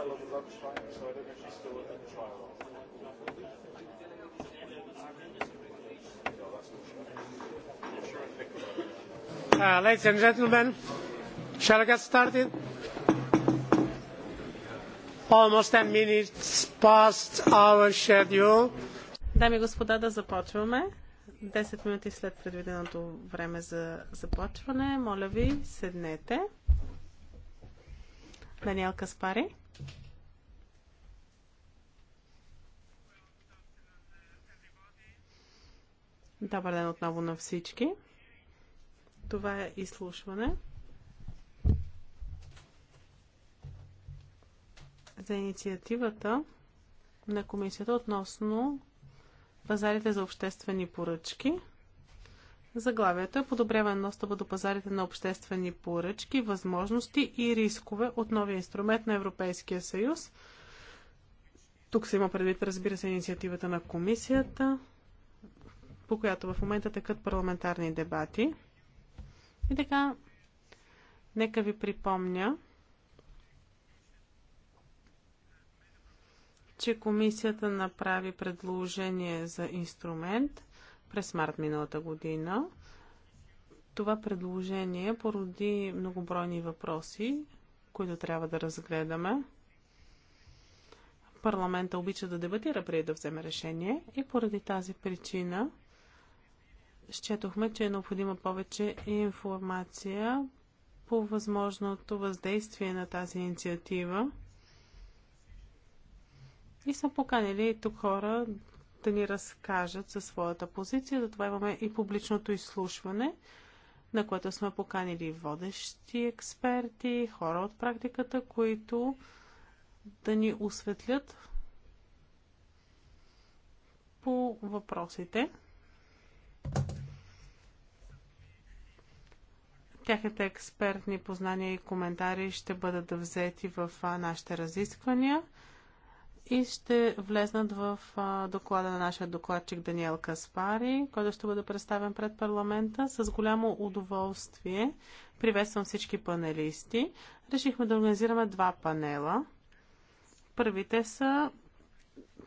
Uh, ladies and gentlemen, shall I get started? Almost 10 minutes past our schedule. Дами и господа, да започваме. 10 минути след предвиденото време за започване, моля ви, седнете. Даниел Каспари. Добър ден отново на всички. Това е изслушване за инициативата на комисията относно пазарите за обществени поръчки. Заглавието е подобряване на достъпа до пазарите на обществени поръчки, възможности и рискове от новия инструмент на Европейския съюз. Тук се има предвид, разбира се, инициативата на комисията, по която в момента текат парламентарни дебати. И така, нека ви припомня, че комисията направи предложение за инструмент – през март миналата година. Това предложение породи многобройни въпроси, които трябва да разгледаме. Парламента обича да дебатира преди да вземе решение и поради тази причина счетохме, че е необходима повече информация по възможното въздействие на тази инициатива. И са поканили тук хора да ни разкажат за своята позиция. Затова имаме и публичното изслушване, на което сме поканили водещи експерти, хора от практиката, които да ни осветлят по въпросите. Тяхните експертни познания и коментари ще бъдат взети в нашите разисквания и ще влезнат в доклада на нашия докладчик Даниел Каспари, който ще бъде представен пред парламента. С голямо удоволствие приветствам всички панелисти. Решихме да организираме два панела. Първите са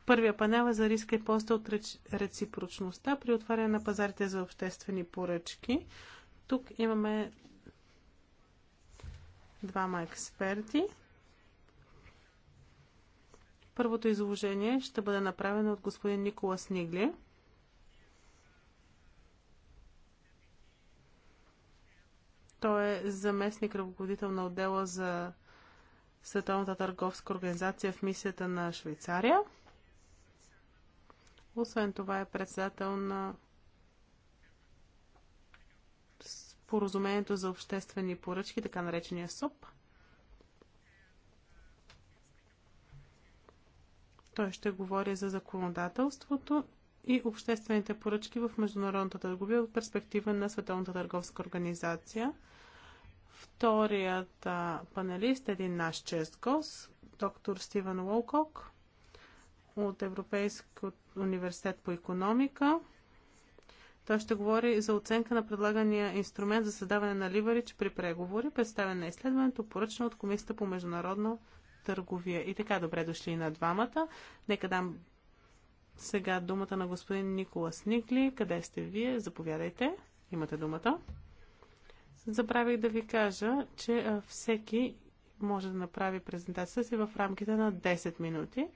Първия панел е за риска и поста от реципрочността при отваряне на пазарите за обществени поръчки. Тук имаме двама експерти. Първото изложение ще бъде направено от господин Никола Снигли. Той е заместник ръководител на отдела за Световната търговска организация в мисията на Швейцария. Освен това е председател на споразумението за обществени поръчки, така наречения СОП – Той ще говори за законодателството и обществените поръчки в международната търговия от перспектива на Световната търговска организация. Вторият панелист е един наш чест гост, доктор Стивен Уолкок от Европейския университет по економика. Той ще говори за оценка на предлагания инструмент за създаване на ливарич при преговори, представен на изследването, поръчно от Комисията по международно търговия. И така, добре дошли на двамата. Нека дам сега думата на господин Николас Никли. Къде сте вие? Заповядайте. Имате думата. Забравих да ви кажа, че всеки може да направи презентацията си в рамките на 10 минути,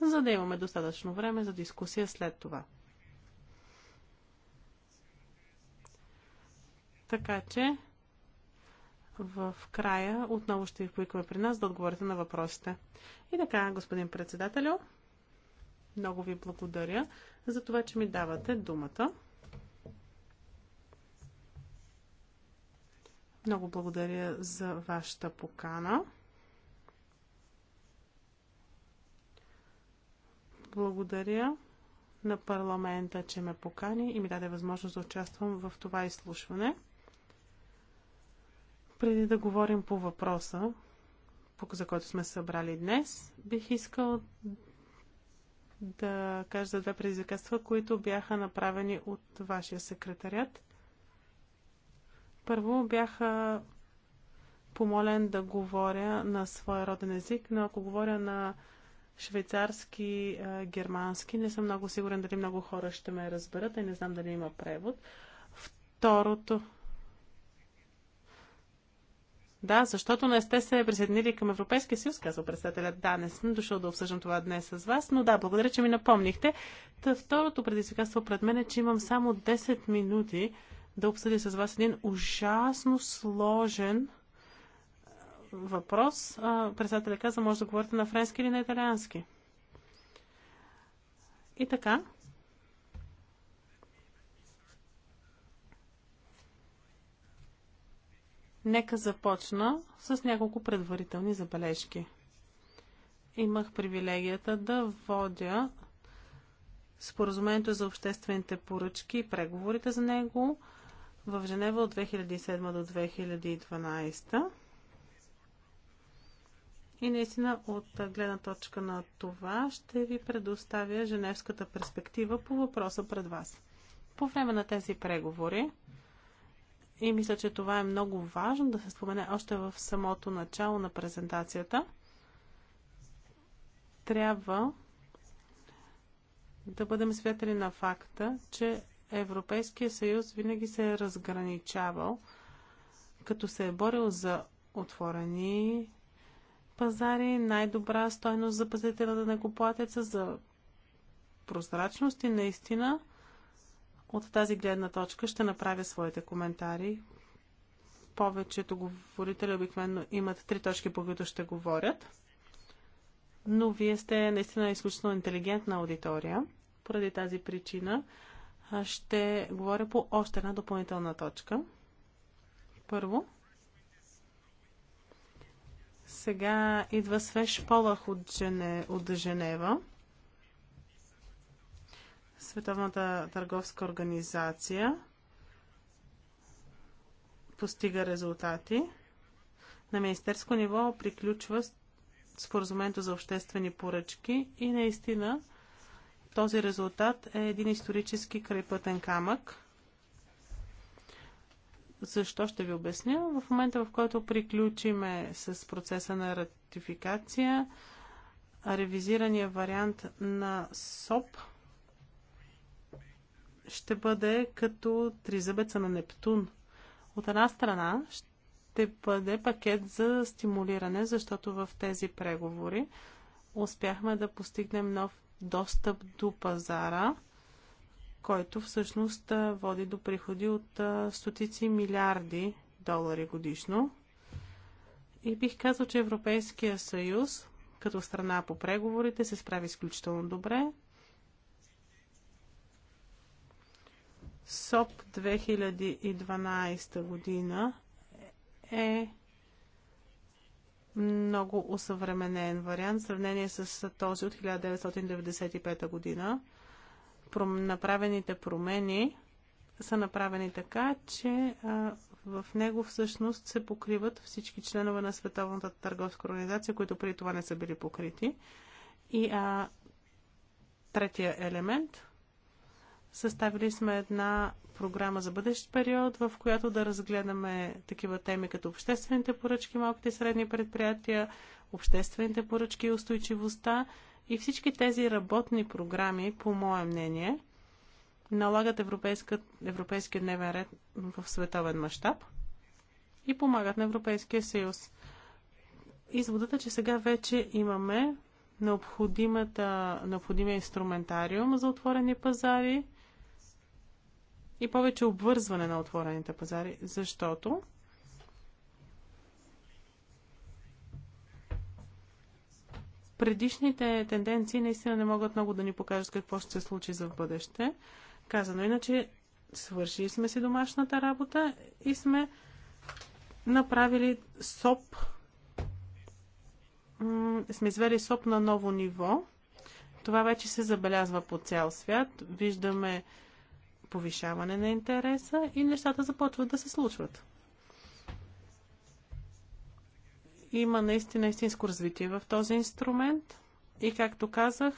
за да имаме достатъчно време за дискусия след това. Така че в края отново ще ви поикаме при нас да отговорите на въпросите. И така, господин председателю, много ви благодаря за това, че ми давате думата. Много благодаря за вашата покана. Благодаря на парламента, че ме покани и ми даде възможност да участвам в това изслушване. Преди да говорим по въпроса, за който сме събрали днес, бих искал да кажа за две предизвикателства, които бяха направени от вашия секретарят. Първо бяха помолен да говоря на своя роден език, но ако говоря на швейцарски, е, германски, не съм много сигурен дали много хора ще ме разберат и не знам дали има превод. Второто да, защото не сте се присъединили към Европейския съюз, казва председателят. Да, не съм дошъл да обсъждам това днес с вас, но да, благодаря, че ми напомнихте. Та второто предизвикателство пред мен е, че имам само 10 минути да обсъдя с вас един ужасно сложен въпрос. Председателя каза, може да говорите на френски или на италиански. И така, Нека започна с няколко предварителни забележки. Имах привилегията да водя споразумението за обществените поръчки и преговорите за него в Женева от 2007 до 2012. И наистина от гледна точка на това ще ви предоставя женевската перспектива по въпроса пред вас. По време на тези преговори и мисля, че това е много важно да се спомене още в самото начало на презентацията. Трябва да бъдем свидетели на факта, че Европейския съюз винаги се е разграничавал, като се е борил за отворени пазари, най-добра стойност за пазителя да не го за прозрачност и наистина от тази гледна точка ще направя своите коментари. Повечето говорители обикновено имат три точки, по които ще говорят. Но вие сте наистина изключително интелигентна аудитория. Поради тази причина ще говоря по още една допълнителна точка. Първо, сега идва свеж полах от, Жене, от Женева. Световната търговска организация постига резултати. На министерско ниво приключва споразумението за обществени поръчки и наистина този резултат е един исторически крайпътен камък. Защо ще ви обясня? В момента, в който приключиме с процеса на ратификация, ревизирания вариант на СОП – ще бъде като тризъбеца на Нептун. От една страна ще бъде пакет за стимулиране, защото в тези преговори успяхме да постигнем нов достъп до пазара, който всъщност води до приходи от стотици милиарди долари годишно. И бих казал, че Европейския съюз като страна по преговорите се справи изключително добре. СОП 2012 година е много усъвременен вариант в сравнение с този от 1995 година. Направените промени са направени така, че в него всъщност се покриват всички членове на Световната търговска организация, които преди това не са били покрити. И а, третия елемент Съставили сме една програма за бъдещ период, в която да разгледаме такива теми като обществените поръчки, малките и средни предприятия, обществените поръчки и устойчивостта. И всички тези работни програми, по мое мнение, налагат европейския дневен ред в световен мащаб и помагат на Европейския съюз. Изводът е, че сега вече имаме необходимия инструментариум за отворени пазари – и повече обвързване на отворените пазари, защото предишните тенденции наистина не могат много да ни покажат какво ще се случи за в бъдеще. Казано иначе, свършили сме си домашната работа и сме направили СОП, сме извели СОП на ново ниво. Това вече се забелязва по цял свят. Виждаме повишаване на интереса и нещата започват да се случват. Има наистина истинско развитие в този инструмент и, както казах,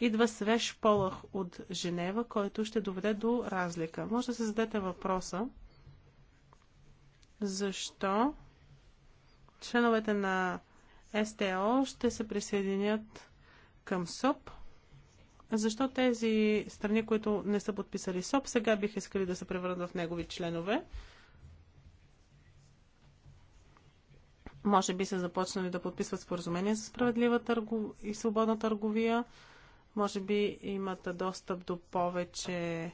идва свеж полах от Женева, който ще доведе до разлика. Може да се зададете въпроса защо членовете на СТО ще се присъединят към СОП – защо тези страни, които не са подписали СОП, сега бих искали да се превърнат в негови членове. Може би са започнали да подписват споразумение за справедлива търгов... и свободна търговия. Може би имат достъп до повече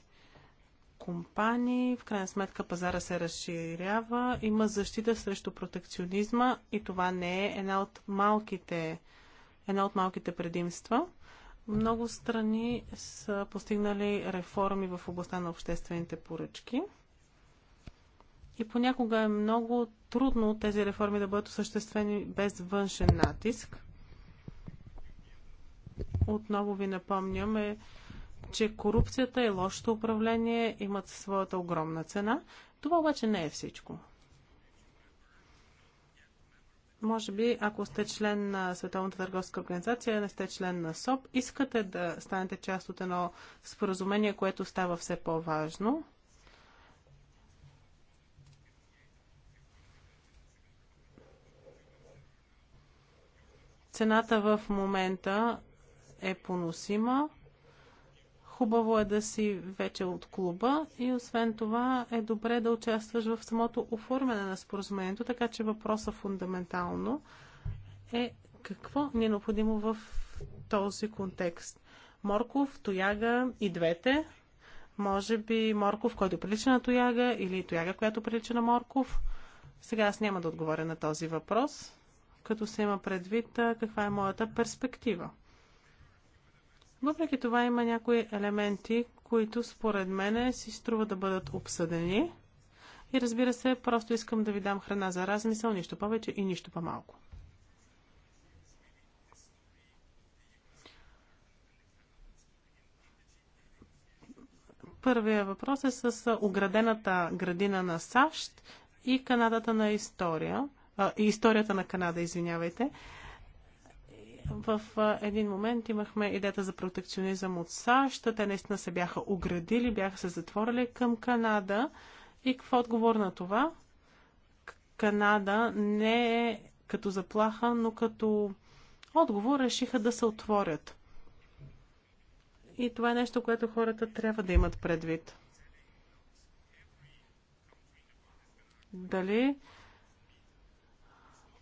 компании. В крайна сметка пазара се разширява. Има защита срещу протекционизма и това не е една от малките, една от малките предимства. Много страни са постигнали реформи в областта на обществените поръчки. И понякога е много трудно тези реформи да бъдат осъществени без външен натиск. Отново ви напомняме, че корупцията и лошото управление имат своята огромна цена. Това обаче не е всичко. Може би, ако сте член на Световната търговска организация, не сте член на СОП, искате да станете част от едно споразумение, което става все по-важно. Цената в момента е поносима. Хубаво е да си вече от клуба и освен това е добре да участваш в самото оформяне на споразумението, така че въпросът фундаментално е какво ни е необходимо в този контекст. Морков, Тояга и двете. Може би Морков, който е прилича на Тояга или Тояга, която прилича на Морков. Сега аз няма да отговоря на този въпрос, като се има предвид каква е моята перспектива. Въпреки това има някои елементи, които според мене си струва да бъдат обсъдени. И разбира се, просто искам да ви дам храна за размисъл, нищо повече и нищо по-малко. Първия въпрос е с оградената градина на САЩ и Канадата на история. А, историята на Канада, извинявайте в един момент имахме идеята за протекционизъм от САЩ. Те наистина се бяха оградили, бяха се затворили към Канада. И какво отговор на това? Канада не е като заплаха, но като отговор решиха да се отворят. И това е нещо, което хората трябва да имат предвид. Дали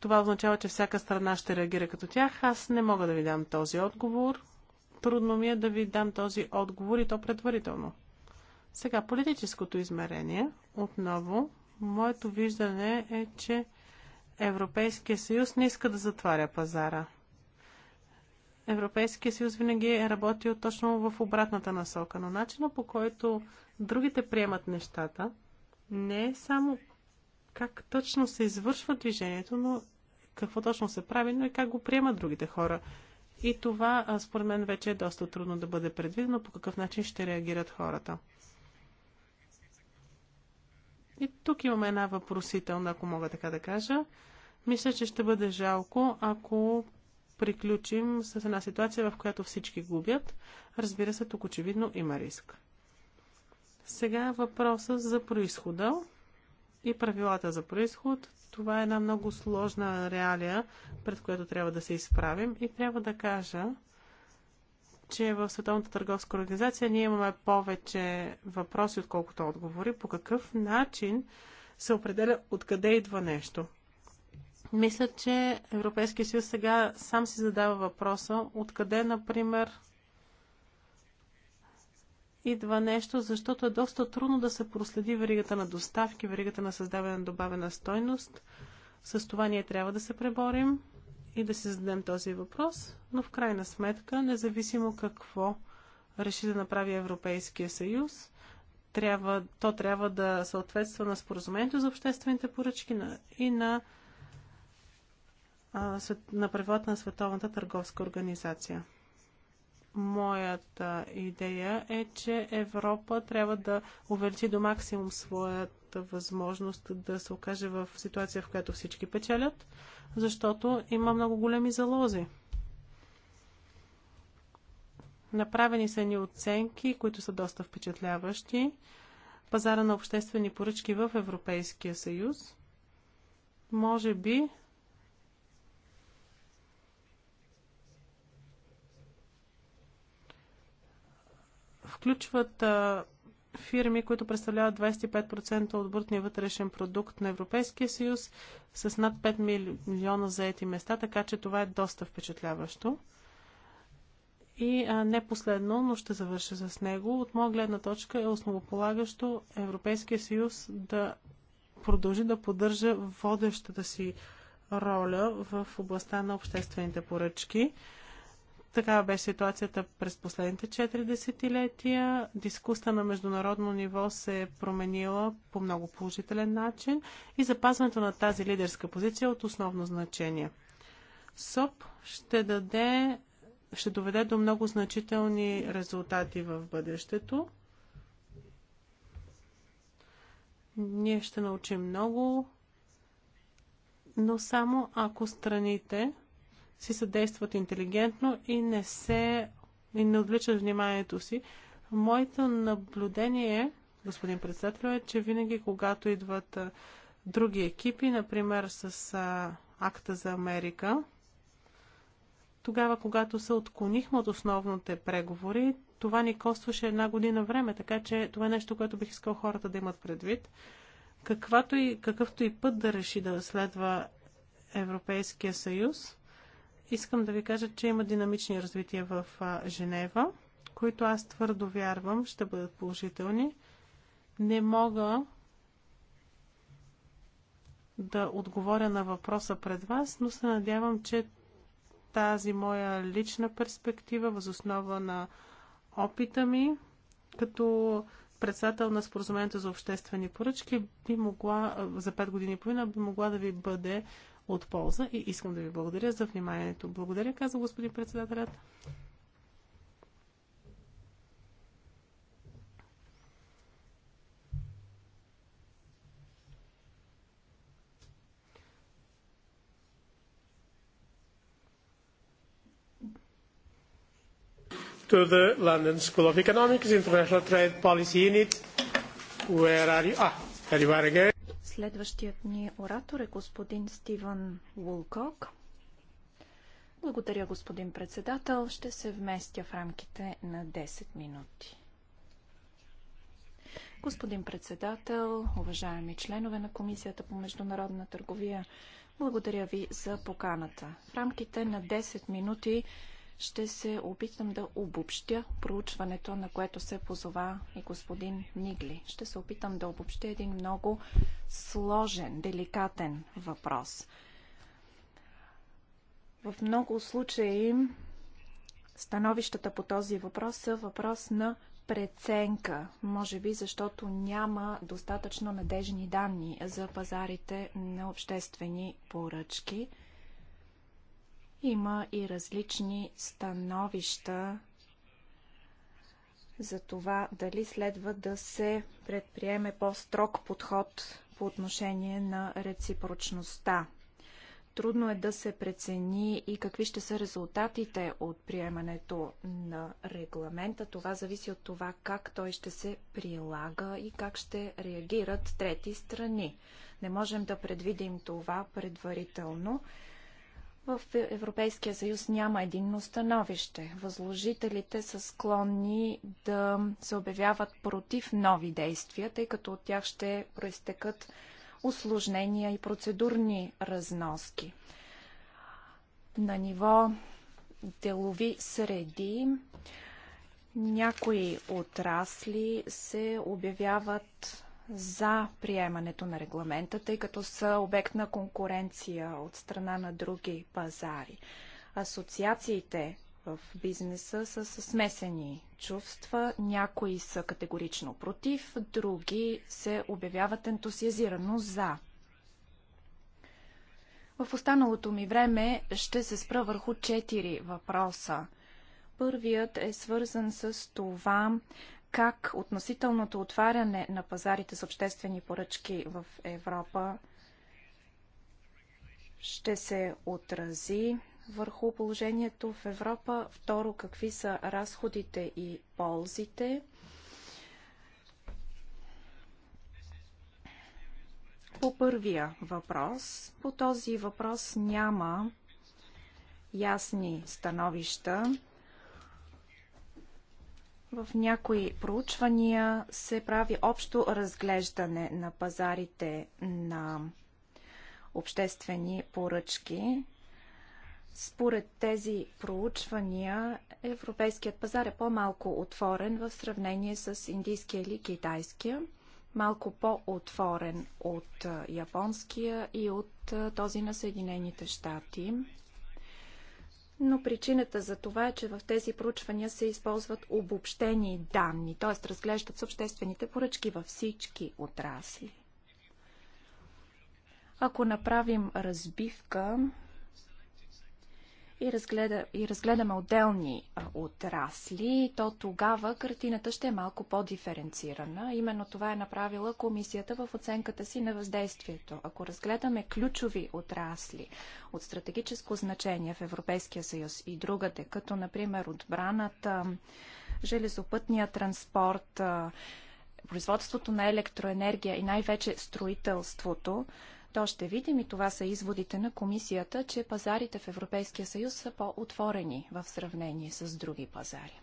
това означава, че всяка страна ще реагира като тях. Аз не мога да ви дам този отговор. Трудно ми е да ви дам този отговор и то предварително. Сега, политическото измерение. Отново, моето виждане е, че Европейския съюз не иска да затваря пазара. Европейския съюз винаги е работил точно в обратната насока, но начина по който другите приемат нещата не е само как точно се извършва движението, но какво точно се прави, но и как го приемат другите хора. И това, според мен, вече е доста трудно да бъде предвидено, по какъв начин ще реагират хората. И тук имаме една въпросителна, ако мога така да кажа. Мисля, че ще бъде жалко, ако приключим с една ситуация, в която всички губят. Разбира се, тук очевидно има риск. Сега въпросът за происхода и правилата за происход. Това е една много сложна реалия, пред която трябва да се изправим и трябва да кажа, че в Световната търговска организация ние имаме повече въпроси, отколкото отговори. По какъв начин се определя откъде идва нещо? Мисля, че Европейския съюз сега сам си задава въпроса откъде, например, идва нещо, защото е доста трудно да се проследи веригата на доставки, веригата на създаване на добавена стойност. С това ние трябва да се преборим и да си зададем този въпрос, но в крайна сметка, независимо какво реши да направи Европейския съюз, трябва, то трябва да съответства на споразумението за обществените поръчки на, и на, а, на правилата на Световната търговска организация. Моята идея е, че Европа трябва да увеличи до максимум своята възможност да се окаже в ситуация, в която всички печелят, защото има много големи залози. Направени са ни оценки, които са доста впечатляващи. Пазара на обществени поръчки в Европейския съюз. Може би включват а, фирми, които представляват 25% от брутния вътрешен продукт на Европейския съюз с над 5 милиона заети места, така че това е доста впечатляващо. И а, не последно, но ще завърша с него. От моя гледна точка е основополагащо Европейския съюз да продължи да поддържа водещата си роля в областта на обществените поръчки. Такава беше ситуацията през последните 4 десетилетия. Дискуста на международно ниво се е променила по много положителен начин и запазването на тази лидерска позиция е от основно значение. СОП ще даде ще доведе до много значителни резултати в бъдещето. Ние ще научим много, но само ако страните си съдействат интелигентно и не се и не отвличат вниманието си. Моето наблюдение, е, господин председател, е, че винаги когато идват а, други екипи, например с а, Акта за Америка, тогава, когато се отклонихме от основните преговори, това ни костваше една година време, така че това е нещо, което бих искал хората да имат предвид. Каквато и, какъвто и път да реши да следва Европейския съюз, искам да ви кажа, че има динамични развития в Женева, които аз твърдо вярвам ще бъдат положителни. Не мога да отговоря на въпроса пред вас, но се надявам, че тази моя лична перспектива, възоснова на опита ми, като председател на споразумението за обществени поръчки, би могла за 5 години и половина би могла да ви бъде от полза и искам да ви благодаря за вниманието. Благодаря, каза господин председателят. to the London School of Economics International Trade Policy Unit. Where are you? Ah, there you are again. Следващият ни оратор е господин Стивън Вулкок. Благодаря, господин председател. Ще се вместя в рамките на 10 минути. Господин председател, уважаеми членове на Комисията по международна търговия, благодаря ви за поканата. В рамките на 10 минути ще се опитам да обобщя проучването, на което се позова и господин Нигли. Ще се опитам да обобщя един много сложен, деликатен въпрос. В много случаи становищата по този въпрос са въпрос на преценка, може би защото няма достатъчно надежни данни за пазарите на обществени поръчки – има и различни становища за това дали следва да се предприеме по-строг подход по отношение на реципрочността. Трудно е да се прецени и какви ще са резултатите от приемането на регламента. Това зависи от това как той ще се прилага и как ще реагират трети страни. Не можем да предвидим това предварително. В Европейския съюз няма единно становище. Възложителите са склонни да се обявяват против нови действия, тъй като от тях ще проистекат осложнения и процедурни разноски. На ниво делови среди някои отрасли се обявяват за приемането на регламента, тъй като са обект на конкуренция от страна на други пазари. Асоциациите в бизнеса са с смесени чувства. Някои са категорично против, други се обявяват ентусиазирано за. В останалото ми време ще се спра върху четири въпроса. Първият е свързан с това как относителното отваряне на пазарите с обществени поръчки в Европа ще се отрази върху положението в Европа. Второ, какви са разходите и ползите. По първия въпрос, по този въпрос няма ясни становища. В някои проучвания се прави общо разглеждане на пазарите на обществени поръчки. Според тези проучвания, европейският пазар е по-малко отворен в сравнение с индийския или китайския, малко по-отворен от японския и от този на Съединените щати но причината за това е, че в тези проучвания се използват обобщени данни, т.е. разглеждат съобществените поръчки във всички отрасли. Ако направим разбивка и, разгледа, и разгледаме отделни отрасли, то тогава картината ще е малко по-диференцирана. Именно това е направила комисията в оценката си на въздействието. Ако разгледаме ключови отрасли от стратегическо значение в Европейския съюз и другаде, като например отбраната, железопътния транспорт, производството на електроенергия и най-вече строителството, то ще видим, и това са изводите на комисията, че пазарите в Европейския съюз са по-отворени в сравнение с други пазари.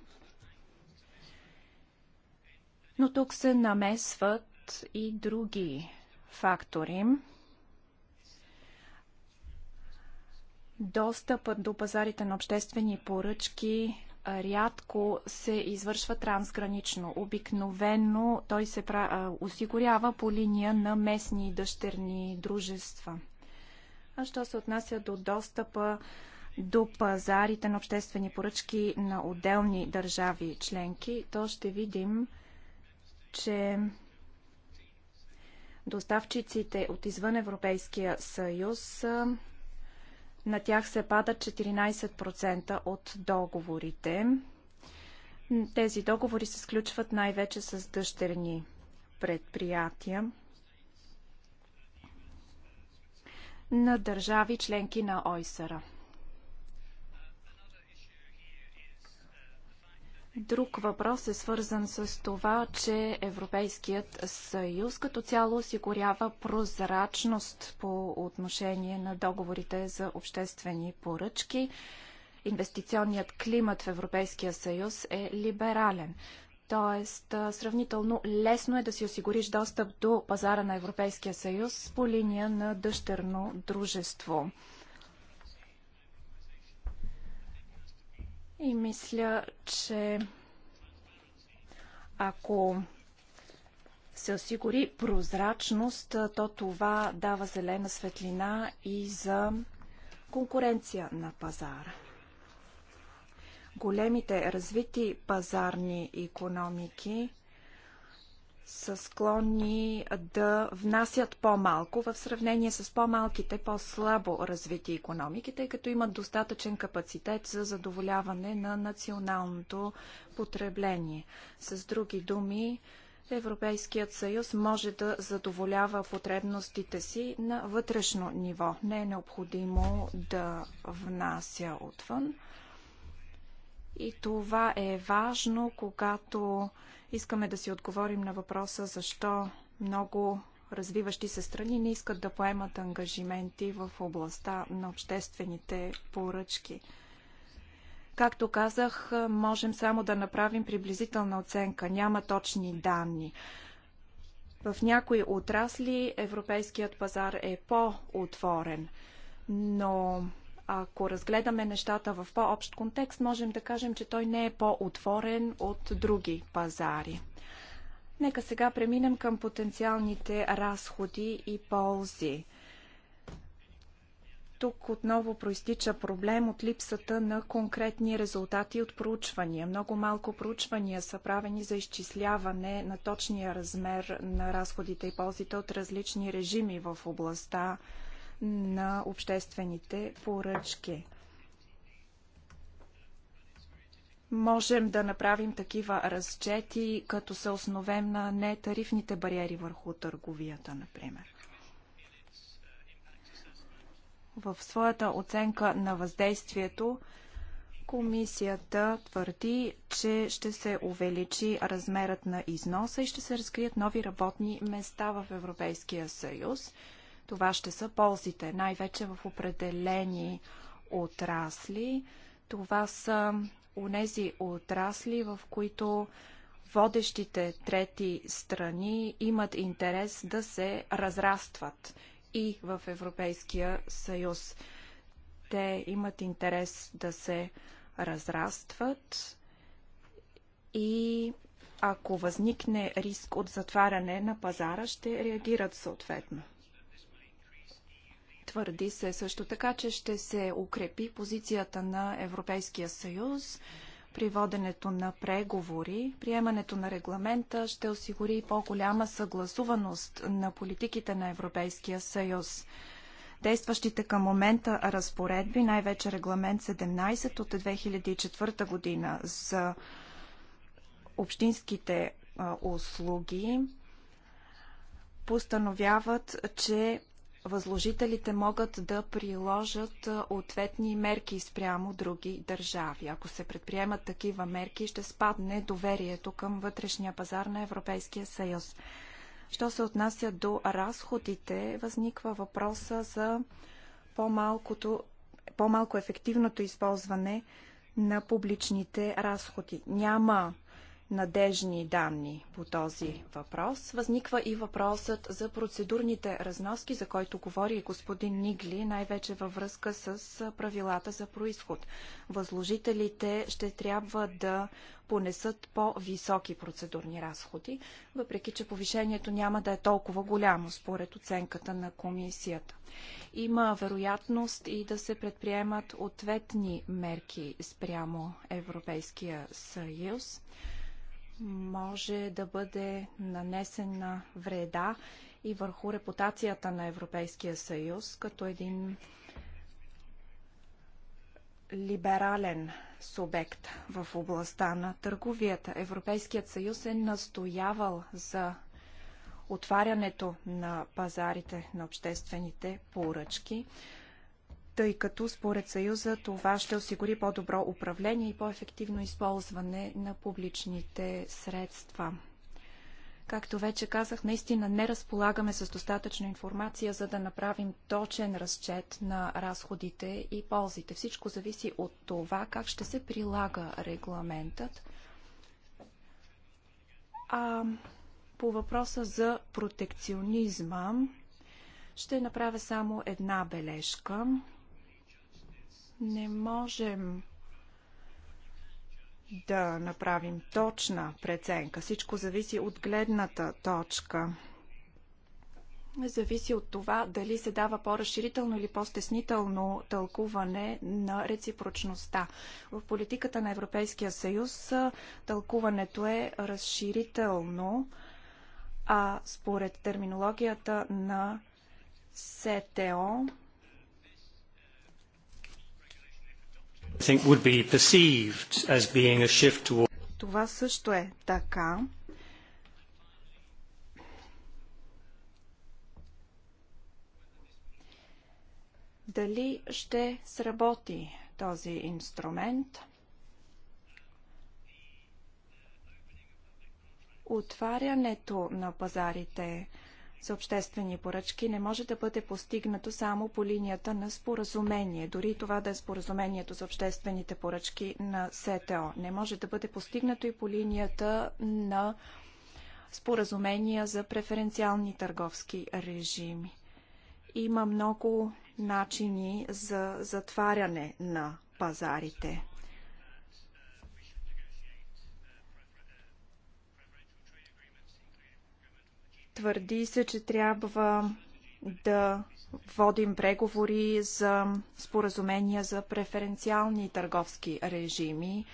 Но тук се намесват и други фактори. Достъпът до пазарите на обществени поръчки рядко се извършва трансгранично. Обикновено той се осигурява по линия на местни дъщерни дружества. А що се отнася до достъпа до пазарите на обществени поръчки на отделни държави членки, то ще видим, че доставчиците от извън Европейския съюз на тях се падат 14% от договорите. Тези договори се сключват най-вече с дъщерни предприятия на държави членки на ОИСРА. Друг въпрос е свързан с това, че Европейският съюз като цяло осигурява прозрачност по отношение на договорите за обществени поръчки. Инвестиционният климат в Европейския съюз е либерален. Тоест, сравнително лесно е да си осигуриш достъп до пазара на Европейския съюз по линия на дъщерно дружество. И мисля, че ако се осигури прозрачност, то това дава зелена светлина и за конкуренция на пазара. Големите развити пазарни економики са склонни да внасят по-малко в сравнение с по-малките, по-слабо развити економики, тъй като имат достатъчен капацитет за задоволяване на националното потребление. С други думи, Европейският съюз може да задоволява потребностите си на вътрешно ниво. Не е необходимо да внася отвън. И това е важно, когато искаме да си отговорим на въпроса защо много развиващи се страни не искат да поемат ангажименти в областта на обществените поръчки. Както казах, можем само да направим приблизителна оценка. Няма точни данни. В някои отрасли европейският пазар е по-отворен, но ако разгледаме нещата в по-общ контекст, можем да кажем, че той не е по-отворен от други пазари. Нека сега преминем към потенциалните разходи и ползи. Тук отново проистича проблем от липсата на конкретни резултати от проучвания. Много малко проучвания са правени за изчисляване на точния размер на разходите и ползите от различни режими в областта на обществените поръчки. Можем да направим такива разчети, като се основем на нетарифните бариери върху търговията, например. В своята оценка на въздействието, комисията твърди, че ще се увеличи размерът на износа и ще се разкрият нови работни места в Европейския съюз. Това ще са ползите, най-вече в определени отрасли. Това са унези отрасли, в които водещите трети страни имат интерес да се разрастват и в Европейския съюз. Те имат интерес да се разрастват и ако възникне риск от затваряне на пазара, ще реагират съответно. Твърди се също така, че ще се укрепи позицията на Европейския съюз при воденето на преговори. Приемането на регламента ще осигури по-голяма съгласуваност на политиките на Европейския съюз. Действащите към момента разпоредби, най-вече регламент 17 от 2004 година за общинските услуги, постановяват, че възложителите могат да приложат ответни мерки спрямо други държави. Ако се предприемат такива мерки, ще спадне доверието към вътрешния пазар на Европейския съюз. Що се отнася до разходите, възниква въпроса за по-малкото, по-малко ефективното използване на публичните разходи. Няма надежни данни по този въпрос. Възниква и въпросът за процедурните разноски, за който говори и господин Нигли, най-вече във връзка с правилата за происход. Възложителите ще трябва да понесат по-високи процедурни разходи, въпреки че повишението няма да е толкова голямо според оценката на комисията. Има вероятност и да се предприемат ответни мерки спрямо Европейския съюз може да бъде нанесена вреда и върху репутацията на Европейския съюз като един либерален субект в областта на търговията. Европейският съюз е настоявал за отварянето на пазарите на обществените поръчки тъй като според Съюза това ще осигури по-добро управление и по-ефективно използване на публичните средства. Както вече казах, наистина не разполагаме с достатъчно информация, за да направим точен разчет на разходите и ползите. Всичко зависи от това как ще се прилага регламентът. А по въпроса за протекционизма ще направя само една бележка. Не можем да направим точна преценка. Всичко зависи от гледната точка. Зависи от това дали се дава по-разширително или по-стеснително тълкуване на реципрочността. В политиката на Европейския съюз тълкуването е разширително, а според терминологията на СТО Това също е така. Дали ще сработи този инструмент? Отварянето на пазарите – за обществени поръчки не може да бъде постигнато само по линията на споразумение. Дори това да е споразумението за обществените поръчки на СТО. Не може да бъде постигнато и по линията на споразумения за преференциални търговски режими. Има много начини за затваряне на пазарите. Твърди се, че трябва да водим преговори за споразумения за преференциални търговски режими,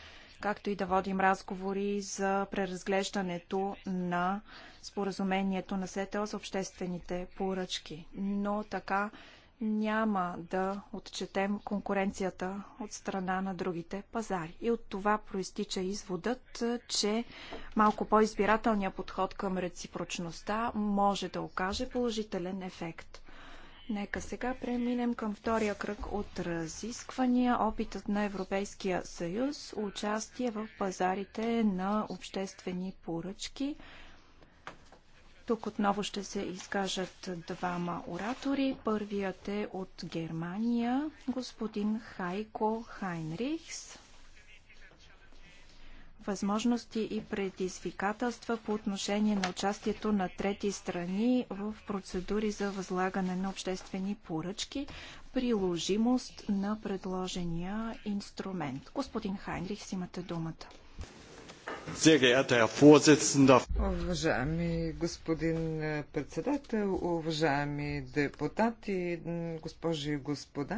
както и да водим разговори за преразглеждането на споразумението на СТО за обществените поръчки. Но така няма да отчетем конкуренцията от страна на другите пазари. И от това проистича изводът, че малко по-избирателният подход към реципрочността може да окаже положителен ефект. Нека сега преминем към втория кръг от разисквания. Опитът на Европейския съюз, участие в пазарите на обществени поръчки – тук отново ще се изкажат двама оратори. Първият е от Германия, господин Хайко Хайнрихс. Възможности и предизвикателства по отношение на участието на трети страни в процедури за възлагане на обществени поръчки, приложимост на предложения инструмент. Господин Хайнрихс, имате думата. Уважаеми господин е, председател, уважаеми депутати, госпожи и господа,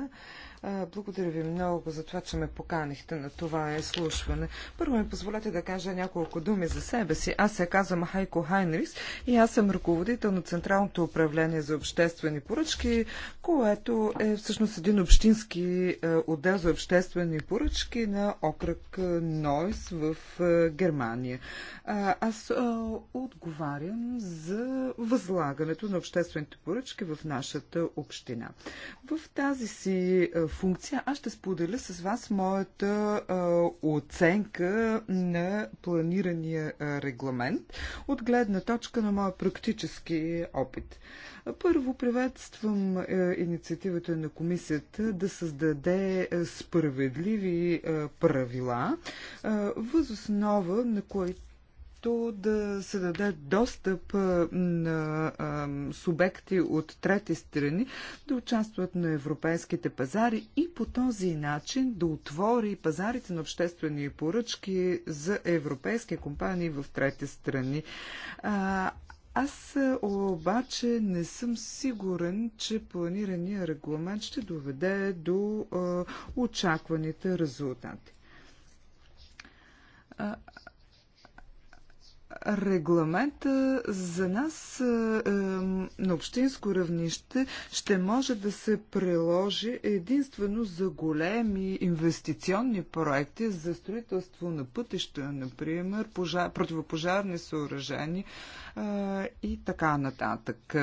благодаря ви много за това, че ме поканихте на това изслушване. Първо ми позволете да кажа няколко думи за себе си. Аз се казвам Хайко Хайнрис и аз съм ръководител на Централното управление за обществени поръчки, което е всъщност един общински е, отдел за обществени поръчки на окръг е, Нойс в е, Германия. Аз отговарям за възлагането на обществените поръчки в нашата община. В тази си функция, аз ще споделя с вас моята оценка на планирания регламент от гледна точка на моя практически опит. Първо приветствам инициативата на комисията да създаде справедливи правила, възоснова на които като да се даде достъп на субекти от трети страни да участват на европейските пазари и по този начин да отвори пазарите на обществени поръчки за европейски компании в трети страни. Аз обаче не съм сигурен, че планирания регламент ще доведе до очакваните резултати регламента за нас на общинско равнище ще може да се приложи единствено за големи инвестиционни проекти, за строителство на пътища, например, пожар, противопожарни съоръжения и така нататък.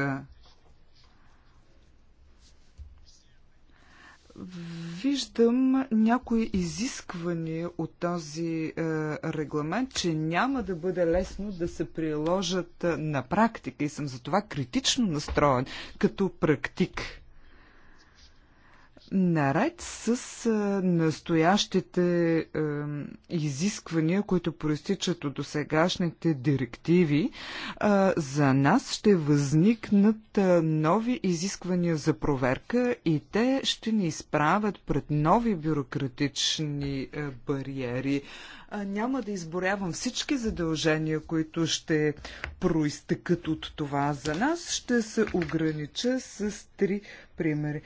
виждам някои изисквания от този е, регламент, че няма да бъде лесно да се приложат е, на практика и съм за това критично настроен като практик наред с а, настоящите а, изисквания, които проистичат от досегашните директиви, а, за нас ще възникнат а, нови изисквания за проверка и те ще ни изправят пред нови бюрократични а, бариери. Няма да изборявам всички задължения, които ще проистъкат от това за нас. Ще се огранича с три примери.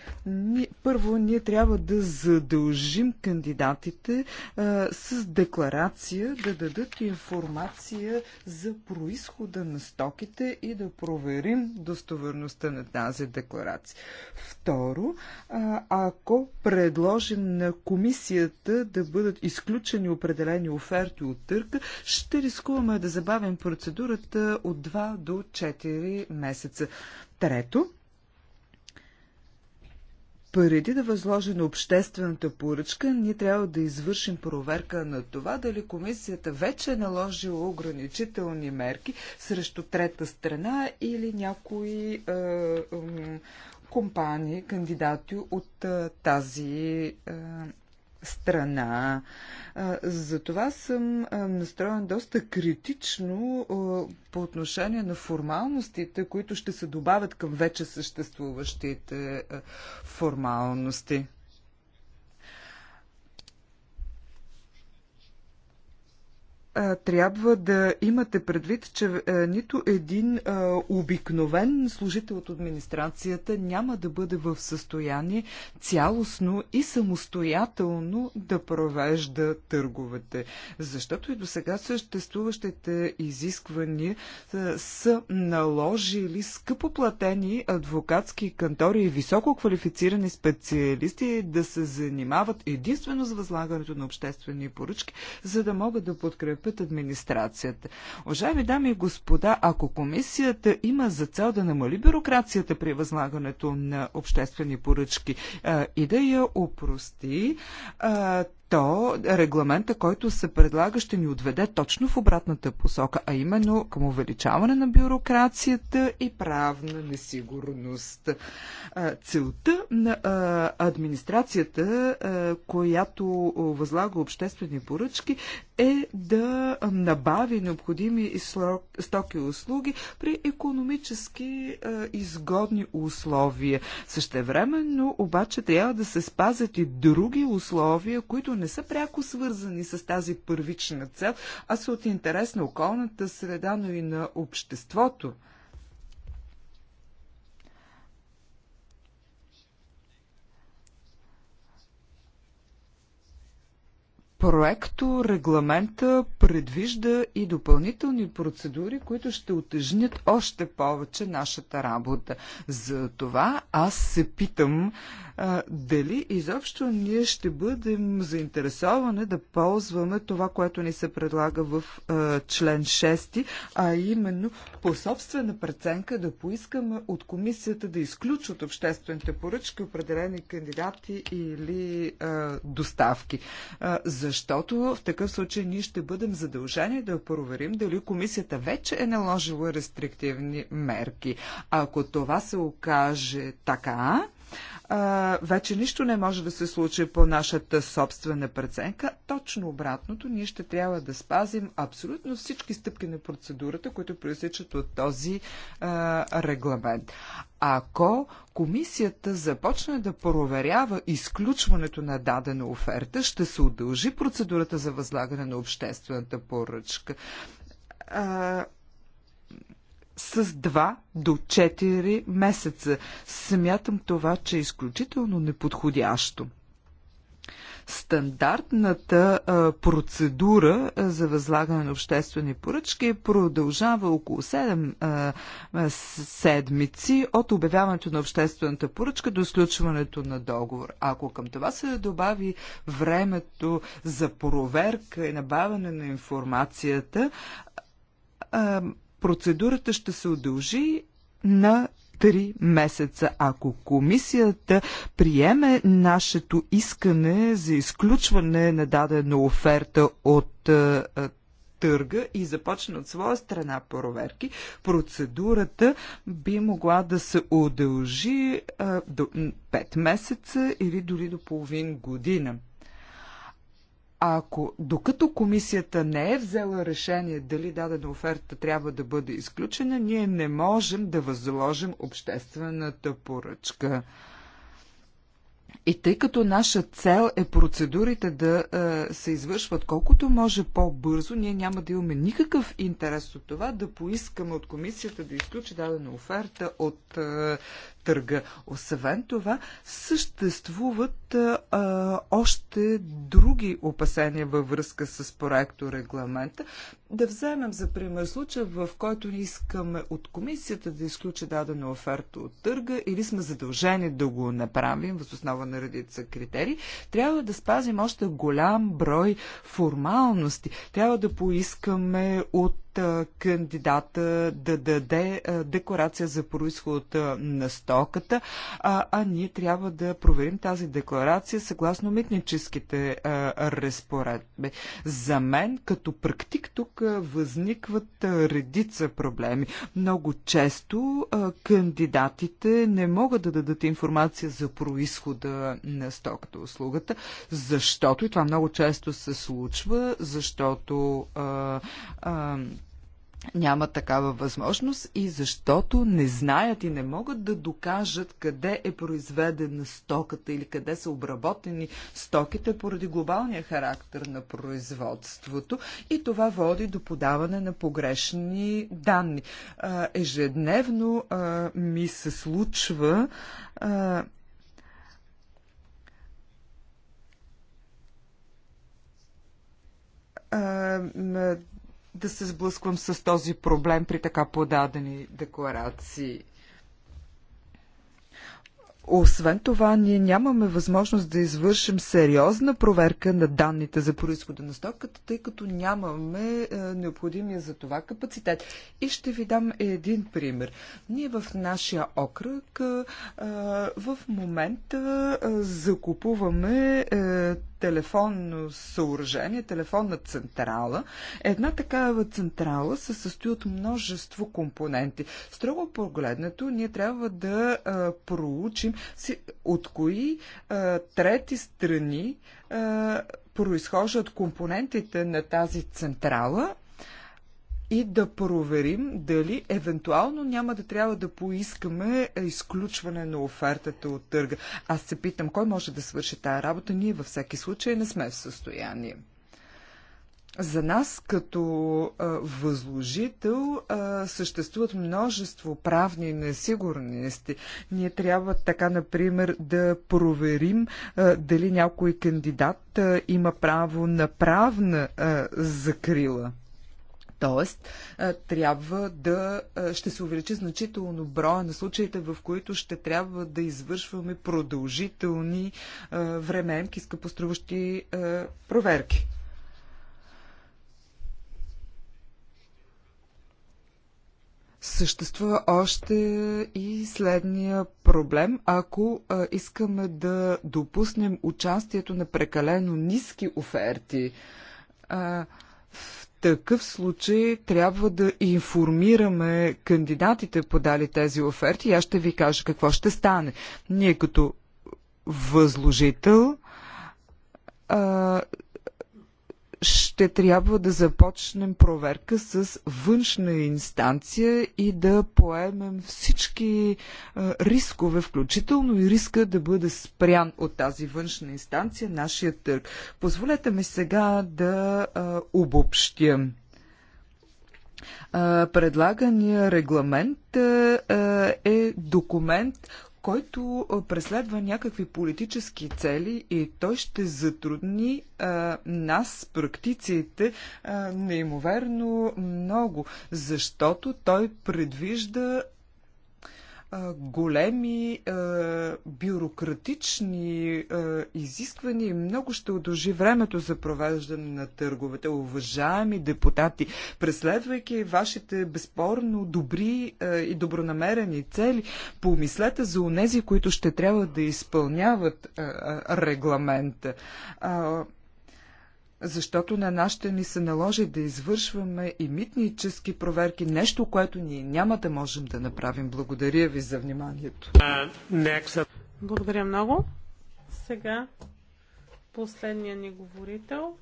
Първо, ние трябва да задължим кандидатите а, с декларация да дадат информация за происхода на стоките и да проверим достоверността на тази декларация. Второ, а, ако предложим на комисията да бъдат изключени определени оферти от търка, ще рискуваме да забавим процедурата от 2 до 4 месеца. Трето, преди да възложи на обществената поръчка, ние трябва да извършим проверка на това дали комисията вече е наложила ограничителни мерки срещу трета страна или някои е, е, компании, кандидати от е, тази е, страна. Затова съм настроен доста критично по отношение на формалностите, които ще се добавят към вече съществуващите формалности. трябва да имате предвид, че нито един обикновен служител от администрацията няма да бъде в състояние цялостно и самостоятелно да провежда търговете. Защото и до сега съществуващите изисквания са наложили скъпоплатени адвокатски кантори и високо квалифицирани специалисти да се занимават единствено с възлагането на обществени поръчки, за да могат да подкрепят подкрепят администрацията. Уважаеми дами и господа, ако комисията има за цел да намали бюрокрацията при възлагането на обществени поръчки и да я опрости, то регламента, който се предлага, ще ни отведе точно в обратната посока, а именно към увеличаване на бюрокрацията и правна несигурност. Целта на администрацията, която възлага обществени поръчки, е да набави необходими стоки и услуги при економически изгодни условия. Същевременно обаче трябва да се спазят и други условия, които не са пряко свързани с тази първична цел, а са от интерес на околната среда, но и на обществото. проекто регламента предвижда и допълнителни процедури, които ще отежнят още повече нашата работа. За това аз се питам а, дали изобщо ние ще бъдем заинтересовани да ползваме това, което ни се предлага в а, член 6, а именно по собствена преценка да поискаме от комисията да изключат обществените поръчки определени кандидати или а, доставки. А, за защото в такъв случай ние ще бъдем задължени да проверим дали комисията вече е наложила рестриктивни мерки. Ако това се окаже така, вече нищо не може да се случи по нашата собствена преценка. Точно обратното, ние ще трябва да спазим абсолютно всички стъпки на процедурата, които проистичат от този а, регламент. Ако комисията започне да проверява изключването на дадена оферта, ще се удължи процедурата за възлагане на обществената поръчка. А, с 2 до 4 месеца. Смятам това, че е изключително неподходящо. Стандартната процедура за възлагане на обществени поръчки продължава около 7 седмици от обявяването на обществената поръчка до сключването на договор. Ако към това се добави времето за проверка и набавяне на информацията, процедурата ще се удължи на три месеца. Ако комисията приеме нашето искане за изключване на дадена оферта от е, е, търга и започне от своя страна проверки, процедурата би могла да се удължи а, е, до 5 месеца или дори до половин година ако докато комисията не е взела решение дали дадена оферта трябва да бъде изключена, ние не можем да възложим обществената поръчка. И тъй като наша цел е процедурите да е, се извършват колкото може по-бързо, ние няма да имаме никакъв интерес от това да поискаме от комисията да изключи дадена оферта от е, търга. Освен това, съществуват а, още други опасения във връзка с проекто регламента. Да вземем за пример случай, в който не искаме от комисията да изключи дадена оферта от търга или сме задължени да го направим въз основа на редица критерии, трябва да спазим още голям брой формалности. Трябва да поискаме от кандидата да даде декларация за происход на стоката, а, а ние трябва да проверим тази декларация съгласно митническите разпоредби. За мен, като практик, тук възникват редица проблеми. Много често кандидатите не могат да дадат информация за происхода на стоката, услугата, защото, и това много често се случва, защото а, а, няма такава възможност и защото не знаят и не могат да докажат къде е произведена стоката или къде са обработени стоките поради глобалния характер на производството и това води до подаване на погрешни данни. Ежедневно ми се случва да се сблъсквам с този проблем при така подадени декларации. Освен това, ние нямаме възможност да извършим сериозна проверка на данните за происхода на стоката, тъй като нямаме е, необходимия за това капацитет. И ще ви дам един пример. Ние в нашия окръг е, в момента е, закупуваме е, телефонно съоръжение, телефонна централа. Една такава централа се състои от множество компоненти. Строго погледнато, ние трябва да е, проучим от кои трети страни произхождат компонентите на тази централа и да проверим дали евентуално няма да трябва да поискаме изключване на офертата от търга. Аз се питам, кой може да свърши тази работа? Ние във всеки случай не сме в състояние. За нас като а, възложител а, съществуват множество правни несигурности. Ние трябва така, например, да проверим а, дали някой кандидат а, има право на правна а, закрила. Тоест, трябва да ще се увеличи значително броя на случаите, в които ще трябва да извършваме продължителни временки, скъпоструващи проверки. съществува още и следния проблем. Ако а, искаме да допуснем участието на прекалено ниски оферти, а, в такъв случай трябва да информираме кандидатите, подали тези оферти. И аз ще ви кажа какво ще стане. Ние като възложител а, ще трябва да започнем проверка с външна инстанция и да поемем всички рискове, включително и риска да бъде спрян от тази външна инстанция нашия търг. Позволете ми сега да обобщя. Предлагания регламент е документ, който преследва някакви политически цели и той ще затрудни а, нас, практиците, а, неимоверно много, защото той предвижда големи бюрократични изисквания и много ще удължи времето за провеждане на търговете. Уважаеми депутати, преследвайки вашите безспорно добри и добронамерени цели, помислете за онези, които ще трябва да изпълняват регламента защото на нас ще ни се наложи да извършваме и митнически проверки, нещо, което ние няма да можем да направим. Благодаря ви за вниманието. Благодаря много. Сега последния ни говорител.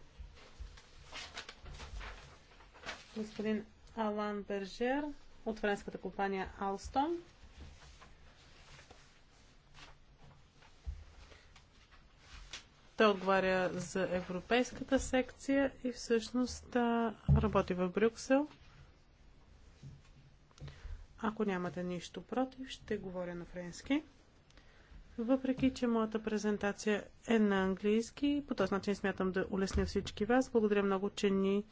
Господин Алан Бержер от френската компания Алстон. Той отговаря за европейската секция и всъщност работи в Брюксел. Ако нямате нищо против, ще говоря на френски. Въпреки, че моята презентация е на английски, по този начин смятам да улесня всички вас. Благодаря много, че ни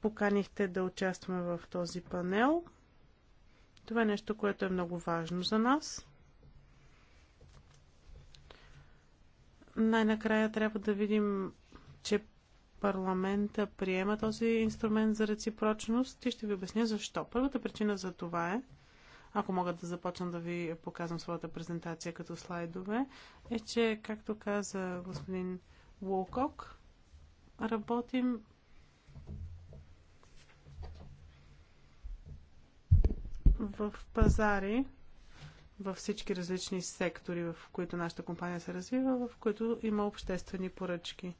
поканихте да участваме в този панел. Това е нещо, което е много важно за нас. Най-накрая трябва да видим, че парламента приема този инструмент за реципрочност и ще ви обясня защо. Първата причина за това е, ако мога да започна да ви показвам своята презентация като слайдове, е, че, както каза господин Уолкок, работим в пазари, във всички различни сектори, в които нашата компания се развива, в които има обществени поръчки.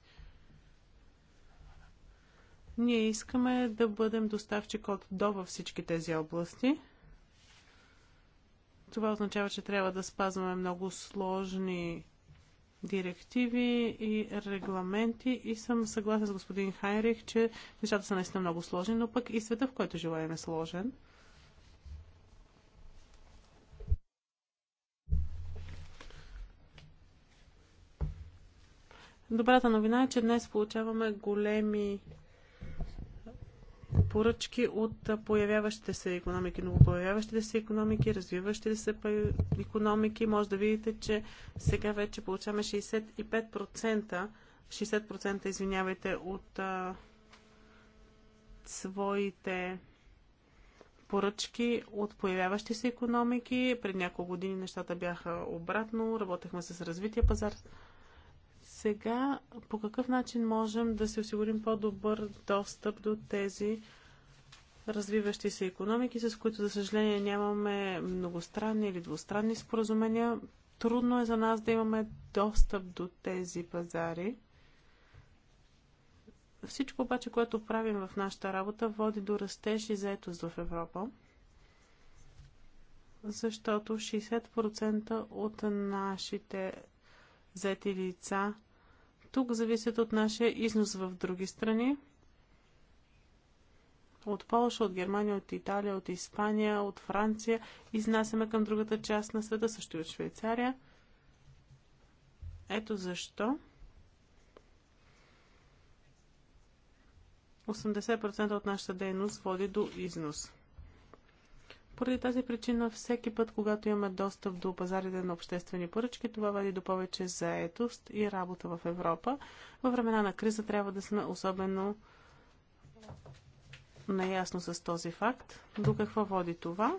Ние искаме да бъдем доставчик от до във всички тези области. Това означава, че трябва да спазваме много сложни директиви и регламенти и съм съгласен с господин Хайрих, че нещата са наистина много сложни, но пък и света, в който живеем е сложен. Добрата новина е, че днес получаваме големи поръчки от появяващите се економики, новопоявяващите се економики, развиващите се економики. Може да видите, че сега вече получаваме 65%, 60% извинявайте, от а, своите поръчки от появяващи се економики. Пред няколко години нещата бяха обратно, работехме с развития пазар. Сега по какъв начин можем да се осигурим по-добър достъп до тези развиващи се економики, с които, за съжаление, нямаме многостранни или двустранни споразумения. Трудно е за нас да имаме достъп до тези пазари. Всичко обаче, което правим в нашата работа, води до растеж и заетост в Европа. Защото 60% от нашите заети лица тук зависят от нашия износ в други страни. От Полша, от Германия, от Италия, от Испания, от Франция. Изнасяме към другата част на света, също и от Швейцария. Ето защо 80% от нашата дейност води до износ. Поради тази причина, всеки път, когато имаме достъп до пазарите на обществени поръчки, това води до повече заетост и работа в Европа. Във времена на криза трябва да сме особено наясно с този факт. До какво води това?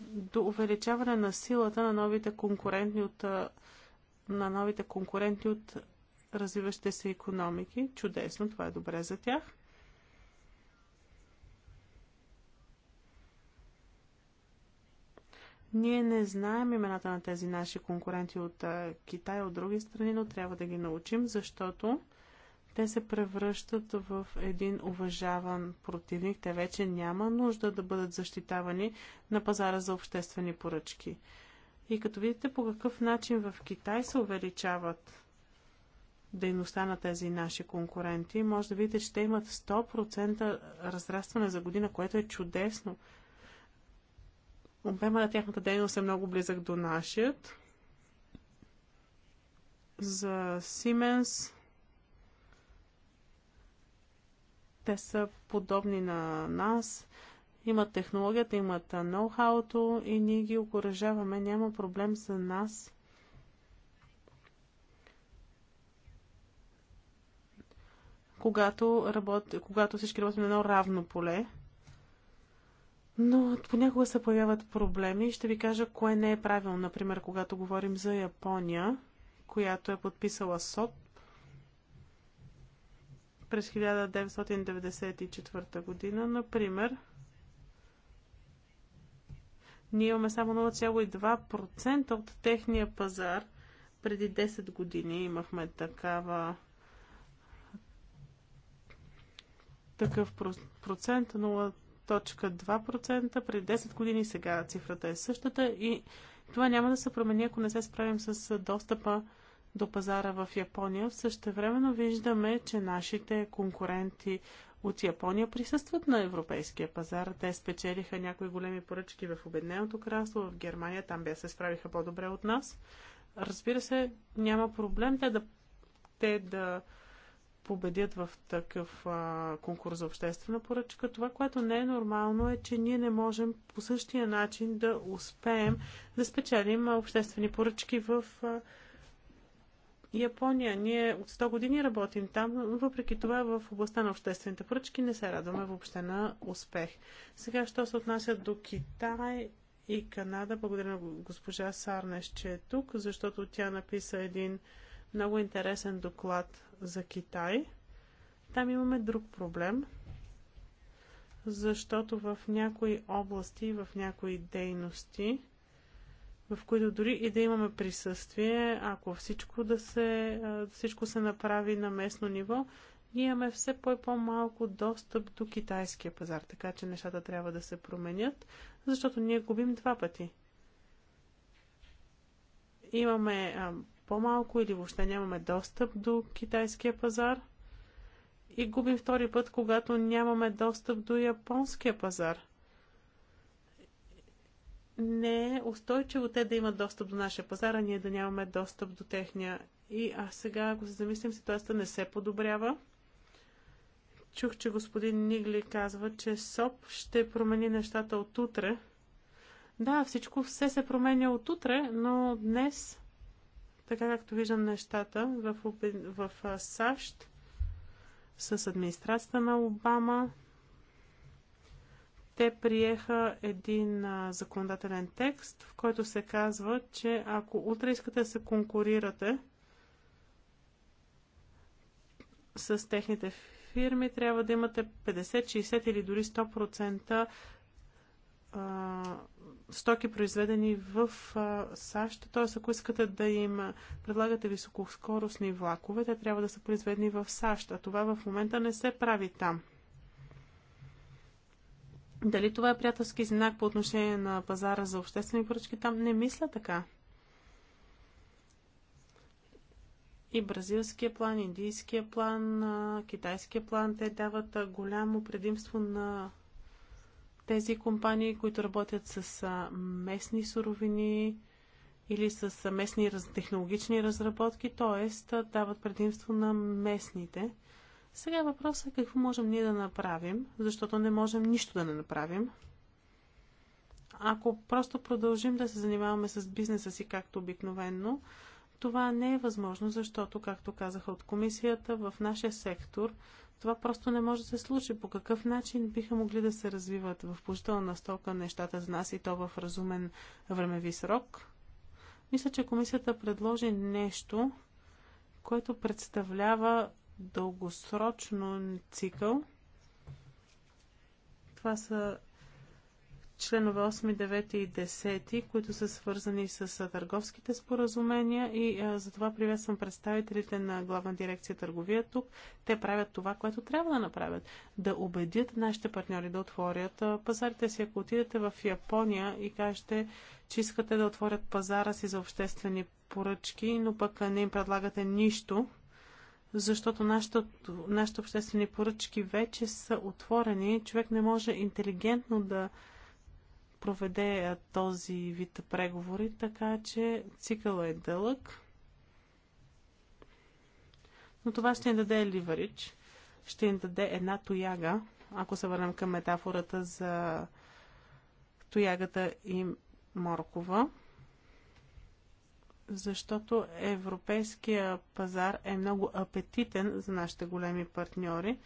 До увеличаване на силата на новите конкуренти от, на новите конкуренти от развиващите се економики. Чудесно, това е добре за тях. Ние не знаем имената на тези наши конкуренти от Китай от други страни, но трябва да ги научим, защото те се превръщат в един уважаван противник. Те вече няма нужда да бъдат защитавани на пазара за обществени поръчки. И като видите по какъв начин в Китай се увеличават дейността на тези наши конкуренти, може да видите, че те имат 100% разрастване за година, което е чудесно. Обема на тяхната дейност е много близък до нашият. За Siemens те са подобни на нас. Имат технологията, имат ноу-хауто и ние ги окоръжаваме. Няма проблем за нас. Когато, работ... когато всички работим на едно равно поле, но понякога се появяват проблеми и ще ви кажа кое не е правилно. Например, когато говорим за Япония, която е подписала СОП през 1994 година, например, ние имаме само 0,2% от техния пазар. Преди 10 години имахме такава такъв процент, 2,2%. Преди 10 години сега цифрата е същата и това няма да се промени, ако не се справим с достъпа до пазара в Япония. В същевременно виждаме, че нашите конкуренти от Япония присъстват на европейския пазар. Те спечелиха някои големи поръчки в Обединеното кралство, в Германия, там бе се справиха по-добре от нас. Разбира се, няма проблем те да, те да победят в такъв а, конкурс за обществена поръчка. Това, което не е нормално е, че ние не можем по същия начин да успеем да спечелим обществени поръчки в а, Япония. Ние от 100 години работим там, но въпреки това в областта на обществените поръчки не се радваме въобще на успех. Сега, що се отнася до Китай и Канада, благодаря на госпожа Сарнеш, че е тук, защото тя написа един много интересен доклад за Китай. Там имаме друг проблем, защото в някои области, в някои дейности, в които дори и да имаме присъствие, ако всичко, да се, всичко се направи на местно ниво, ние имаме все по- и по-малко достъп до китайския пазар, така че нещата трябва да се променят, защото ние губим два пъти. Имаме по-малко или въобще нямаме достъп до китайския пазар. И губим втори път, когато нямаме достъп до японския пазар. Не е устойчиво те да имат достъп до нашия пазар, а ние да нямаме достъп до техния. И а сега, ако се замислим, ситуацията не се подобрява. Чух, че господин Нигли казва, че СОП ще промени нещата от утре. Да, всичко все се променя от утре, но днес така както виждам нещата в, в, в САЩ с администрацията на Обама, те приеха един а, законодателен текст, в който се казва, че ако утре искате да се конкурирате с техните фирми, трябва да имате 50, 60 или дори 100% а, стоки, произведени в САЩ. Т.е. ако искате да им предлагате високоскоростни влакове, те трябва да са произведени в САЩ, а това в момента не се прави там. Дали това е приятелски знак по отношение на пазара за обществени поръчки? Там не мисля така. И бразилския план, индийския план, китайския план, те дават голямо предимство на тези компании, които работят с местни суровини или с местни технологични разработки, т.е. дават предимство на местните. Сега въпросът е какво можем ние да направим, защото не можем нищо да не направим. Ако просто продължим да се занимаваме с бизнеса си както обикновенно, това не е възможно, защото, както казаха от комисията, в нашия сектор това просто не може да се случи. По какъв начин биха могли да се развиват в положителна настолка нещата за нас и то в разумен времеви срок? Мисля, че комисията предложи нещо, което представлява дългосрочно цикъл. Това са членове 8, 9 и 10, които са свързани с търговските споразумения и затова приветствам представителите на Главна дирекция търговия тук. Те правят това, което трябва да направят. Да убедят нашите партньори да отворят пазарите си. Ако отидете в Япония и кажете, че искате да отворят пазара си за обществени поръчки, но пък не им предлагате нищо, защото нашите обществени поръчки вече са отворени. Човек не може интелигентно да проведе този вид преговори, така че цикъл е дълъг. Но това ще ни даде ливарич, ще ни даде една тояга, ако се върнем към метафората за тоягата и моркова, защото европейския пазар е много апетитен за нашите големи партньори,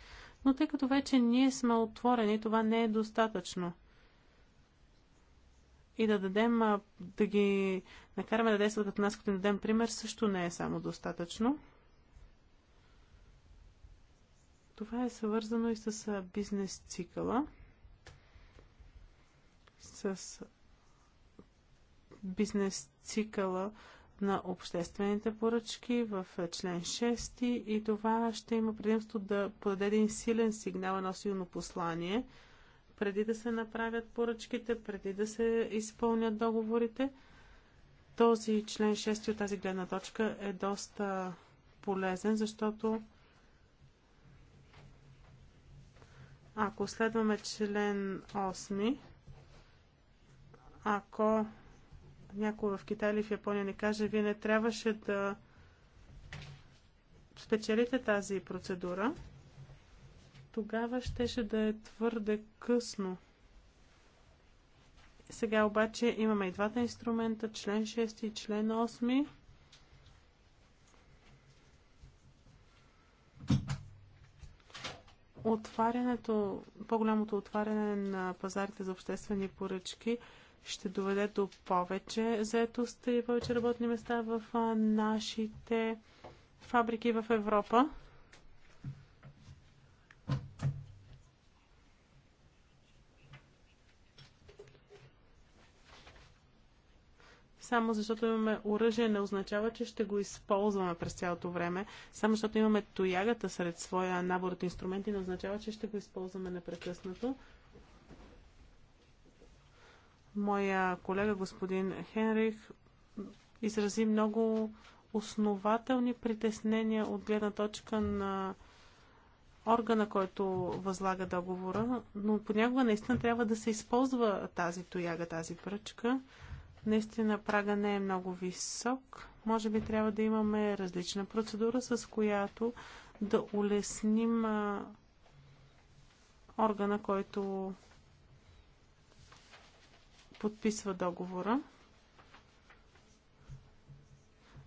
но тъй като вече ние сме отворени, това не е достатъчно – и да дадем, да ги накараме да действат като нас, като им дадем пример, също не е само достатъчно. Това е съвързано и с бизнес цикъла, с бизнес цикъла на обществените поръчки в член 6 и това ще има предимство да подаде един силен сигнал, едно силно послание – преди да се направят поръчките, преди да се изпълнят договорите. Този член 6 от тази гледна точка е доста полезен, защото ако следваме член 8, ако някой в Китай или в Япония ни каже, вие не трябваше да спечелите тази процедура, тогава щеше да е твърде късно. Сега обаче имаме и двата инструмента, член 6 и член 8. Отварянето, по-голямото отваряне на пазарите за обществени поръчки ще доведе до повече заетост и повече работни места в нашите фабрики в Европа. Само защото имаме оръжие не означава, че ще го използваме през цялото време. Само защото имаме тоягата сред своя набор от инструменти не означава, че ще го използваме непрекъснато. Моя колега господин Хенрих изрази много основателни притеснения от гледна точка на органа, който възлага договора, но понякога наистина трябва да се използва тази тояга, тази пръчка. Наистина прага не е много висок. Може би трябва да имаме различна процедура, с която да улесним органа, който подписва договора.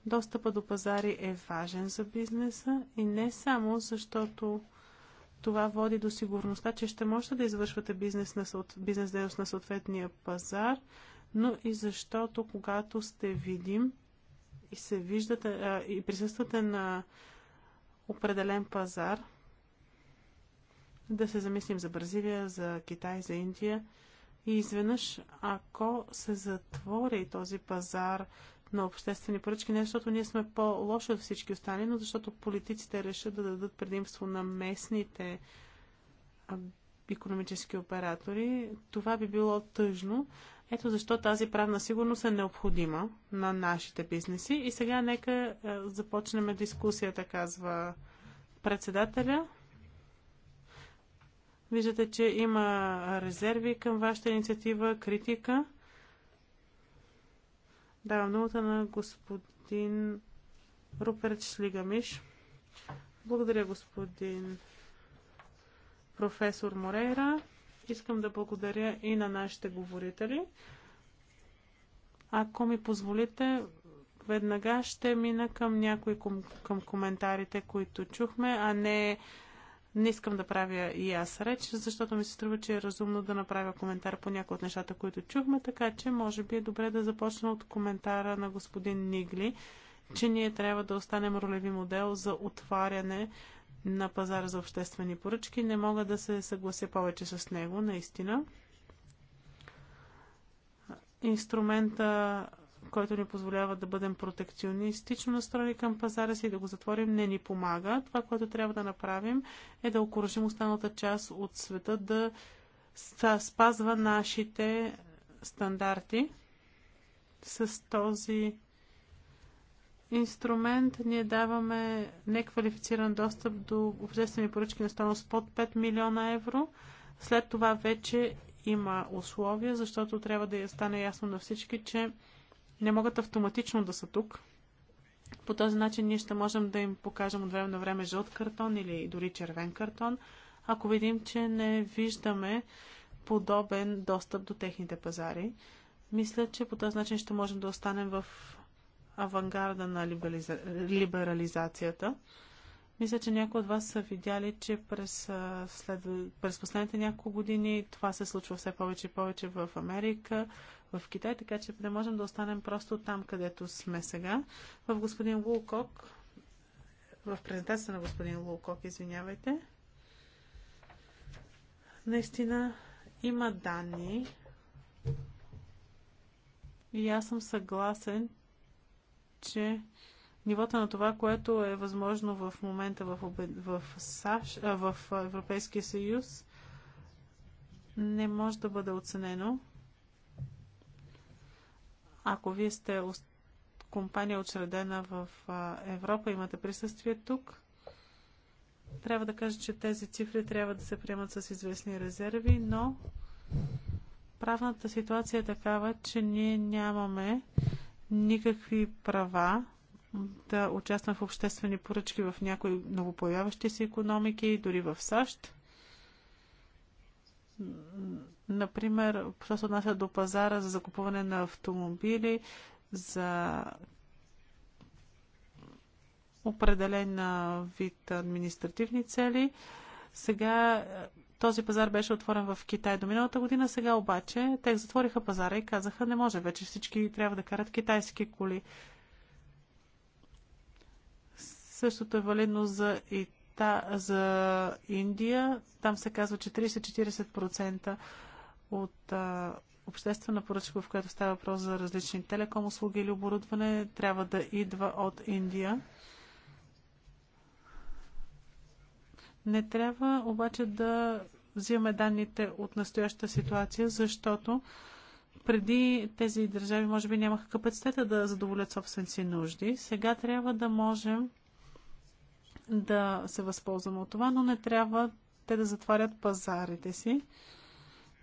Достъпа до пазари е важен за бизнеса и не само защото това води до сигурността, че ще можете да извършвате бизнес, на, бизнес дейност на съответния пазар, но и защото когато сте видим и се виждате а, и присъствате на определен пазар, да се замислим за Бразилия, за Китай, за Индия. И изведнъж, ако се затвори този пазар на обществени поръчки, не защото ние сме по-лоши от всички останали, но защото политиците решат да дадат предимство на местните економически оператори, това би било тъжно, ето защо тази правна сигурност е необходима на нашите бизнеси. И сега нека е, започнем дискусията, казва председателя. Виждате, че има резерви към вашата инициатива, критика. Давам думата на господин Руперт Шлигамиш. Благодаря, господин професор Морейра. Искам да благодаря и на нашите говорители. Ако ми позволите, веднага ще мина към някои ком, към коментарите, които чухме, а не не искам да правя и аз реч, защото ми се струва, че е разумно да направя коментар по някои от нещата, които чухме, така че може би е добре да започна от коментара на господин Нигли, че ние трябва да останем ролеви модел за отваряне на пазара за обществени поръчки. Не мога да се съглася повече с него, наистина. Инструмента, който ни позволява да бъдем протекционистично настроени към пазара си и да го затворим, не ни помага. Това, което трябва да направим, е да окоръжим останалата част от света да спазва нашите стандарти. С този инструмент ние даваме неквалифициран достъп до обществени поръчки на стоеност под 5 милиона евро. След това вече има условия, защото трябва да стане ясно на всички, че не могат автоматично да са тук. По този начин ние ще можем да им покажем от време на време жълт картон или дори червен картон, ако видим, че не виждаме подобен достъп до техните пазари. Мисля, че по този начин ще можем да останем в авангарда на либерализа... либерализацията. Мисля, че някои от вас са видяли, че през, след... през последните няколко години това се случва все повече и повече в Америка, в Китай, така че не можем да останем просто там, където сме сега. В господин Лукок, в презентацията на господин Лукок, извинявайте, наистина има данни и аз съм съгласен, че нивото на това, което е възможно в момента в, в, САЩ, а, в Европейския съюз, не може да бъде оценено. Ако вие сте компания учредена в Европа, имате присъствие тук, трябва да кажа, че тези цифри трябва да се приемат с известни резерви, но правната ситуация е такава, че ние нямаме никакви права да участвам в обществени поръчки в някои новопоявящи се економики, дори в САЩ. Например, що се отнася до пазара за закупуване на автомобили, за определен вид административни цели. Сега този пазар беше отворен в Китай до миналата година, сега обаче те затвориха пазара и казаха, не може, вече всички трябва да карат китайски коли. Същото е валидно за Ита, за Индия. Там се казва, че 30-40% от а, обществена поръчка, в която става въпрос за различни телеком услуги или оборудване, трябва да идва от Индия. Не трябва обаче да взимаме данните от настоящата ситуация, защото преди тези държави може би нямаха капацитета да задоволят собствените си нужди. Сега трябва да можем да се възползваме от това, но не трябва те да затварят пазарите си.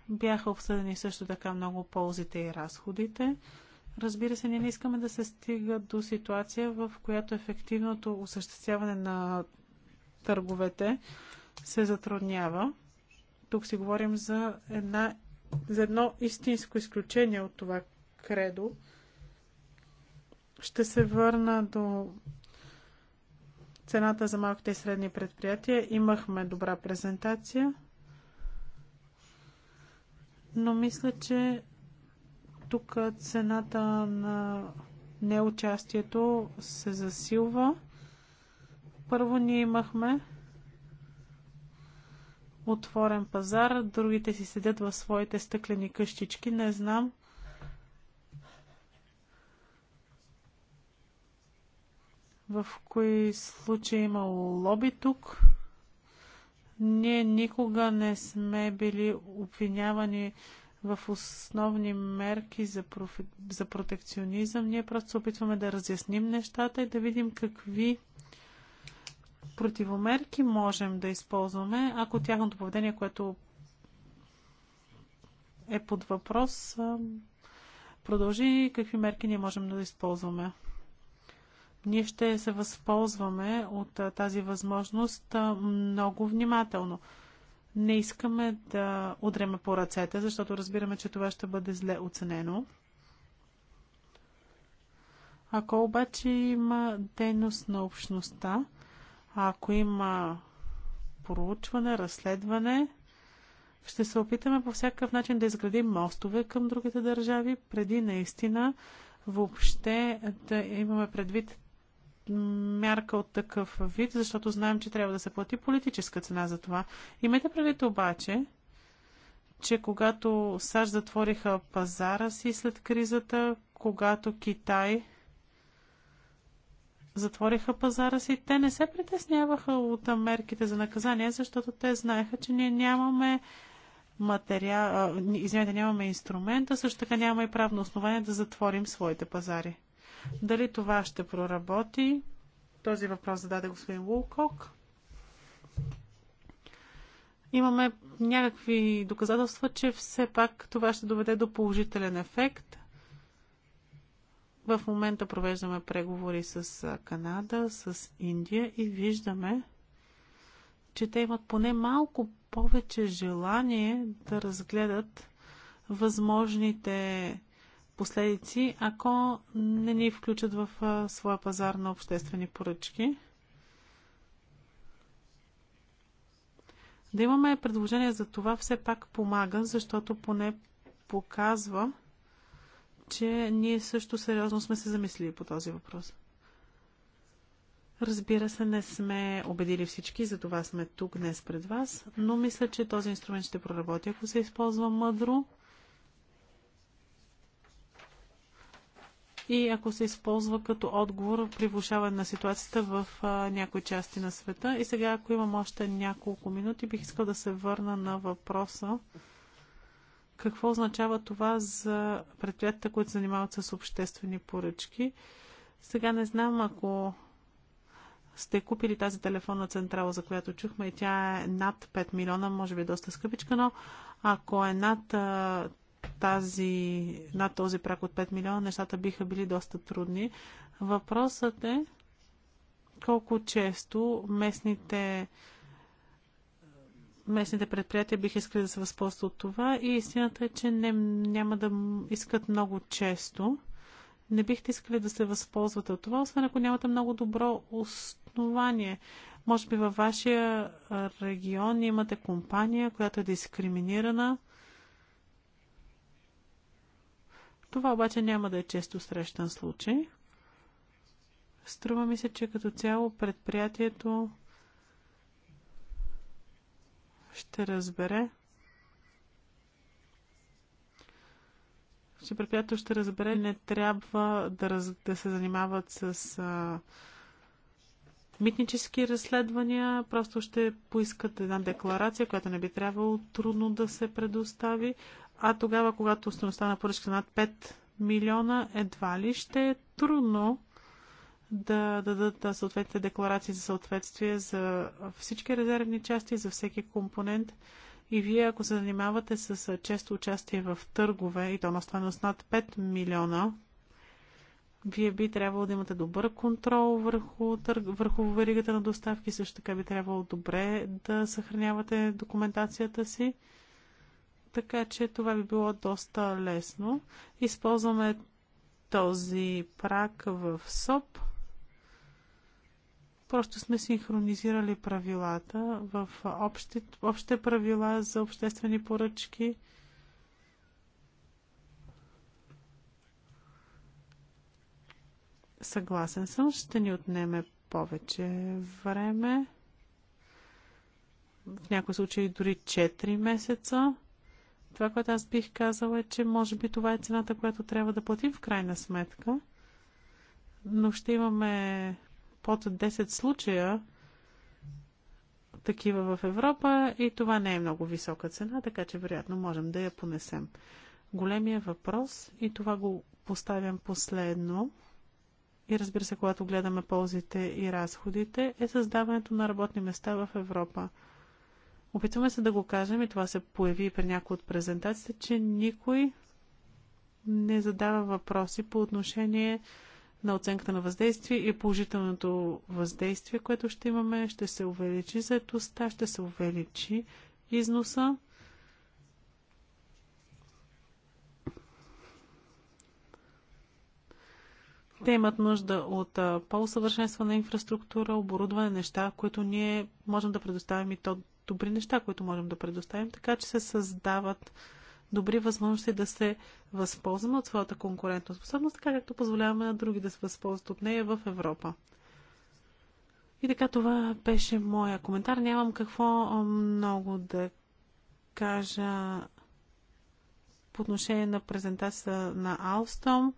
Бяха обсъдени също така много ползите и разходите. Разбира се, ние не искаме да се стига до ситуация, в която ефективното осъществяване на търговете се затруднява. Тук си говорим за, една, за едно истинско изключение от това кредо. Ще се върна до цената за малките и средни предприятия. Имахме добра презентация, но мисля, че тук цената на неучастието се засилва. Първо ние имахме отворен пазар, другите си седят в своите стъклени къщички, не знам. В кои случаи е имало лоби тук? Ние никога не сме били обвинявани в основни мерки за, профи... за протекционизъм. Ние просто опитваме да разясним нещата и да видим какви противомерки можем да използваме, ако тяхното поведение, което е под въпрос, продължи, какви мерки ние можем да използваме. Ние ще се възползваме от тази възможност много внимателно. Не искаме да удреме по ръцете, защото разбираме, че това ще бъде зле оценено. Ако обаче има дейност на общността, ако има проучване, разследване, ще се опитаме по всякакъв начин да изградим мостове към другите държави, преди наистина въобще да имаме предвид мярка от такъв вид, защото знаем, че трябва да се плати политическа цена за това. Имайте предвид обаче, че когато САЩ затвориха пазара си след кризата, когато Китай затвориха пазара си, те не се притесняваха от мерките за наказание, защото те знаеха, че ние нямаме материал, извинете, нямаме инструмента, също така няма и правно основание да затворим своите пазари. Дали това ще проработи? Този въпрос зададе господин Лукок. Имаме някакви доказателства, че все пак това ще доведе до положителен ефект – в момента провеждаме преговори с Канада, с Индия и виждаме, че те имат поне малко повече желание да разгледат възможните последици, ако не ни включат в своя пазар на обществени поръчки. Да имаме предложение за това все пак помага, защото поне показва, че ние също сериозно сме се замислили по този въпрос. Разбира се, не сме убедили всички, затова сме тук днес пред вас, но мисля, че този инструмент ще проработи, ако се използва мъдро. И ако се използва като отговор при влушаване на ситуацията в а, някои части на света. И сега, ако имам още няколко минути, бих искал да се върна на въпроса какво означава това за предприятията, които занимават с обществени поръчки. Сега не знам, ако сте купили тази телефонна централа, за която чухме, и тя е над 5 милиона, може би е доста скъпичка, но ако е над, тази, над този прак от 5 милиона, нещата биха били доста трудни. Въпросът е колко често местните местните предприятия бих искали да се възползват от това и истината е, че не, няма да искат много често. Не бихте искали да се възползвате от това, освен ако нямате много добро основание. Може би във вашия регион имате компания, която е дискриминирана. Това обаче няма да е често срещан случай. Струва ми се, че като цяло предприятието ще разбере, че предприятието ще разбере, не трябва да, раз, да се занимават с а, митнически разследвания, просто ще поискат една декларация, която не би трябвало трудно да се предостави, а тогава, когато стоеността на поръчка над 5 милиона, едва ли ще е трудно да дадат съответните декларации за съответствие за всички резервни части, за всеки компонент. И вие, ако се занимавате с често участие в търгове, и то на стоеност над 5 милиона, вие би трябвало да имате добър контрол върху, търг, върху веригата на доставки, също така би трябвало добре да съхранявате документацията си. Така че това би било доста лесно. Използваме този прак в СОП – Просто сме синхронизирали правилата в общи, общите правила за обществени поръчки. Съгласен съм, ще ни отнеме повече време. В някои случаи дори 4 месеца. Това, което аз бих казала е, че може би това е цената, която трябва да платим в крайна сметка. Но ще имаме под 10 случая такива в Европа и това не е много висока цена, така че вероятно можем да я понесем. Големия въпрос и това го поставям последно и разбира се, когато гледаме ползите и разходите, е създаването на работни места в Европа. Опитваме се да го кажем и това се появи и при някои от презентациите, че никой не задава въпроси по отношение на оценката на въздействие и положителното въздействие, което ще имаме, ще се увеличи заетостта, ще се увеличи износа. Те имат нужда от по-усъвършенствана инфраструктура, оборудване, неща, които ние можем да предоставим и то добри неща, които можем да предоставим, така че се създават добри възможности да се възползваме от своята конкурентна способност, така както позволяваме на други да се възползват от нея в Европа. И така това беше моя коментар. Нямам какво много да кажа по отношение на презентацията на Алстом.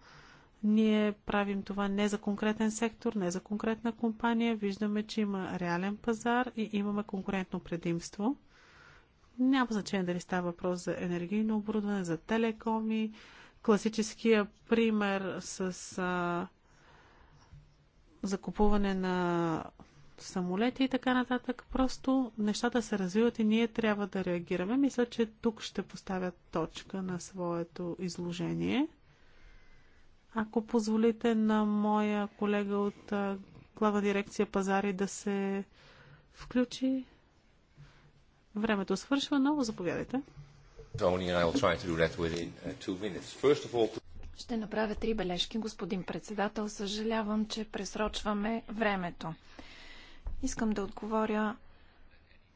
Ние правим това не за конкретен сектор, не за конкретна компания. Виждаме, че има реален пазар и имаме конкурентно предимство. Няма значение дали става въпрос за енергийно оборудване, за телекоми. Класическия пример с а, закупуване на самолети и така нататък. Просто нещата се развиват и ние трябва да реагираме. Мисля, че тук ще поставя точка на своето изложение. Ако позволите на моя колега от глава дирекция пазари да се включи, Времето е свършва, но заповядайте. Uh, Ще направя три бележки, господин председател. Съжалявам, че пресрочваме времето. Искам да отговоря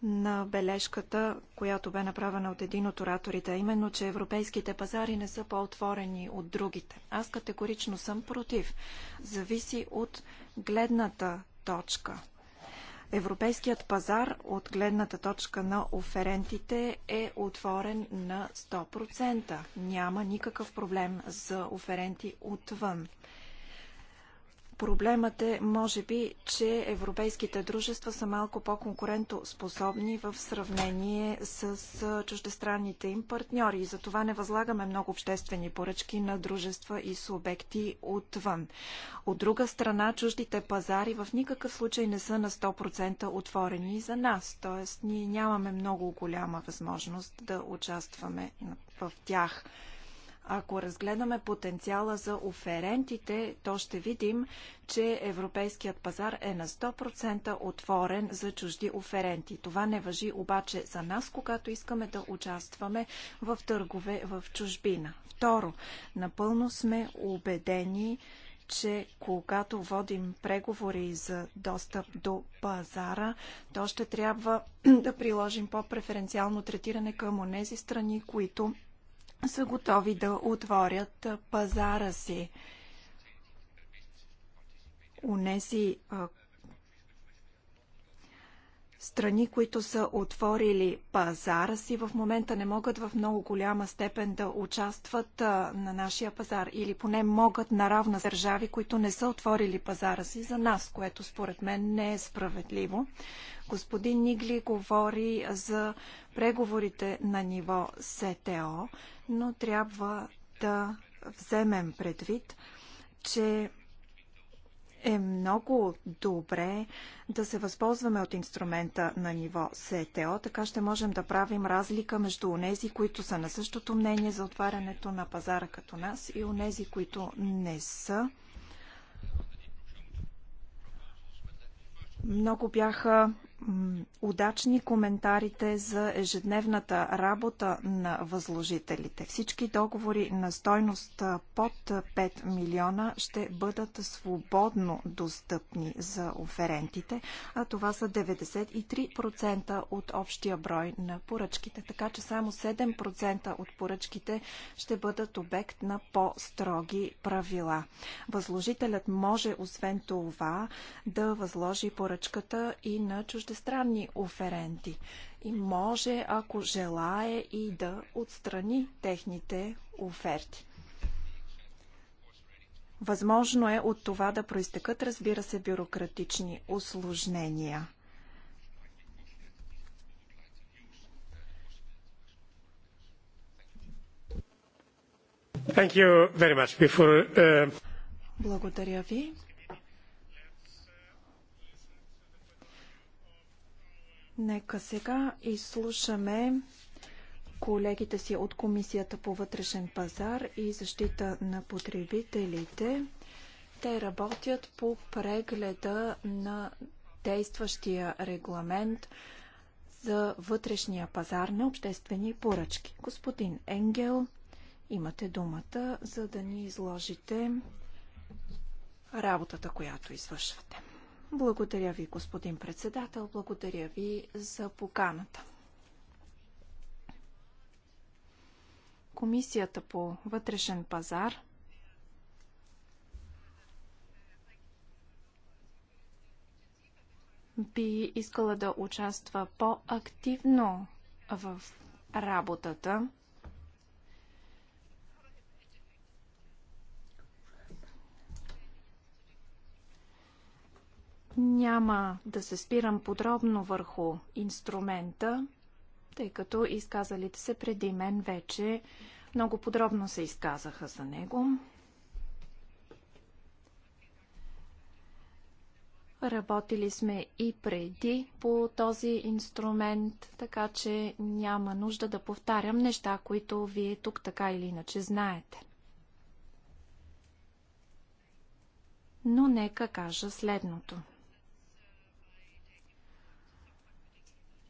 на бележката, която бе направена от един от ораторите, именно, че европейските пазари не са по-отворени от другите. Аз категорично съм против. Зависи от гледната точка. Европейският пазар от гледната точка на оферентите е отворен на 100%. Няма никакъв проблем за оференти отвън. Проблемът е, може би, че европейските дружества са малко по-конкурентоспособни в сравнение с чуждестранните им партньори. И затова не възлагаме много обществени поръчки на дружества и субекти отвън. От друга страна, чуждите пазари в никакъв случай не са на 100% отворени за нас. Тоест, ние нямаме много голяма възможност да участваме в тях. Ако разгледаме потенциала за оферентите, то ще видим, че европейският пазар е на 100% отворен за чужди оференти. Това не въжи обаче за нас, когато искаме да участваме в търгове в чужбина. Второ, напълно сме убедени, че когато водим преговори за достъп до пазара, то ще трябва да приложим по-преференциално третиране към онези страни, които са готови да отворят пазара си. Унеси Страни, които са отворили пазара си, в момента не могат в много голяма степен да участват на нашия пазар или поне могат наравна с държави, които не са отворили пазара си за нас, което според мен не е справедливо. Господин Нигли говори за преговорите на ниво СТО, но трябва да вземем предвид, че е много добре да се възползваме от инструмента на ниво СТО, така ще можем да правим разлика между онези, които са на същото мнение за отварянето на пазара като нас и онези, които не са. Много бяха удачни коментарите за ежедневната работа на възложителите. Всички договори на стойност под 5 милиона ще бъдат свободно достъпни за оферентите, а това са 93% от общия брой на поръчките. Така че само 7% от поръчките ще бъдат обект на по-строги правила. Възложителят може освен това да възложи поръчката и на чуждестранни чуждестранни оференти и може, ако желае, и да отстрани техните оферти. Възможно е от това да проистекат, разбира се, бюрократични осложнения. Much, before, uh... Благодаря ви. Нека сега изслушаме колегите си от Комисията по вътрешен пазар и защита на потребителите. Те работят по прегледа на действащия регламент за вътрешния пазар на обществени поръчки. Господин Енгел, имате думата, за да ни изложите работата, която извършвате. Благодаря ви, господин председател. Благодаря ви за поканата. Комисията по вътрешен пазар би искала да участва по-активно в работата Няма да се спирам подробно върху инструмента, тъй като изказалите се преди мен вече много подробно се изказаха за него. Работили сме и преди по този инструмент, така че няма нужда да повтарям неща, които вие тук така или иначе знаете. Но нека кажа следното –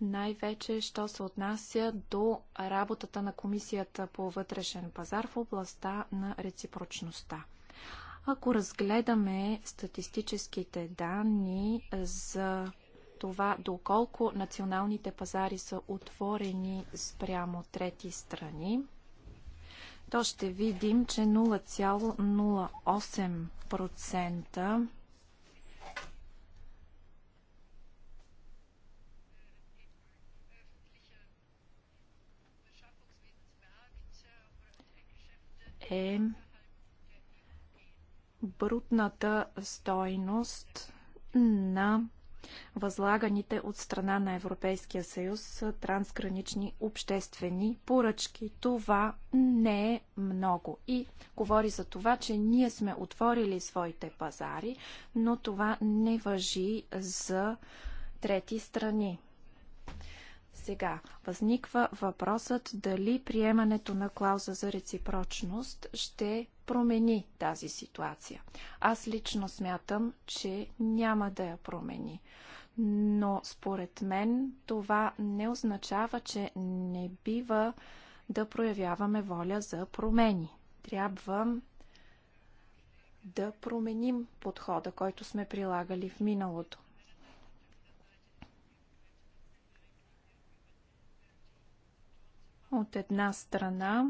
най-вече, що се отнася до работата на Комисията по вътрешен пазар в областта на реципрочността. Ако разгледаме статистическите данни за това доколко националните пазари са отворени спрямо трети страни, то ще видим, че 0,08% е брутната стойност на възлаганите от страна на Европейския съюз трансгранични обществени поръчки. Това не е много и говори за това, че ние сме отворили своите пазари, но това не въжи за трети страни. Сега възниква въпросът дали приемането на клауза за реципрочност ще промени тази ситуация. Аз лично смятам, че няма да я промени. Но според мен това не означава, че не бива да проявяваме воля за промени. Трябва да променим подхода, който сме прилагали в миналото. От една страна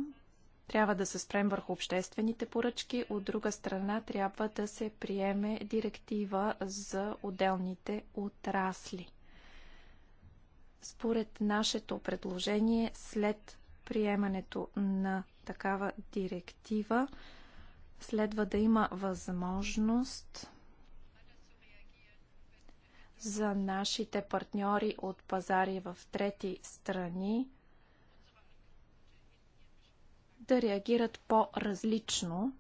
трябва да се спрем върху обществените поръчки, от друга страна трябва да се приеме директива за отделните отрасли. Според нашето предложение, след приемането на такава директива, следва да има възможност за нашите партньори от пазари в трети страни да реагират по-различно,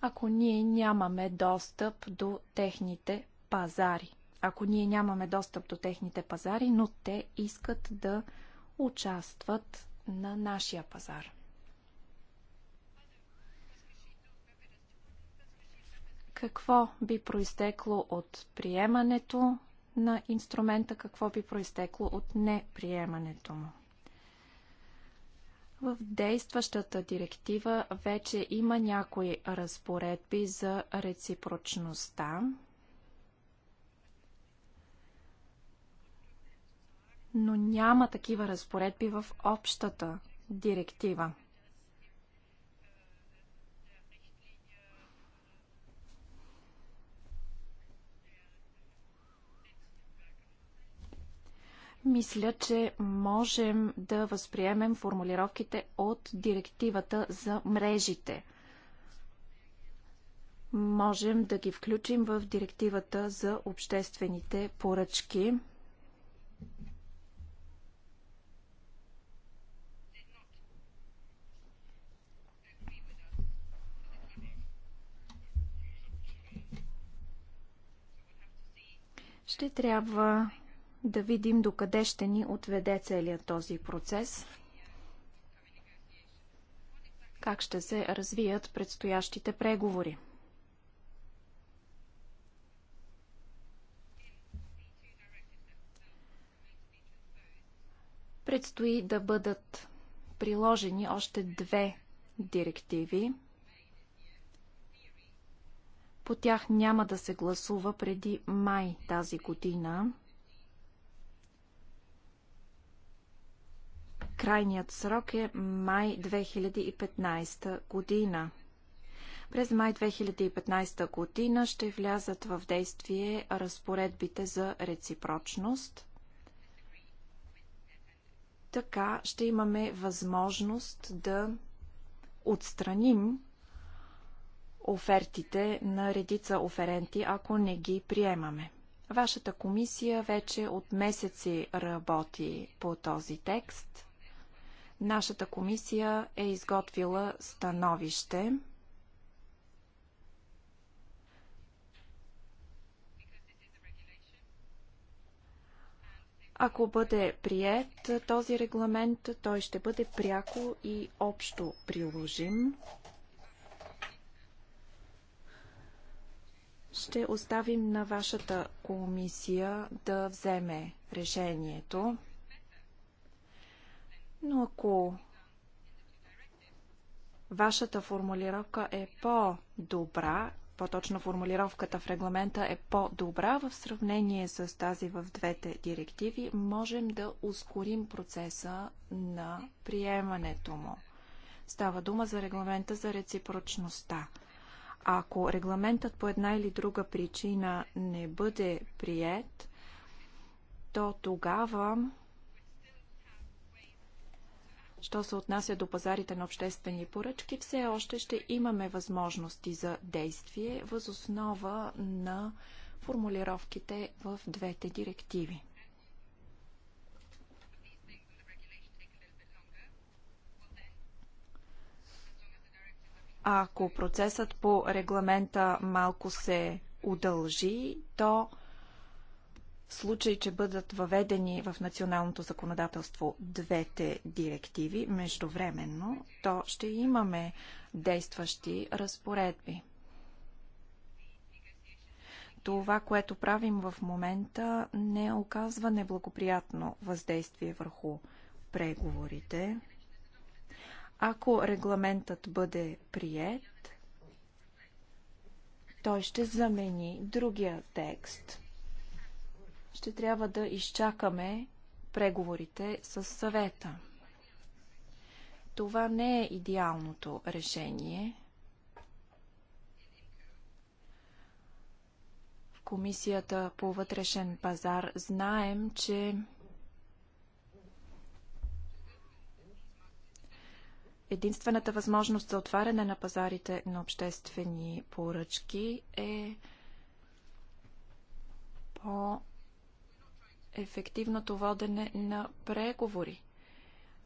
ако ние нямаме достъп до техните пазари. Ако ние нямаме достъп до техните пазари, но те искат да участват на нашия пазар. Какво би произтекло от приемането на инструмента, какво би произтекло от неприемането му? В действащата директива вече има някои разпоредби за реципрочността. Но няма такива разпоредби в общата директива. Мисля, че можем да възприемем формулировките от директивата за мрежите. Можем да ги включим в директивата за обществените поръчки. Ще трябва да видим докъде ще ни отведе целият този процес, как ще се развият предстоящите преговори. Предстои да бъдат приложени още две директиви. По тях няма да се гласува преди май тази година – Крайният срок е май 2015 година. През май 2015 година ще влязат в действие разпоредбите за реципрочност. Така ще имаме възможност да отстраним офертите на редица оференти, ако не ги приемаме. Вашата комисия вече от месеци работи по този текст. Нашата комисия е изготвила становище. Ако бъде прият този регламент, той ще бъде пряко и общо приложим. Ще оставим на вашата комисия да вземе решението. Но ако вашата формулировка е по-добра, по-точно формулировката в регламента е по-добра в сравнение с тази в двете директиви, можем да ускорим процеса на приемането му. Става дума за регламента за реципрочността. Ако регламентът по една или друга причина не бъде прият, то тогава Що се отнася до пазарите на обществени поръчки, все още ще имаме възможности за действие въз основа на формулировките в двете директиви. ако процесът по регламента малко се удължи, то в случай, че бъдат въведени в националното законодателство двете директиви междувременно, то ще имаме действащи разпоредби. Това, което правим в момента, не оказва неблагоприятно въздействие върху преговорите. Ако регламентът бъде прият, той ще замени другия текст – ще трябва да изчакаме преговорите с съвета. Това не е идеалното решение. В Комисията по вътрешен пазар знаем, че единствената възможност за отваряне на пазарите на обществени поръчки е по ефективното водене на преговори.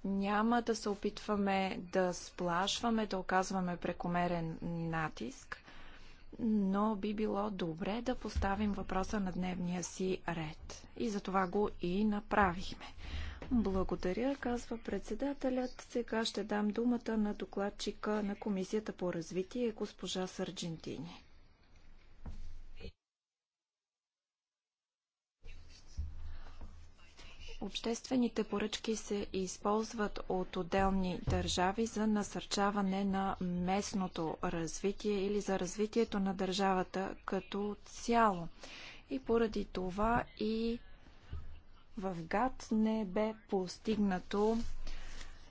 Няма да се опитваме да сплашваме, да оказваме прекомерен натиск, но би било добре да поставим въпроса на дневния си ред. И за това го и направихме. Благодаря, казва председателят. Сега ще дам думата на докладчика на Комисията по развитие, госпожа Сърджентини. Обществените поръчки се използват от отделни държави за насърчаване на местното развитие или за развитието на държавата като цяло. И поради това и в ГАТ не бе постигнато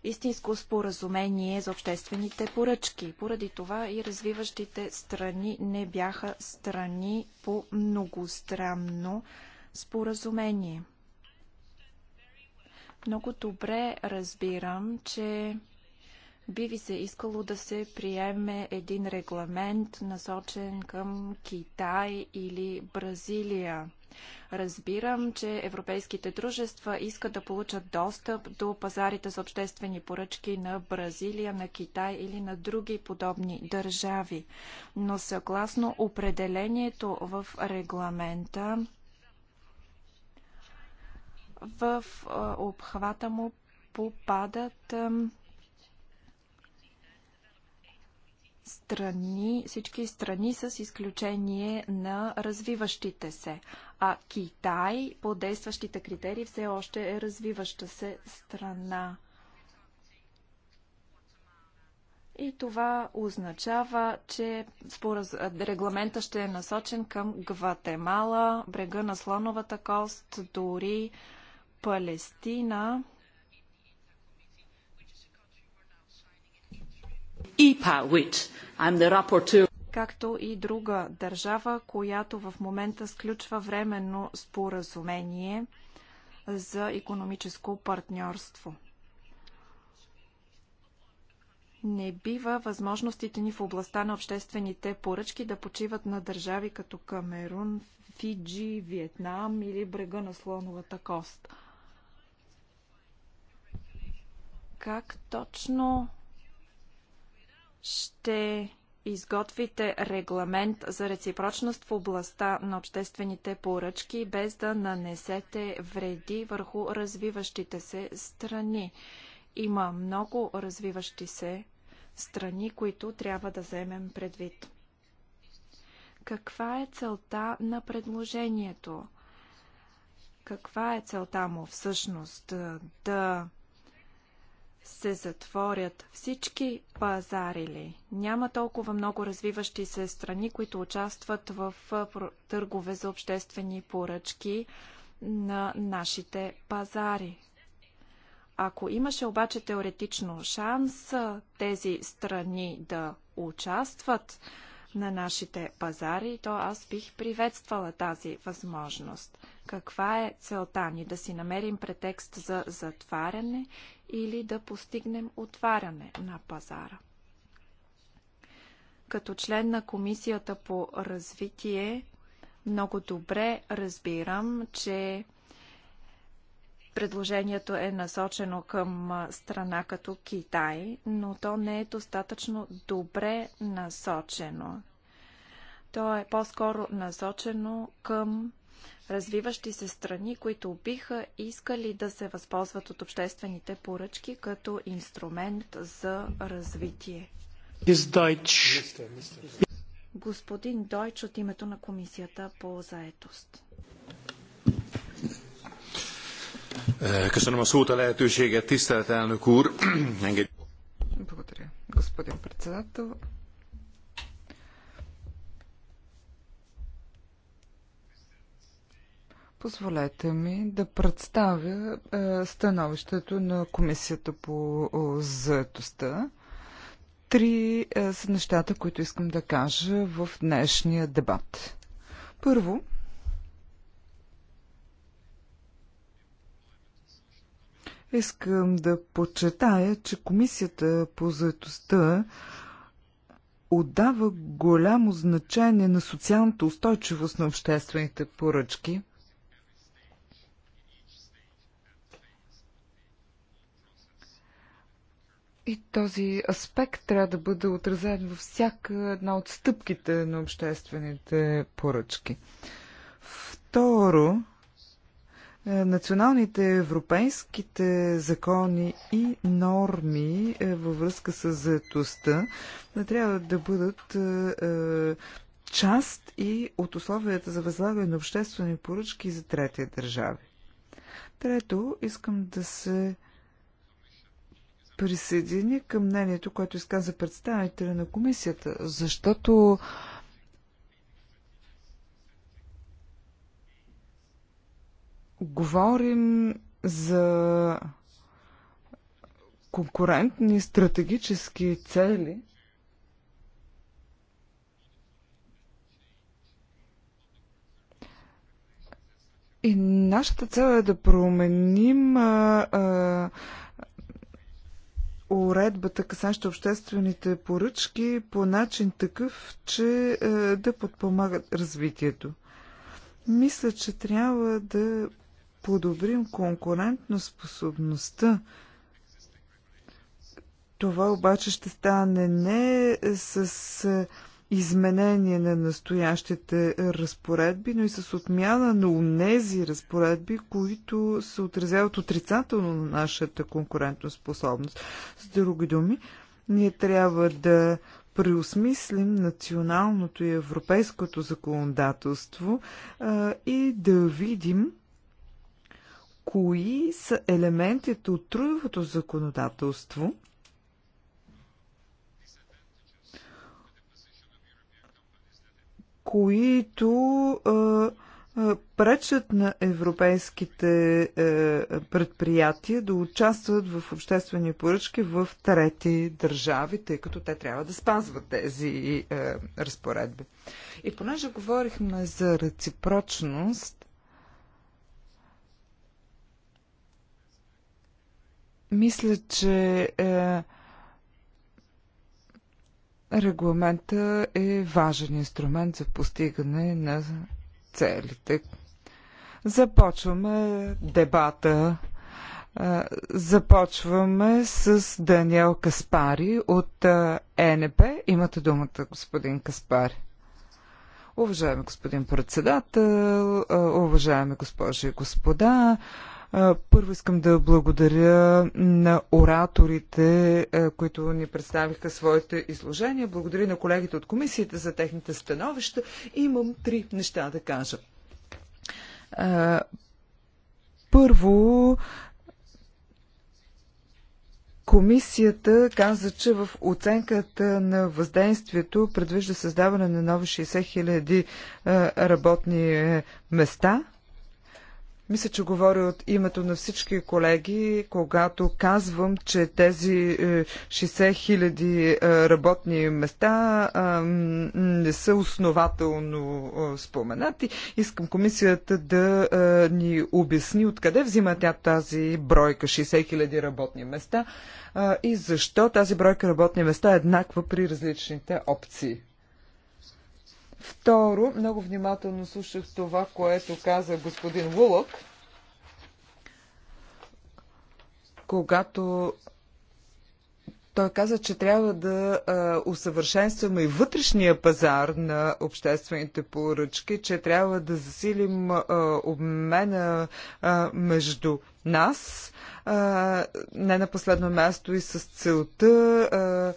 истинско споразумение за обществените поръчки. Поради това и развиващите страни не бяха страни по многостранно споразумение. Много добре разбирам, че би ви се искало да се приеме един регламент, насочен към Китай или Бразилия. Разбирам, че европейските дружества искат да получат достъп до пазарите за обществени поръчки на Бразилия, на Китай или на други подобни държави. Но съгласно определението в регламента, в обхвата му попадат страни, всички страни с изключение на развиващите се. А Китай по действащите критерии все още е развиваща се страна. И това означава, че спораз... регламента ще е насочен към Гватемала, брега на слоновата кост, дори Палестина. ИПА, which I'm the rapporteur както и друга държава, която в момента сключва временно споразумение за економическо партньорство. Не бива възможностите ни в областта на обществените поръчки да почиват на държави като Камерун, Фиджи, Виетнам или брега на слоновата кост – как точно ще изготвите регламент за реципрочност в областта на обществените поръчки, без да нанесете вреди върху развиващите се страни. Има много развиващи се страни, които трябва да вземем предвид. Каква е целта на предложението? Каква е целта му всъщност? Да се затворят всички пазари ли? Няма толкова много развиващи се страни, които участват в търгове за обществени поръчки на нашите пазари. Ако имаше обаче теоретично шанс тези страни да участват на нашите пазари, то аз бих приветствала тази възможност. Каква е целта ни? Да си намерим претекст за затваряне или да постигнем отваряне на пазара. Като член на Комисията по развитие, много добре разбирам, че предложението е насочено към страна като Китай, но то не е достатъчно добре насочено. То е по-скоро насочено към развиващи се страни, които биха искали да се възползват от обществените поръчки като инструмент за развитие. Господин Дойч от името на Комисията по заетост. Благодаря, господин председател. Позволете ми да представя е, становището на Комисията по е, заетостта. Три е, са нещата, които искам да кажа в днешния дебат. Първо, искам да подчертая, че Комисията по заетостта отдава голямо значение на социалната устойчивост на обществените поръчки – И този аспект трябва да бъде отразен във всяка една от стъпките на обществените поръчки. Второ, е, националните европейските закони и норми е, във връзка с заетостта е, трябва да бъдат част и от условията за възлагане на обществени поръчки за трети държави. Трето, искам да се присъедини към мнението, което изказа представителя на комисията, защото говорим за конкурентни стратегически цели, И нашата цел е да променим а, а, уредбата, касаща обществените поръчки, по начин такъв, че е, да подпомагат развитието. Мисля, че трябва да подобрим конкурентно способността. Това обаче ще стане не с е, изменение на настоящите разпоредби, но и с отмяна на унези разпоредби, които се отразяват отрицателно на нашата конкурентоспособност. С други думи, ние трябва да преосмислим националното и европейското законодателство а, и да видим кои са елементите от трудовото законодателство – които пречат на европейските е, предприятия да участват в обществени поръчки в трети държави, тъй като те трябва да спазват тези е, разпоредби. И понеже говорихме за реципрочност, мисля, че е, Регламента е важен инструмент за постигане на целите. Започваме дебата. Започваме с Даниел Каспари от е ЕНП. Имате думата, господин Каспари. Уважаеми господин председател, уважаеми госпожи и господа, първо искам да благодаря на ораторите, които ни представиха своите изложения. Благодаря на колегите от комисията за техните становища. Имам три неща да кажа. Първо, Комисията каза, че в оценката на въздействието предвижда създаване на нови 60 000 работни е, места – мисля, че говоря от името на всички колеги, когато казвам, че тези 60 е, хиляди е, работни места е, не са основателно споменати. Искам комисията да ни обясни откъде взима тя тази бройка 60 хиляди работни места и защо тази бройка работни места е еднаква при различните опции. Второ, много внимателно слушах това, което каза господин Вулок. Когато той каза, че трябва да а, усъвършенстваме и вътрешния пазар на обществените поръчки, че трябва да засилим а, обмена а, между нас, а, не на последно място и с целта. А,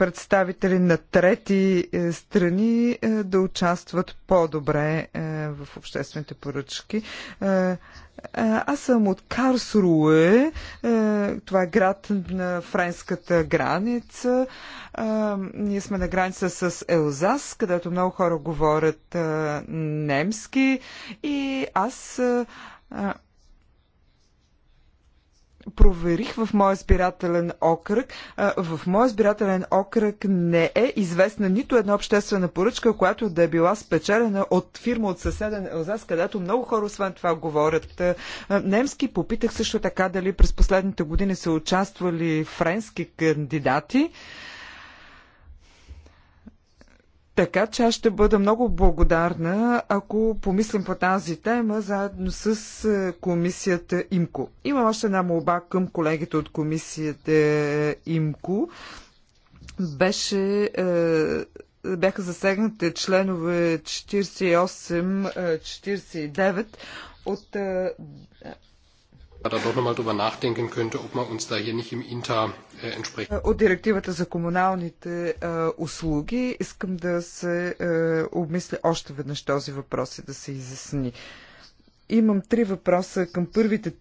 представители на трети е, страни е, да участват по-добре е, в обществените поръчки. Аз съм от Карсруе, това е град на френската граница. Ние сме на граница с Елзас, където много хора говорят немски и аз проверих в моя избирателен окръг. В моя избирателен окръг не е известна нито една обществена поръчка, която да е била спечелена от фирма от съседен Елзас, където много хора освен това говорят немски. Попитах също така дали през последните години са участвали френски кандидати. Така че аз ще бъда много благодарна, ако помислим по тази тема заедно с е, комисията ИМКО. Имам още една молба към колегите от комисията ИМКО. Беше е, бяха засегнати членове 48-49 е, от от директивата за комуналните услуги искам да се обмисля още веднъж този въпрос и да се изясни. Имам три въпроса към първите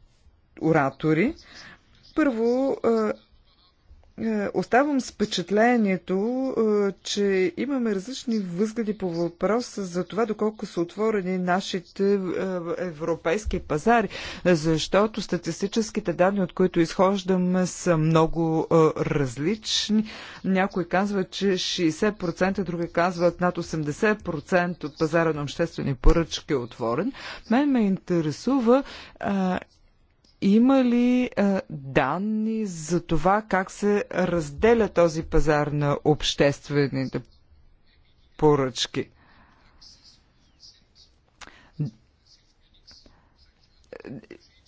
оратори. Първо, е, оставам с впечатлението, е, че имаме различни възгледи по въпроса за това доколко са отворени нашите е, европейски пазари, защото статистическите данни, от които изхождаме, са много различни. Някои казват, че 60%, други казват над 80% от пазара на обществени поръчки е отворен. Мен ме интересува има ли а, е, данни за това как се разделя този пазар на обществените поръчки?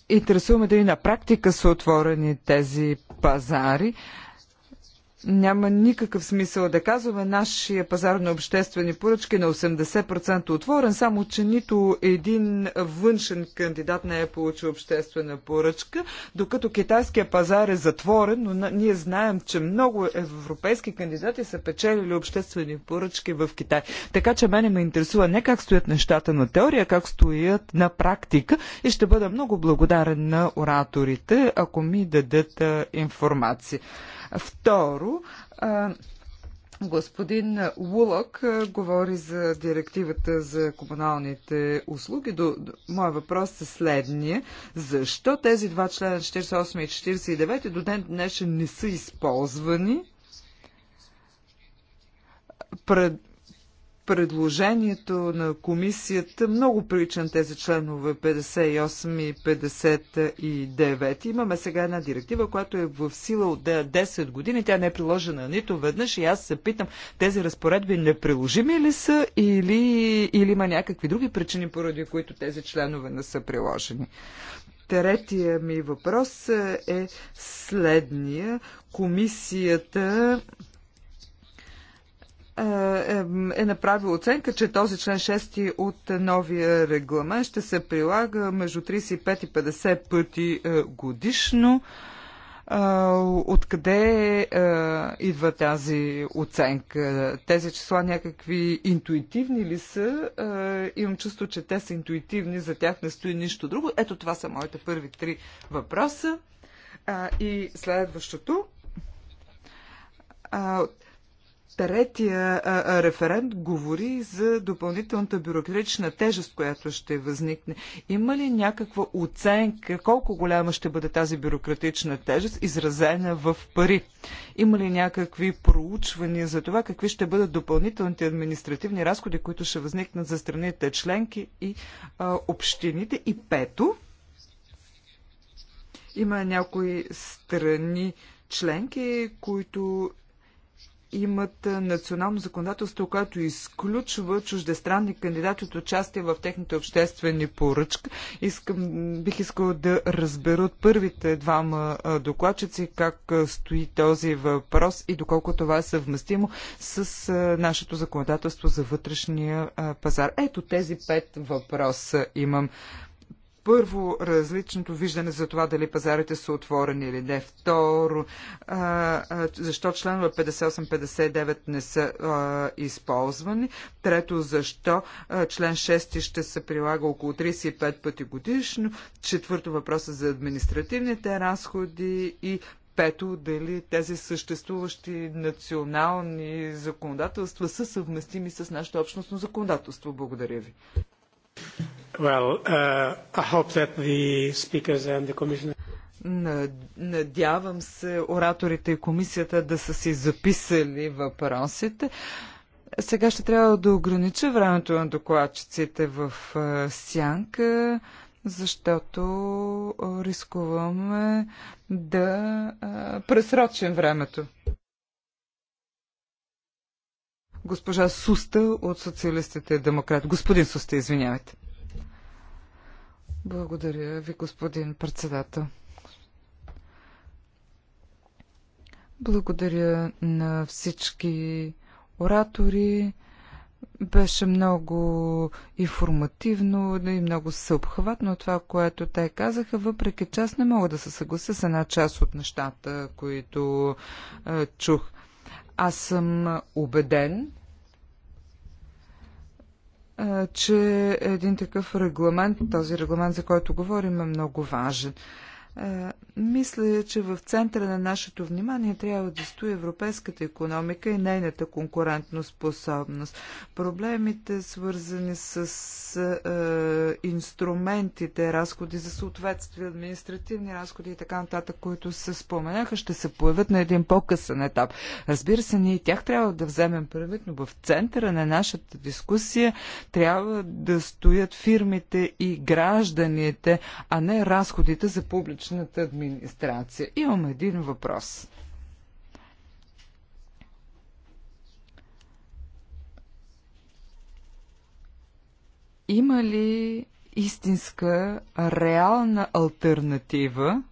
Интересуваме дали на практика са отворени тези пазари. А, няма никакъв смисъл да казваме нашия пазар на обществени поръчки е на 80% отворен, само че нито един външен кандидат не е получил обществена поръчка, докато китайския пазар е затворен, но ние знаем, че много европейски кандидати са печелили обществени поръчки в Китай. Така че мене ме интересува не как стоят нещата на теория, как стоят на практика и ще бъда много благодарен на ораторите, ако ми дадат информация. Второ, а, Господин Улок говори за директивата за комуналните услуги. До, до, моя въпрос е следния. Защо тези два члена 48 и 49 до ден днешен не са използвани? Пред, предложението на комисията много прилича на тези членове 58 и 59. Имаме сега една директива, която е в сила от 10 години. Тя не е приложена нито веднъж и аз се питам, тези разпоредби неприложими ли са или, или има някакви други причини, поради които тези членове не са приложени? Третия ми въпрос е следния. Комисията е, е, е направил оценка, че този член 6 от новия регламент ще се прилага между 35 и 50 пъти е, годишно. Откъде идва тази оценка? Тези числа някакви интуитивни ли са? Имам чувство, че те са интуитивни, за тях не стои нищо друго. Ето това са моите първи три въпроса. И следващото Третия референт говори за допълнителната бюрократична тежест, която ще възникне. Има ли някаква оценка колко голяма ще бъде тази бюрократична тежест, изразена в пари? Има ли някакви проучвания за това какви ще бъдат допълнителните административни разходи, които ще възникнат за страните членки и а, общините? И пето, има някои страни членки, които имат национално законодателство, което изключва чуждестранни кандидати от участие в техните обществени поръчки. Искам, бих искал да разбера от първите двама докладчици как стои този въпрос и доколко това е съвместимо с нашето законодателство за вътрешния пазар. Ето тези пет въпроса имам. Първо, различното виждане за това дали пазарите са отворени или не. Второ, защо членове 58-59 не са използвани. Трето, защо член 6 ще се прилага около 35 пъти годишно. Четвърто, въпроса за административните разходи и Пето, дали тези съществуващи национални законодателства са съвместими с нашето общностно законодателство. Благодаря ви. Well, uh, I hope that the speakers and the commissioner... Надявам се ораторите и комисията да са си записали въпросите. Сега ще трябва да огранича времето на докладчиците в е, сянка, защото рискуваме да е, пресрочим времето. Госпожа Суста от Социалистите и демократи. Господин Суста, извинявайте. Благодаря ви, господин председател. Благодаря на всички оратори. Беше много информативно и много съобхватно това, което те казаха, въпреки че аз не мога да се съглася с една част от нещата, които е, чух. Аз съм убеден, че един такъв регламент, този регламент, за който говорим, е много важен. Мисля, че в центъра на нашето внимание трябва да стои европейската економика и нейната конкурентно способност. Проблемите, свързани с е, инструментите, разходи за съответствие, административни разходи и така нататък, които се споменаха, ще се появят на един по-късен етап. Разбира се, ние тях трябва да вземем предвид, но в центъра на нашата дискусия трябва да стоят фирмите и гражданите, а не разходите за публичната администрация администрация. Имам един въпрос. Има ли истинска, реална альтернатива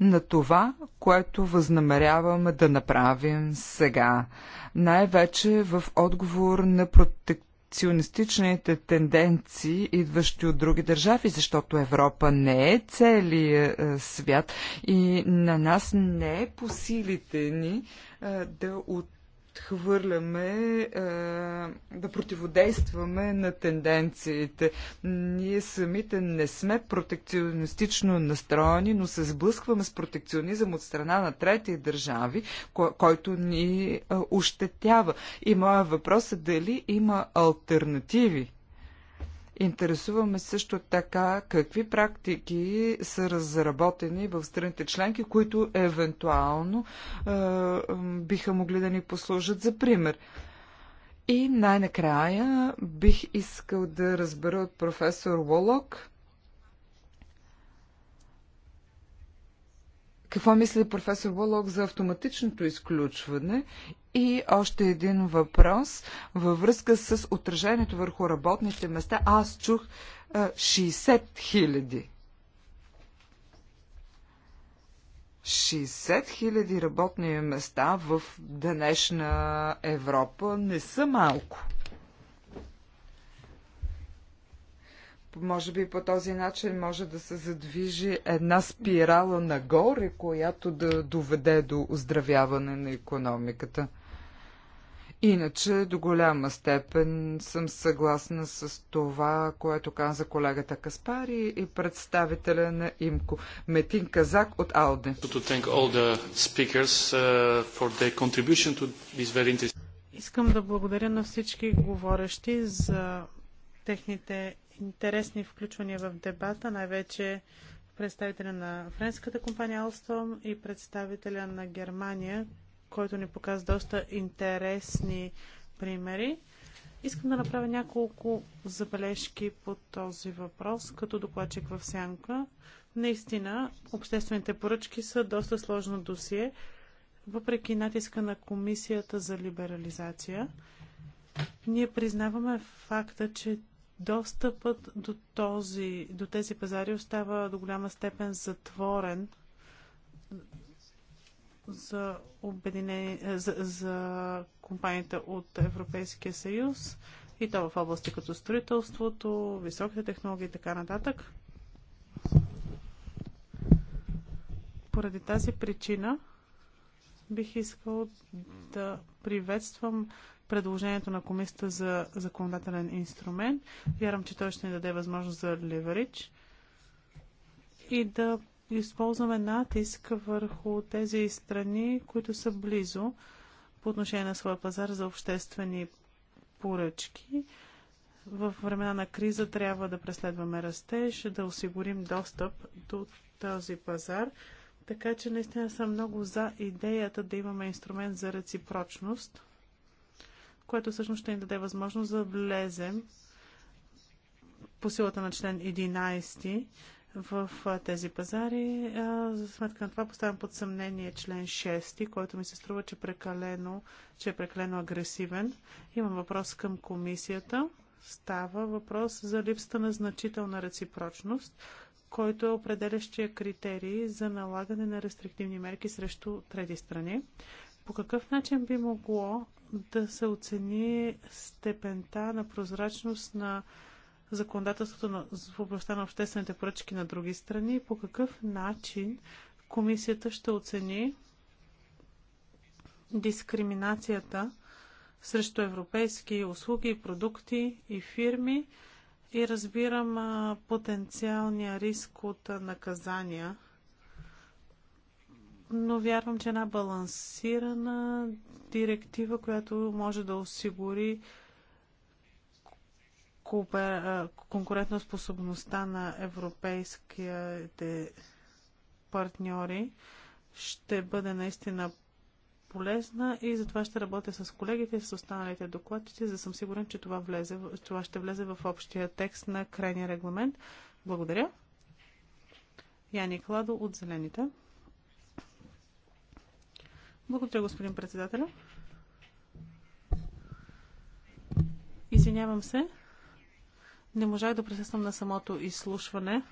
на това, което възнамеряваме да направим сега. Най-вече в отговор на протек протекционистичните тенденции, идващи от други държави, защото Европа не е целият е, свят и на нас не е по силите ни е, да от отхвърляме, е, да противодействаме на тенденциите. Ние самите не сме протекционистично настроени, но се сблъскваме с протекционизъм от страна на трети държави, който ни е, ощетява. И моя въпрос е дали има альтернативи Интересуваме също така какви практики са разработени в страните членки, които евентуално е, биха могли да ни послужат за пример. И най-накрая бих искал да разбера от професор Волок какво мисли професор Волок за автоматичното изключване и още един въпрос във връзка с отражението върху работните места. Аз чух 60 хиляди. 60 хиляди работни места в днешна Европа не са малко. може би по този начин може да се задвижи една спирала нагоре, която да доведе до оздравяване на економиката. Иначе до голяма степен съм съгласна с това, което каза колегата Каспари и представителя на ИМКО Метин Казак от АЛДЕ. Uh, Искам да благодаря на всички говорещи за техните интересни включвания в дебата, най-вече представителя на френската компания Alstom и представителя на Германия, който ни показва доста интересни примери. Искам да направя няколко забележки по този въпрос, като докладчик в сянка. Наистина, обществените поръчки са доста сложно досие, въпреки натиска на Комисията за либерализация. Ние признаваме факта, че достъпът до, този, до тези пазари остава до голяма степен затворен за, е, за, за компанията от Европейския съюз и то в области като строителството, високите технологии и така нататък. Поради тази причина бих искал да приветствам предложението на комисията за законодателен инструмент. Вярвам, че той ще ни даде възможност за леверидж и да използваме натиск върху тези страни, които са близо по отношение на своя пазар за обществени поръчки. В времена на криза трябва да преследваме растеж, да осигурим достъп до този пазар. Така че наистина съм много за идеята да имаме инструмент за реципрочност, което всъщност ще ни даде възможност да влезем по силата на член 11 в тези пазари. За сметка на това поставям под съмнение член 6, който ми се струва, че, прекалено, че е прекалено агресивен. Имам въпрос към комисията. Става въпрос за липсата на значителна реципрочност, който е определящия критерий за налагане на рестриктивни мерки срещу трети страни. По какъв начин би могло да се оцени степента на прозрачност на законодателството на, в областта на обществените поръчки на други страни и по какъв начин комисията ще оцени дискриминацията срещу европейски услуги, продукти и фирми и разбирам а, потенциалния риск от а, наказания. Но вярвам, че една балансирана директива, която може да осигури конкурентоспособността на европейските партньори ще бъде наистина полезна и затова ще работя с колегите и с останалите докладчици, за да съм сигурен, че това, влезе, това ще влезе в общия текст на крайния регламент. Благодаря. Яни Кладо от Зелените. Благодаря, господин председател. Извинявам се. Не можах да присъствам на самото изслушване.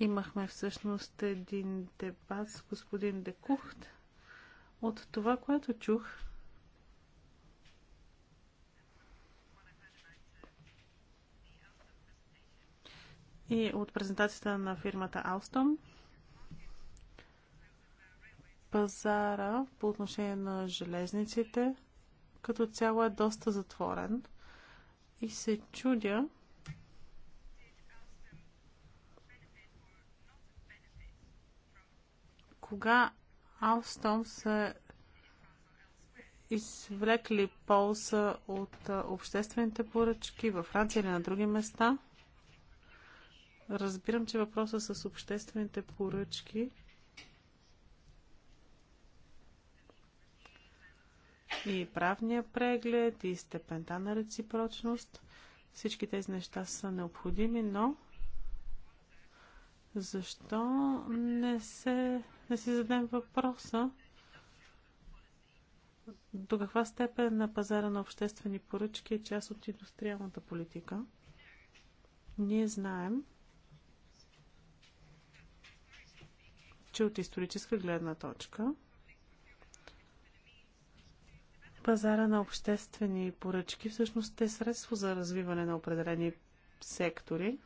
Имахме всъщност един дебат с господин Декухт. От това, което чух, и от презентацията на фирмата Alstom, пазара по отношение на железниците като цяло е доста затворен и се чудя кога Алстом са извлекли полза от обществените поръчки във Франция или на други места. Разбирам, че въпросът с обществените поръчки и правния преглед, и степента на реципрочност. Всички тези неща са необходими, но защо не, се, не си зададем въпроса до каква степен на пазара на обществени поръчки е част от индустриалната политика? Ние знаем, че от историческа гледна точка пазара на обществени поръчки всъщност е средство за развиване на определени сектори.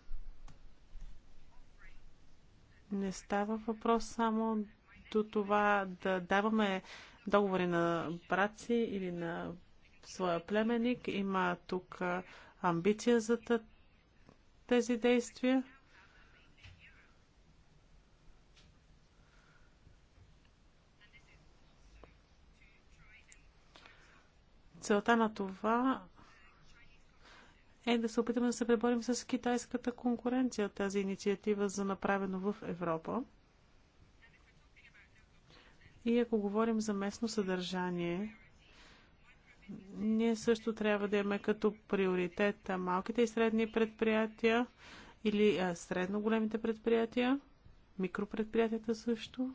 Не става въпрос само до това да даваме договори на праци или на своя племенник. Има тук амбиция за тези действия. целта на това е да се опитаме да се преборим с китайската конкуренция, тази инициатива за направено в Европа. И ако говорим за местно съдържание, ние също трябва да имаме като приоритет малките и средни предприятия или средно големите предприятия, микропредприятията също.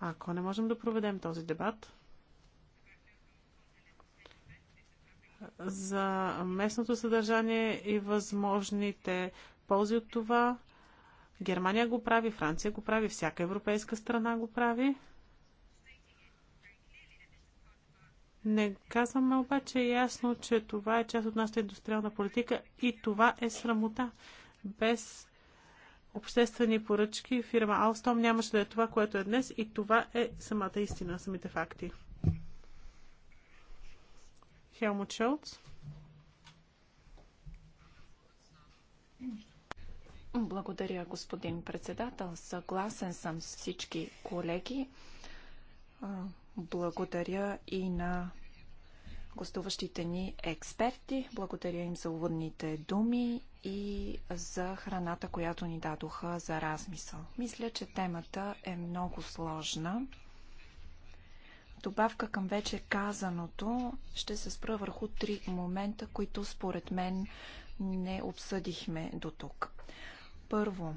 Ако не можем да проведем този дебат за местното съдържание и възможните ползи от това, Германия го прави, Франция го прави, всяка европейска страна го прави. Не казваме обаче ясно, че това е част от нашата индустриална политика и това е срамота. Без обществени поръчки фирма Алстом нямаше да е това, което е днес и това е самата истина, самите факти. Хелмут Шолц. Благодаря, господин председател. Съгласен съм с всички колеги. Благодаря и на гостуващите ни експерти. Благодаря им за уводните думи и за храната, която ни дадоха за размисъл. Мисля, че темата е много сложна. Добавка към вече казаното ще се спра върху три момента, които според мен не обсъдихме до тук. Първо,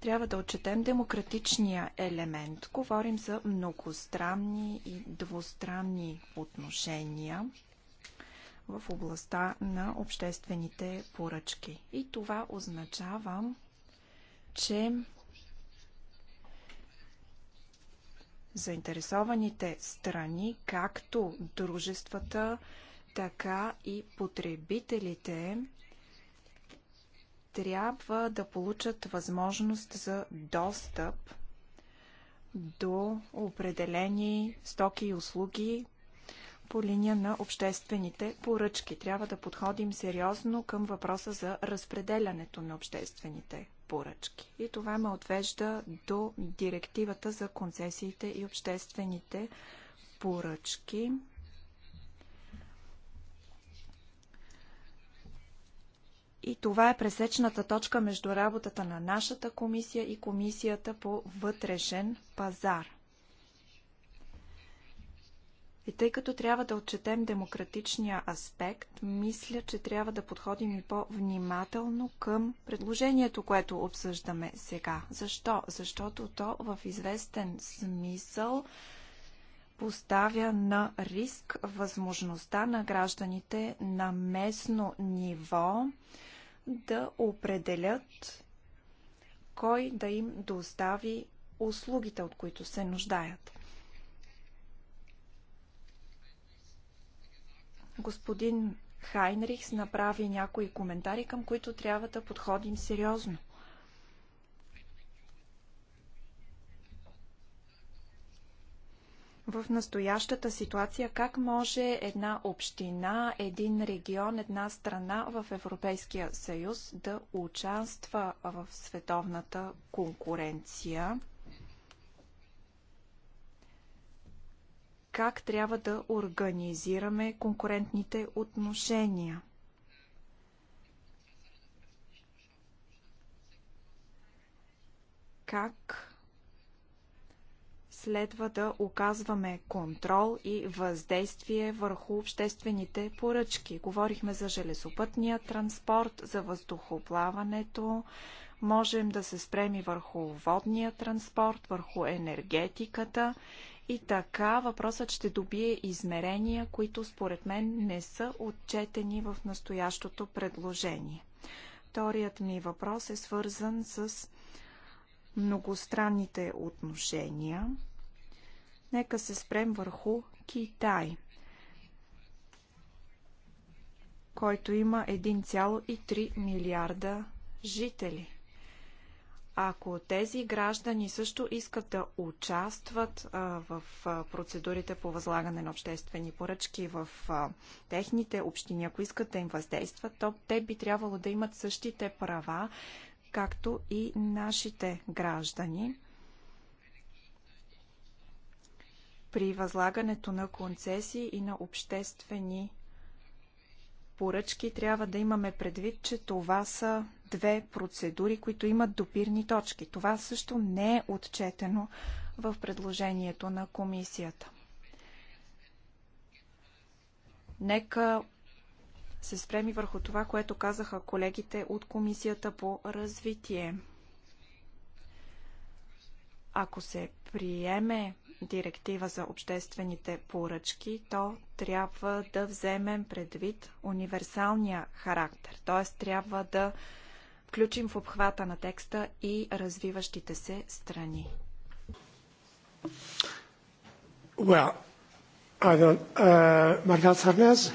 трябва да отчетем демократичния елемент. Говорим за многостранни и двустранни отношения в областта на обществените поръчки. И това означава, че заинтересованите страни, както дружествата, така и потребителите трябва да получат възможност за достъп до определени стоки и услуги по линия на обществените поръчки. Трябва да подходим сериозно към въпроса за разпределянето на обществените поръчки. И това ме отвежда до директивата за концесиите и обществените поръчки. И това е пресечната точка между работата на нашата комисия и комисията по вътрешен пазар. И тъй като трябва да отчетем демократичния аспект, мисля, че трябва да подходим и по-внимателно към предложението, което обсъждаме сега. Защо? Защото то в известен смисъл поставя на риск възможността на гражданите на местно ниво да определят кой да им достави услугите, от които се нуждаят. Господин Хайнрихс направи някои коментари, към които трябва да подходим сериозно – в настоящата ситуация как може една община, един регион, една страна в Европейския съюз да участва в световната конкуренция? Как трябва да организираме конкурентните отношения? Как следва да оказваме контрол и въздействие върху обществените поръчки. Говорихме за железопътния транспорт, за въздухоплаването, можем да се спреми върху водния транспорт, върху енергетиката и така въпросът ще добие измерения, които според мен не са отчетени в настоящото предложение. Вторият ми въпрос е свързан с многостранните отношения. Нека се спрем върху Китай, който има 1,3 милиарда жители. Ако тези граждани също искат да участват а, в а, процедурите по възлагане на обществени поръчки в а, техните общини, ако искат да им въздействат, то те би трябвало да имат същите права, както и нашите граждани. при възлагането на концесии и на обществени поръчки трябва да имаме предвид, че това са две процедури, които имат допирни точки. Това също не е отчетено в предложението на комисията. Нека се спреми върху това, което казаха колегите от Комисията по развитие. Ако се приеме директива за обществените поръчки, то трябва да вземем предвид универсалния характер. Т.е. трябва да включим в обхвата на текста и развиващите се страни. Well, I don't, uh,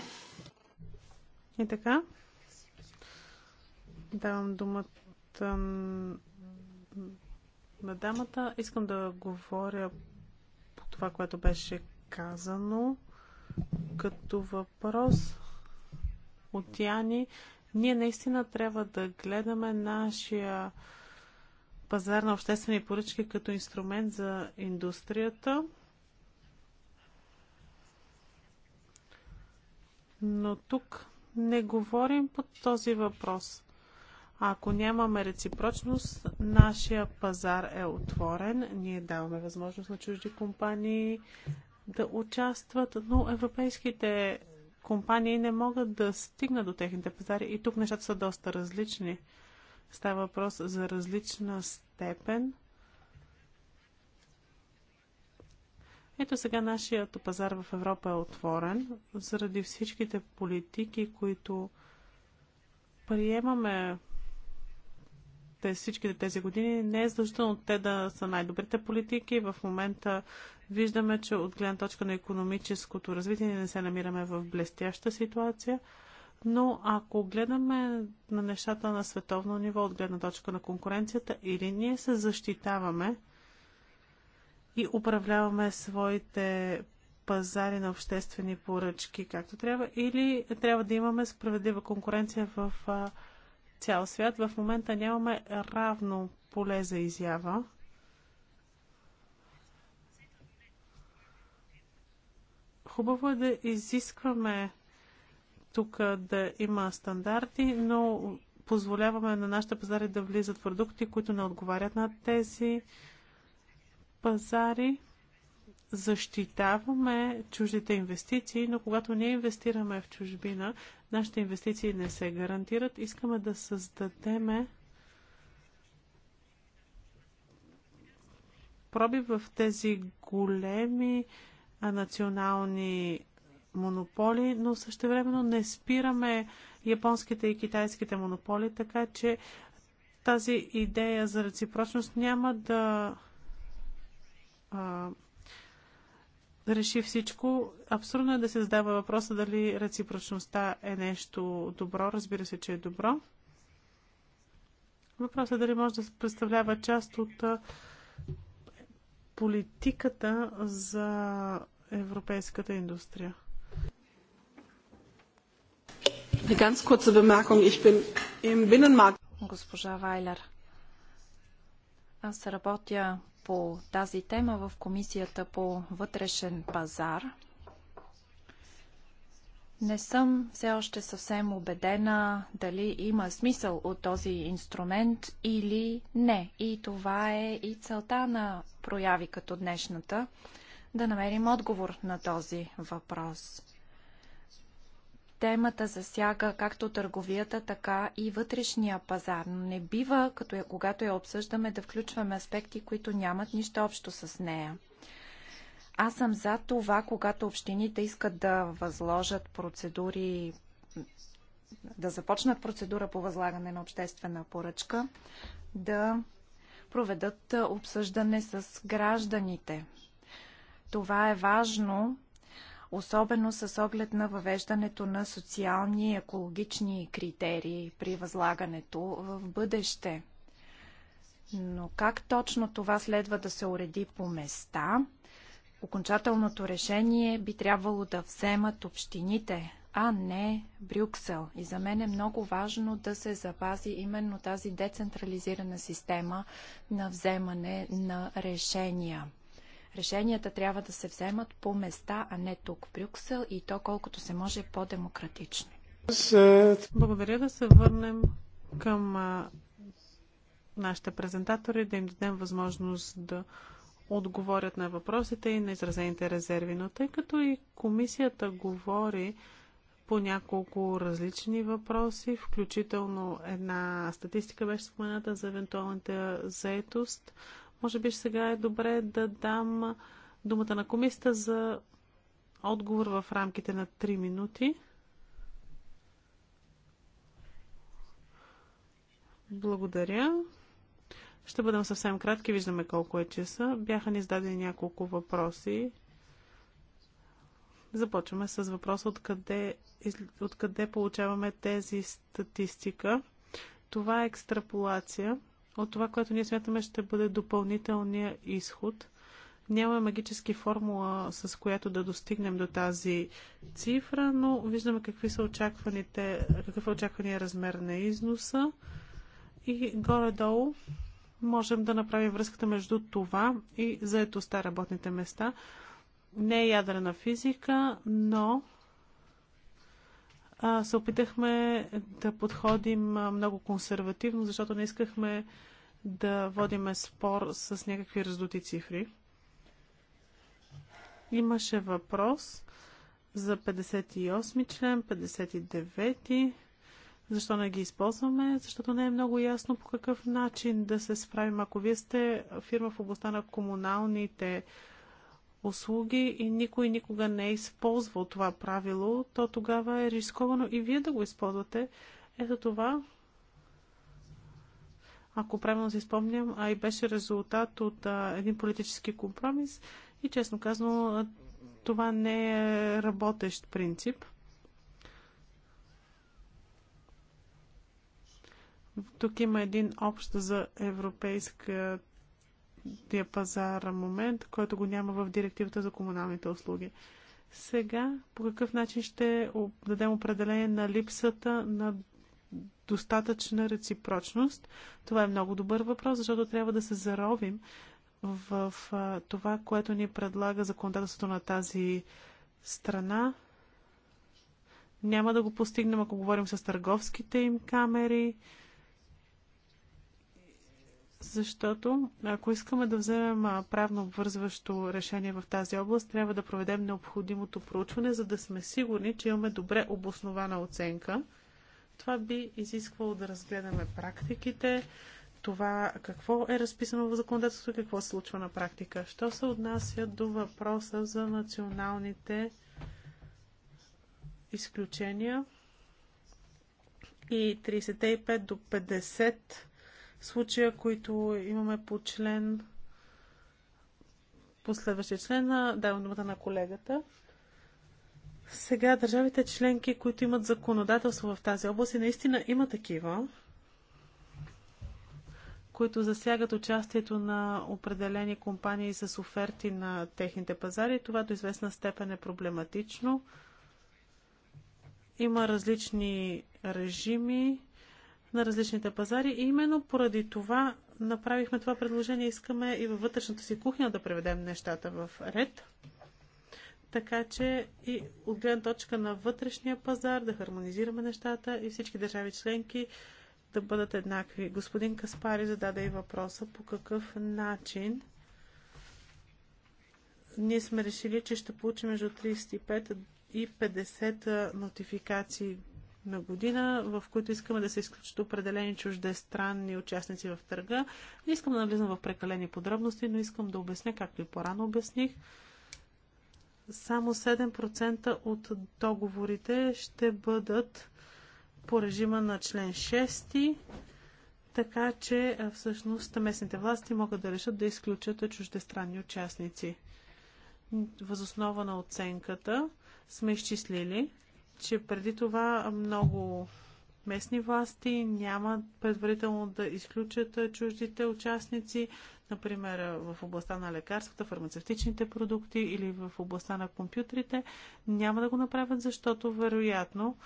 И така. Давам думата на дамата. Искам да говоря това, което беше казано като въпрос от Яни. Ние наистина трябва да гледаме нашия пазар на обществени поръчки като инструмент за индустрията. Но тук не говорим по този въпрос ако нямаме реципрочност, нашия пазар е отворен. Ние даваме възможност на чужди компании да участват, но европейските компании не могат да стигнат до техните пазари. И тук нещата са доста различни. Става въпрос за различна степен. Ето сега нашият пазар в Европа е отворен заради всичките политики, които приемаме през всичките тези години, не е задължително те да са най-добрите политики. В момента виждаме, че от гледна точка на економическото развитие не се намираме в блестяща ситуация. Но ако гледаме на нещата на световно ниво от гледна точка на конкуренцията, или ние се защитаваме и управляваме своите пазари на обществени поръчки както трябва, или трябва да имаме справедлива конкуренция в цял свят. В момента нямаме равно поле за изява. Хубаво е да изискваме тук да има стандарти, но позволяваме на нашите пазари да влизат продукти, които не отговарят на тези пазари защитаваме чуждите инвестиции, но когато ние инвестираме в чужбина, нашите инвестиции не се гарантират. Искаме да създадеме проби в тези големи национални монополи, но същевременно не спираме японските и китайските монополи, така че тази идея за реципрочност няма да а, реши всичко. Абсурдно е да се задава въпроса дали реципрочността е нещо добро. Разбира се, че е добро. Въпросът е дали може да се представлява част от политиката за европейската индустрия. Госпожа Вайлер, аз работя по тази тема в Комисията по вътрешен пазар. Не съм все още съвсем убедена дали има смисъл от този инструмент или не. И това е и целта на прояви като днешната да намерим отговор на този въпрос. Темата засяга както търговията, така и вътрешния пазар. но Не бива, като я, когато я обсъждаме, да включваме аспекти, които нямат нищо общо с нея. Аз съм за това, когато общините искат да възложат процедури, да започнат процедура по възлагане на обществена поръчка, да проведат обсъждане с гражданите. Това е важно, особено с оглед на въвеждането на социални и екологични критерии при възлагането в бъдеще. Но как точно това следва да се уреди по места? Окончателното решение би трябвало да вземат общините, а не Брюксел. И за мен е много важно да се запази именно тази децентрализирана система на вземане на решения. Решенията трябва да се вземат по места, а не тук в Брюксел и то колкото се може по-демократично. Благодаря да се върнем към нашите презентатори, да им дадем възможност да отговорят на въпросите и на изразените резерви. Но тъй като и комисията говори по няколко различни въпроси, включително една статистика беше спомената за евентуалната заетост, може би сега е добре да дам думата на комисията за отговор в рамките на 3 минути. Благодаря. Ще бъдем съвсем кратки, виждаме колко е часа. Бяха ни издадени няколко въпроси. Започваме с въпроса откъде, откъде получаваме тези статистика. Това е екстраполация от това, което ние смятаме ще бъде допълнителния изход. Няма магически формула, с която да достигнем до тази цифра, но виждаме какви са очакваните, какъв е очаквания размер на износа и горе-долу можем да направим връзката между това и заетостта работните места. Не е ядрена физика, но а, се опитахме да подходим много консервативно, защото не искахме да водиме спор с някакви раздути цифри. Имаше въпрос за 58 член, 59 защо не ги използваме? Защото не е много ясно по какъв начин да се справим. Ако вие сте фирма в областта на комуналните услуги и никой никога не е използвал това правило, то тогава е рисковано и вие да го използвате. Ето това, ако правилно се спомням, а и беше резултат от а, един политически компромис и честно казано, това не е работещ принцип. Тук има един общ за Европейския Диапазара момент, който го няма в директивата за комуналните услуги. Сега по какъв начин ще дадем определение на липсата на достатъчна реципрочност? Това е много добър въпрос, защото трябва да се заровим в това, което ни предлага законодателството на тази страна. Няма да го постигнем, ако говорим с търговските им камери, защото ако искаме да вземем правно обвързващо решение в тази област, трябва да проведем необходимото проучване, за да сме сигурни, че имаме добре обоснована оценка. Това би изисквало да разгледаме практиките, това какво е разписано в законодателството и какво се случва на практика. Що се отнася до въпроса за националните изключения и 35 до 50 случая, които имаме по член по следващия член, на давам думата на колегата. Сега държавите членки, които имат законодателство в тази област и наистина има такива, които засягат участието на определени компании с оферти на техните пазари. Това до известна степен е проблематично. Има различни режими, на различните пазари. И именно поради това направихме това предложение. Искаме и във вътрешната си кухня да преведем нещата в ред. Така че и от гледна точка на вътрешния пазар да хармонизираме нещата и всички държави членки да бъдат еднакви. Господин Каспари зададе и въпроса по какъв начин ние сме решили, че ще получим между 35 и 50 нотификации на година, в които искаме да се изключат определени чуждестранни участници в търга. Не искам да навлизам в прекалени подробности, но искам да обясня, както и по-рано обясних. Само 7% от договорите ще бъдат по режима на член 6, така че всъщност местните власти могат да решат да изключат чуждестранни участници. Възоснова на оценката сме изчислили, че преди това много местни власти няма предварително да изключат е, чуждите участници, например е, в областта на лекарствата, фармацевтичните продукти или в областта на компютрите. Няма да го направят, защото вероятно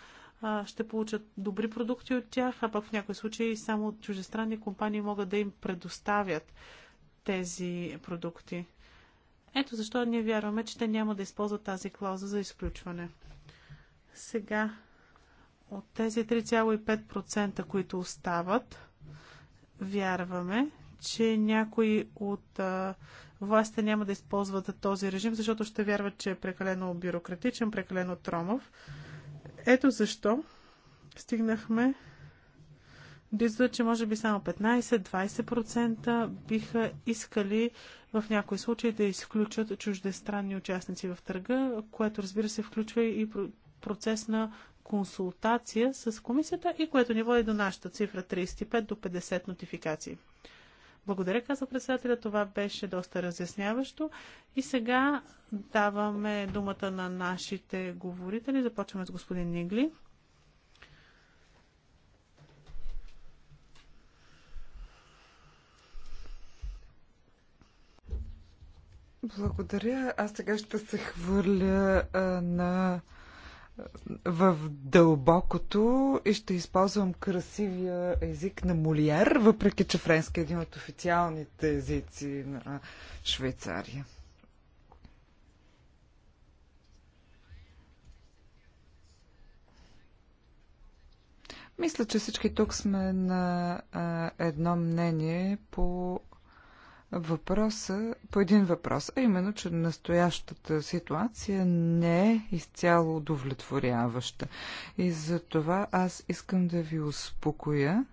ще получат добри продукти от тях, а пък в някои случаи само чужестранни компании могат да им предоставят тези продукти. Ето защо ние вярваме, че те няма да използват тази клауза за изключване. Сега от тези 3,5%, които остават, вярваме, че някои от а, властите няма да използват този режим, защото ще вярват, че е прекалено бюрократичен, прекалено тромов. Ето защо стигнахме до че може би само 15-20% биха искали в някои случаи да изключат чуждестранни участници в търга, което разбира се включва и процес на консултация с комисията и което ни води до нашата цифра 35 до 50 нотификации. Благодаря, каза председателя. Това беше доста разясняващо. И сега даваме думата на нашите говорители. Започваме с господин Нигли. Благодаря. Аз сега ще се хвърля а, на в дълбокото и ще използвам красивия език на Молиер, въпреки че френски е един от официалните езици на Швейцария. Мисля, че всички тук сме на а, едно мнение по въпроса, по един въпрос, а именно, че настоящата ситуация не е изцяло удовлетворяваща. И за това аз искам да ви успокоя.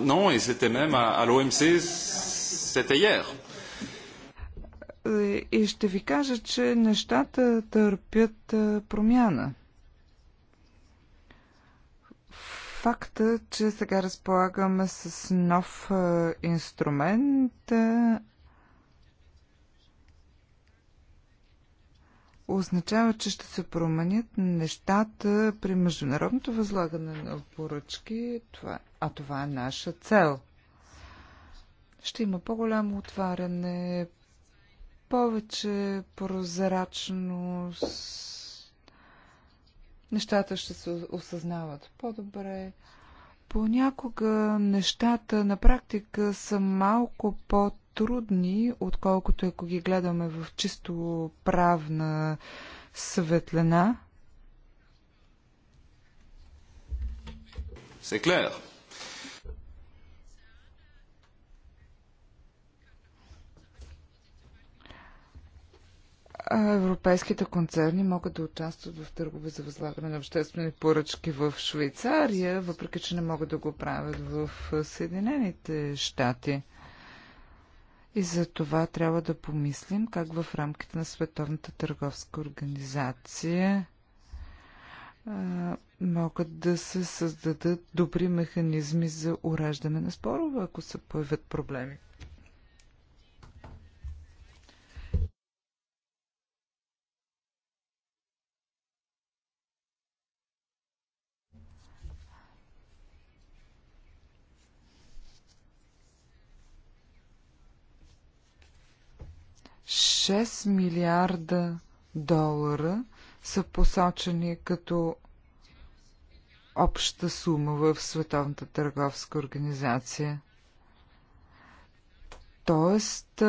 Но, и c'était même а ЛОМС, l'OMC, c'était И ще ви кажа, че нещата търпят промяна. факта, че сега разполагаме с нов е, инструмент, е, означава, че ще се променят нещата при международното възлагане на поръчки, това, а това е наша цел. Ще има по-голямо отваряне, повече прозрачност, нещата ще се осъзнават по-добре. Понякога нещата на практика са малко по-трудни, отколкото ако ги гледаме в чисто правна светлина. C'est clair. европейските концерни могат да участват в търгове за възлагане на обществени поръчки в Швейцария, въпреки че не могат да го правят в Съединените щати. И за това трябва да помислим как в рамките на Световната търговска организация могат да се създадат добри механизми за уреждане на спорове, ако се появят проблеми. 6 милиарда долара са посочени като обща сума в Световната търговска организация. Тоест,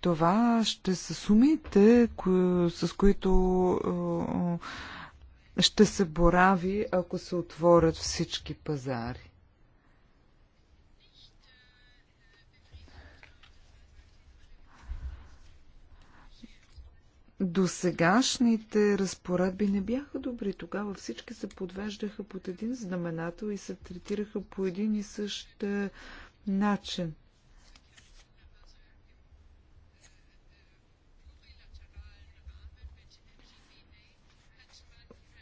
това ще са сумите, с които ще се борави, ако се отворят всички пазари. досегашните разпоредби не бяха добри. Тогава всички се подвеждаха под един знаменател и се третираха по един и същ е, начин.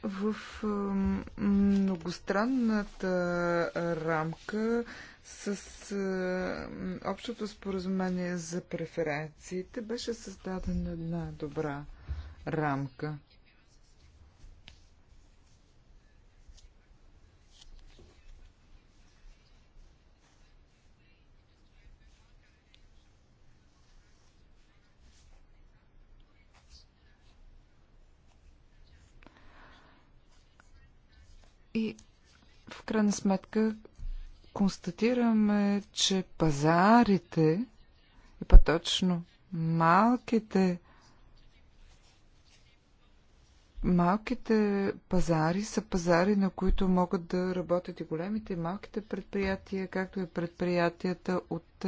В многостранната рамка с общото споразумение за преференциите беше създадена една добра рамка. И в крайна сметка констатираме, че пазарите и по-точно малките малките пазари са пазари, на които могат да работят и големите, и малките предприятия, както и предприятията от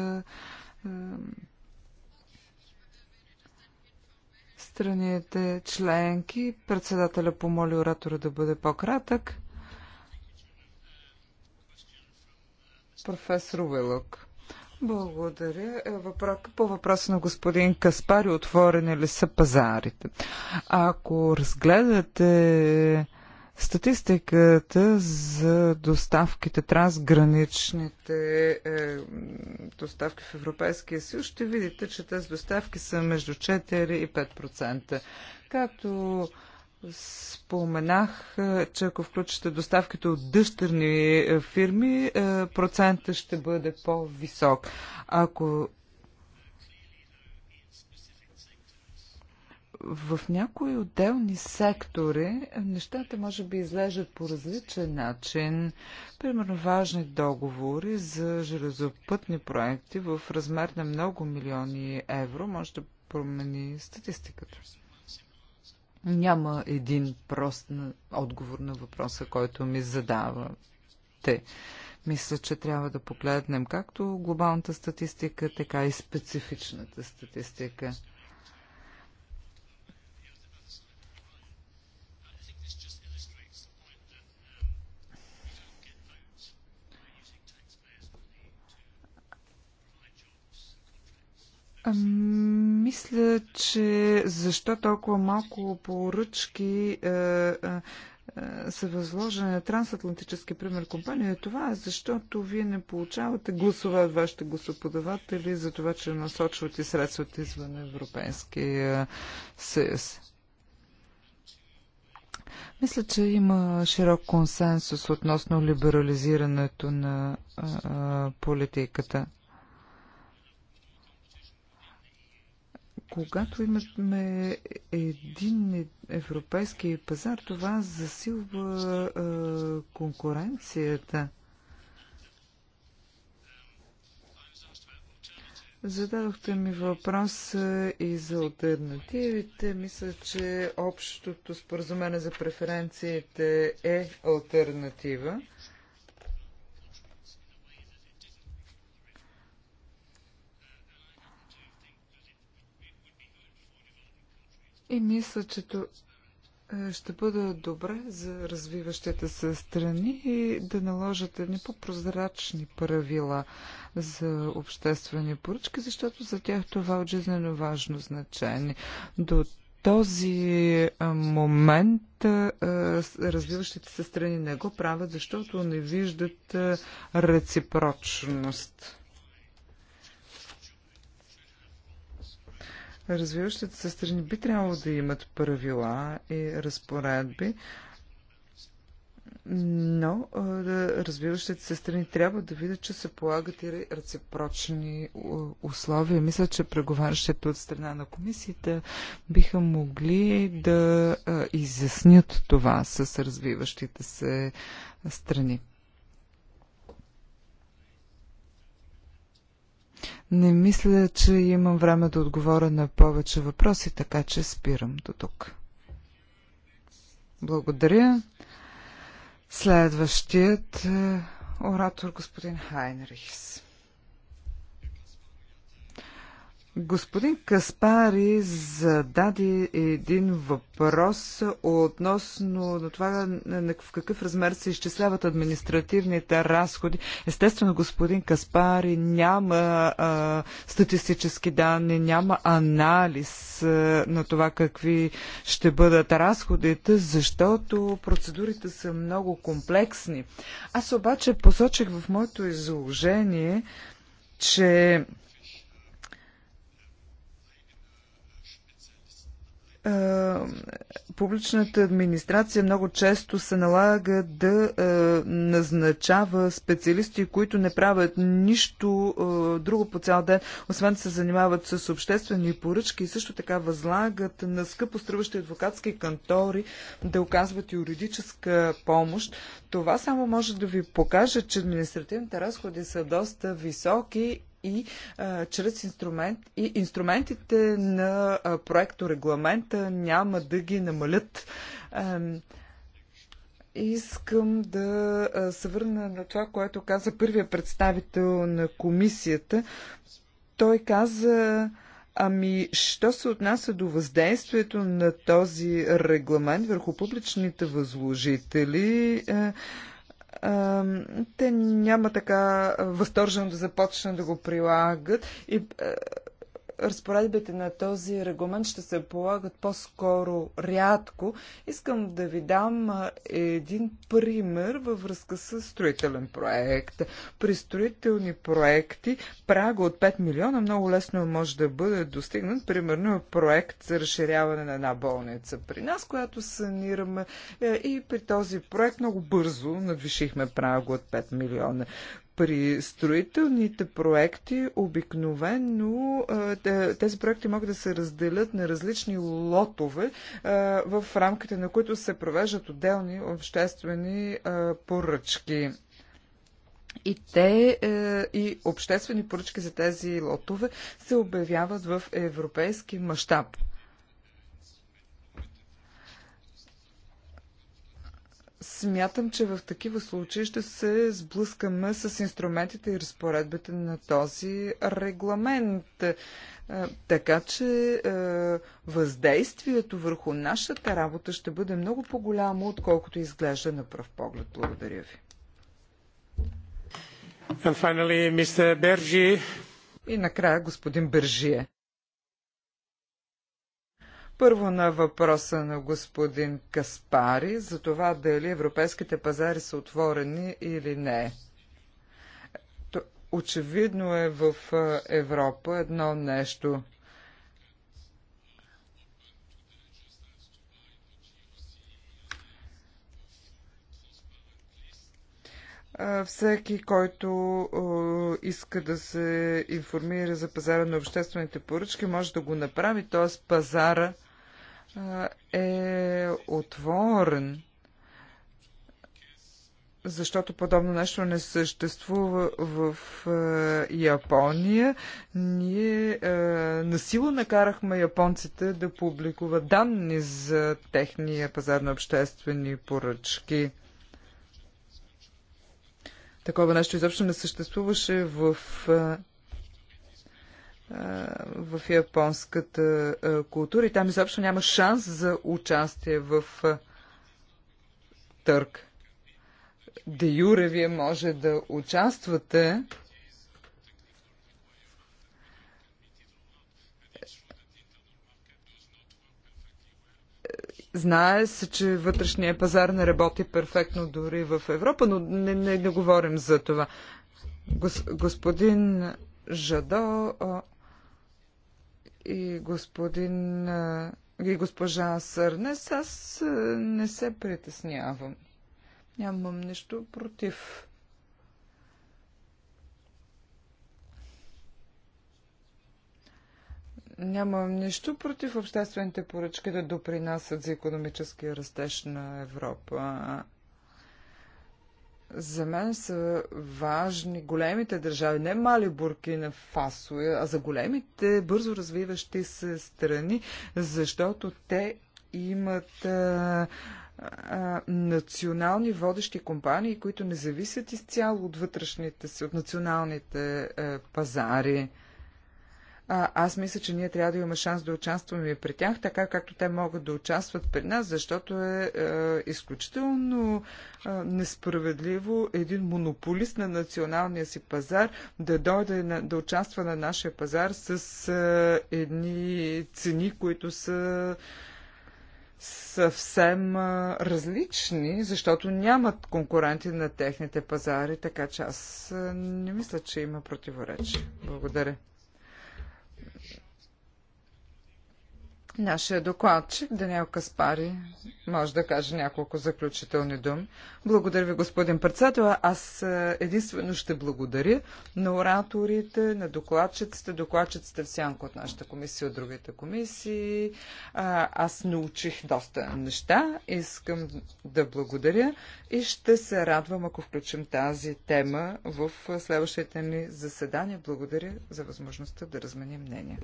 страните членки. Председателя помоли оратора да бъде по-кратък. Професор Уилок. Благодаря. Е, Въпрос, по въпроса на господин Каспари, отворени ли са пазарите? Ако разгледате статистиката за доставките, трансграничните е, доставки в Европейския съюз, ще видите, че тези доставки са между 4 и 5%. Както Споменах, е, че ако включите доставките от дъщерни е, фирми, е, процента ще бъде по-висок. Ако в някои отделни сектори нещата може би излежат по различен начин. Примерно важни договори за железопътни проекти в размер на много милиони евро може да промени статистиката. Няма един прост отговор на въпроса, който ми задавате. Мисля, че трябва да погледнем както глобалната статистика, така и специфичната статистика. Мисля, че защо толкова малко поръчки е, е, е, се възложа на трансатлантически пример компания. Това е защото вие не получавате гласове от вашите гласоподаватели за това, че насочвате средствата извън Европейския съюз. Мисля, че има широк консенсус относно либерализирането на а, политиката. Когато имаме един европейски пазар, това засилва конкуренцията. Зададохте ми въпрос и за альтернативите. Мисля, че общото споразумение за преференциите е альтернатива. И мисля, че то е, ще бъде добре за развиващите се страни и да наложат едни по-прозрачни правила за обществени поръчки, защото за тях това е от жизнено важно значение. До този е, момент е, развиващите се страни не го правят, защото не виждат реципрочност. развиващите се страни би трябвало да имат правила и разпоредби, но развиващите се страни трябва да видят, че се полагат и реципрочни условия. Мисля, че преговарящите от страна на комисията биха могли да изяснят това с развиващите се страни. Не мисля, че имам време да отговоря на повече въпроси, така че спирам до тук. Благодаря. Следващият е, оратор господин Хайнрихс. Господин Каспари зададе един въпрос относно на това в какъв размер се изчисляват административните разходи. Естествено, господин Каспари няма а, статистически данни, няма анализ а, на това какви ще бъдат разходите, защото процедурите са много комплексни. Аз обаче посочих в моето изложение, че Е, публичната администрация много често се налага да е, назначава специалисти, които не правят нищо е, друго по цял ден, освен да се занимават с обществени поръчки и също така възлагат на скъпоструващи адвокатски кантори да оказват юридическа помощ. Това само може да ви покаже, че административните разходи са доста високи и а, чрез инструмент, и инструментите на проекто регламента няма да ги намалят. А, Искам да се върна на това, което каза първия представител на комисията. Той каза, Ами, що се отнася до въздействието на този регламент върху публичните възложители, е, те няма така възторжено да започнат да го прилагат и е, разпоредбите на този регламент ще се полагат по-скоро рядко. Искам да ви дам един пример във връзка с строителен проект. При строителни проекти прага от 5 милиона много лесно може да бъде достигнат. Примерно проект за разширяване на една болница при нас, която санираме е, и при този проект много бързо надвишихме прага от 5 милиона. При строителните проекти обикновено тези проекти могат да се разделят на различни лотове, в рамките на които се провеждат отделни обществени поръчки. И те е, и обществени поръчки за тези лотове се обявяват в европейски мащаб. Смятам, че в такива случаи ще се сблъскаме с инструментите и разпоредбите на този регламент. Е, така че е, въздействието върху нашата работа ще бъде много по-голямо, отколкото изглежда на пръв поглед. Благодаря ви. Finally, и накрая господин Бержие. Първо на въпроса на господин Каспари за това дали европейските пазари са отворени или не. Очевидно е в Европа едно нещо. всеки, който иска да се информира за пазара на обществените поръчки, може да го направи, т.е. пазара е, е отворен, защото подобно нещо не съществува в е, Япония. Ние е, насило накарахме японците да публикуват данни за техния пазар на обществени поръчки. Такова нещо изобщо не съществуваше в в японската култура и там изобщо няма шанс за участие в търг. Де юре вие може да участвате, Знае се, че вътрешния пазар не работи перфектно дори в Европа, но не, не, не говорим за това. Гос, господин Жадо и господин и госпожа Сърнес, аз не се притеснявам. Нямам нищо против. Нямам нищо против обществените поръчки да допринасят за економическия растеж на Европа. За мен са важни големите държави, не мали Буркина Фасо, а за големите бързо развиващи се страни, защото те имат а, а, национални водещи компании, които не зависят изцяло от вътрешните си, от националните а, пазари а, аз мисля, че ние трябва да имаме шанс да участваме и при тях, така както те могат да участват при нас, защото е, е изключително е, несправедливо един монополист на националния си пазар да дойде на, да участва на нашия пазар с е, едни цени, които са съвсем а, различни, защото нямат конкуренти на техните пазари, така че аз а, не мисля, че има противоречие. Благодаря. Нашия докладчик Даниел Каспари може да каже няколко заключителни думи. Благодаря ви, господин председател. Аз е, единствено ще благодаря на ораторите, на докладчиците, докладчиците в сянка от нашата комисия, от другите комисии. Аз научих доста неща. Искам да благодаря и ще се радвам, ако включим тази тема в следващите ни заседания. Благодаря за възможността да разменим мнение.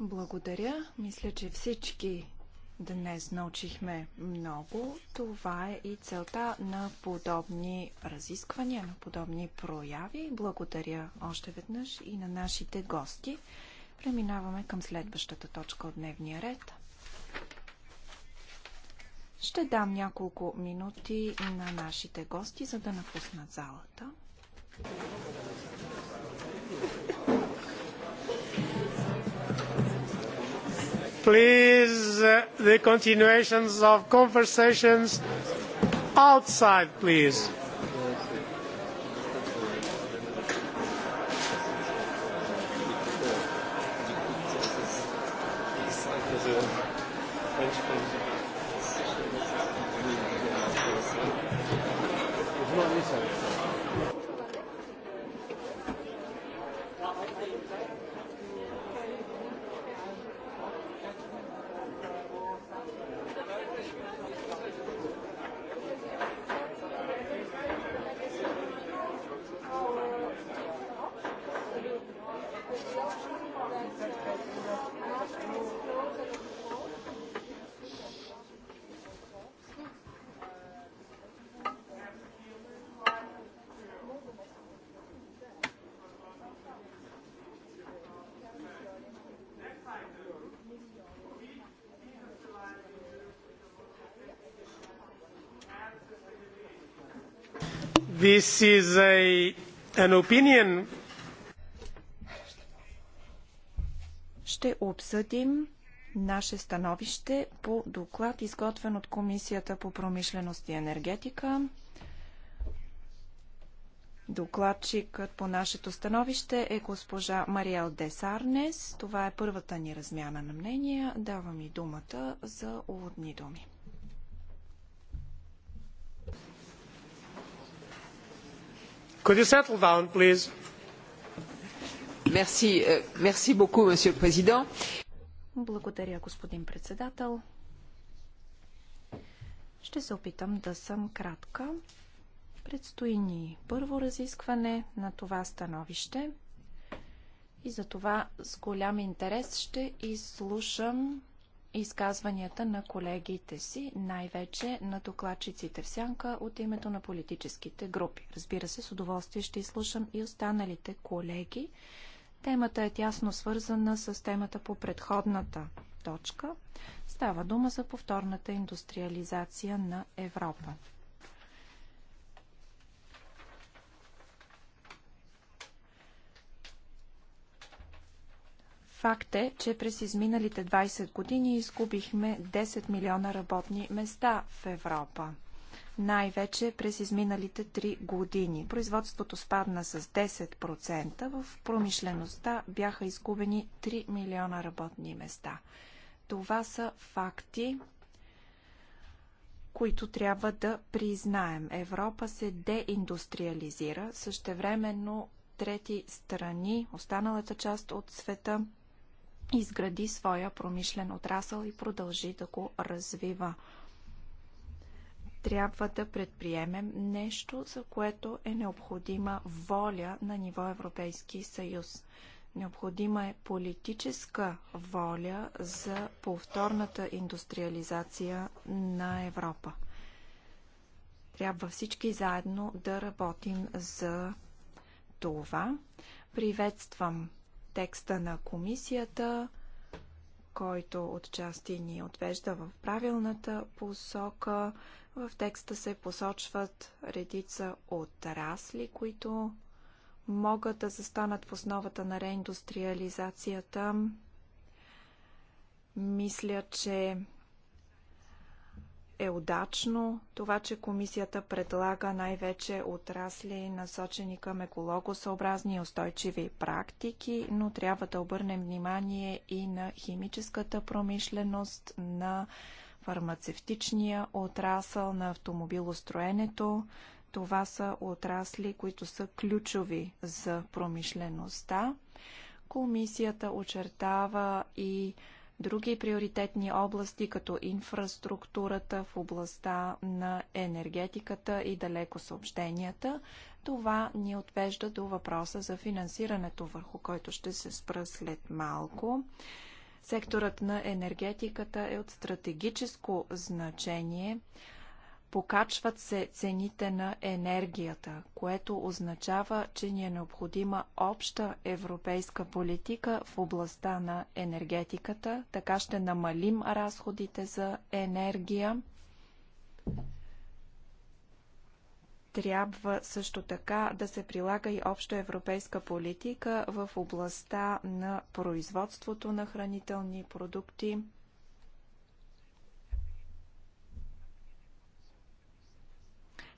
Благодаря. Мисля, че всички днес научихме много. Това е и целта на подобни разисквания, на подобни прояви. Благодаря още веднъж и на нашите гости. Преминаваме към следващата точка от дневния ред. Ще дам няколко минути на нашите гости, за да напуснат залата. Please, the continuations of conversations outside, please. This is a, an opinion. Ще обсъдим наше становище по доклад, изготвен от Комисията по промишленост и енергетика. Докладчикът по нашето становище е госпожа Мариел Десарнес. Това е първата ни размяна на мнения. Давам и думата за уводни думи. Euh, Благодаря, господин председател. Ще се опитам да съм кратка. Предстои ни първо разискване на това становище и за това с голям интерес ще изслушам изказванията на колегите си, най-вече на докладчиците в сянка от името на политическите групи. Разбира се, с удоволствие ще изслушам и останалите колеги. Темата е тясно свързана с темата по предходната точка. Става дума за повторната индустриализация на Европа. Факт е, че през изминалите 20 години изгубихме 10 милиона работни места в Европа. Най-вече през изминалите 3 години. Производството спадна с 10%, в промишлеността бяха изгубени 3 милиона работни места. Това са факти, които трябва да признаем. Европа се деиндустриализира, същевременно трети страни, останалата част от света изгради своя промишлен отрасъл и продължи да го развива. Трябва да предприемем нещо, за което е необходима воля на ниво Европейски съюз. Необходима е политическа воля за повторната индустриализация на Европа. Трябва всички заедно да работим за това. Приветствам текста на комисията, който отчасти ни отвежда в правилната посока. В текста се посочват редица отрасли, които могат да застанат в основата на реиндустриализацията. Мисля, че е удачно това, че комисията предлага най-вече отрасли насочени към екологосъобразни и устойчиви практики, но трябва да обърнем внимание и на химическата промишленост, на фармацевтичния отрасъл, на автомобилостроенето. Това са отрасли, които са ключови за промишлеността. Комисията очертава и други приоритетни области, като инфраструктурата в областта на енергетиката и далеко съобщенията. Това ни отвежда до въпроса за финансирането, върху който ще се спра след малко. Секторът на енергетиката е от стратегическо значение Покачват се цените на енергията, което означава, че ни е необходима обща европейска политика в областта на енергетиката. Така ще намалим разходите за енергия. Трябва също така да се прилага и обща европейска политика в областта на производството на хранителни продукти,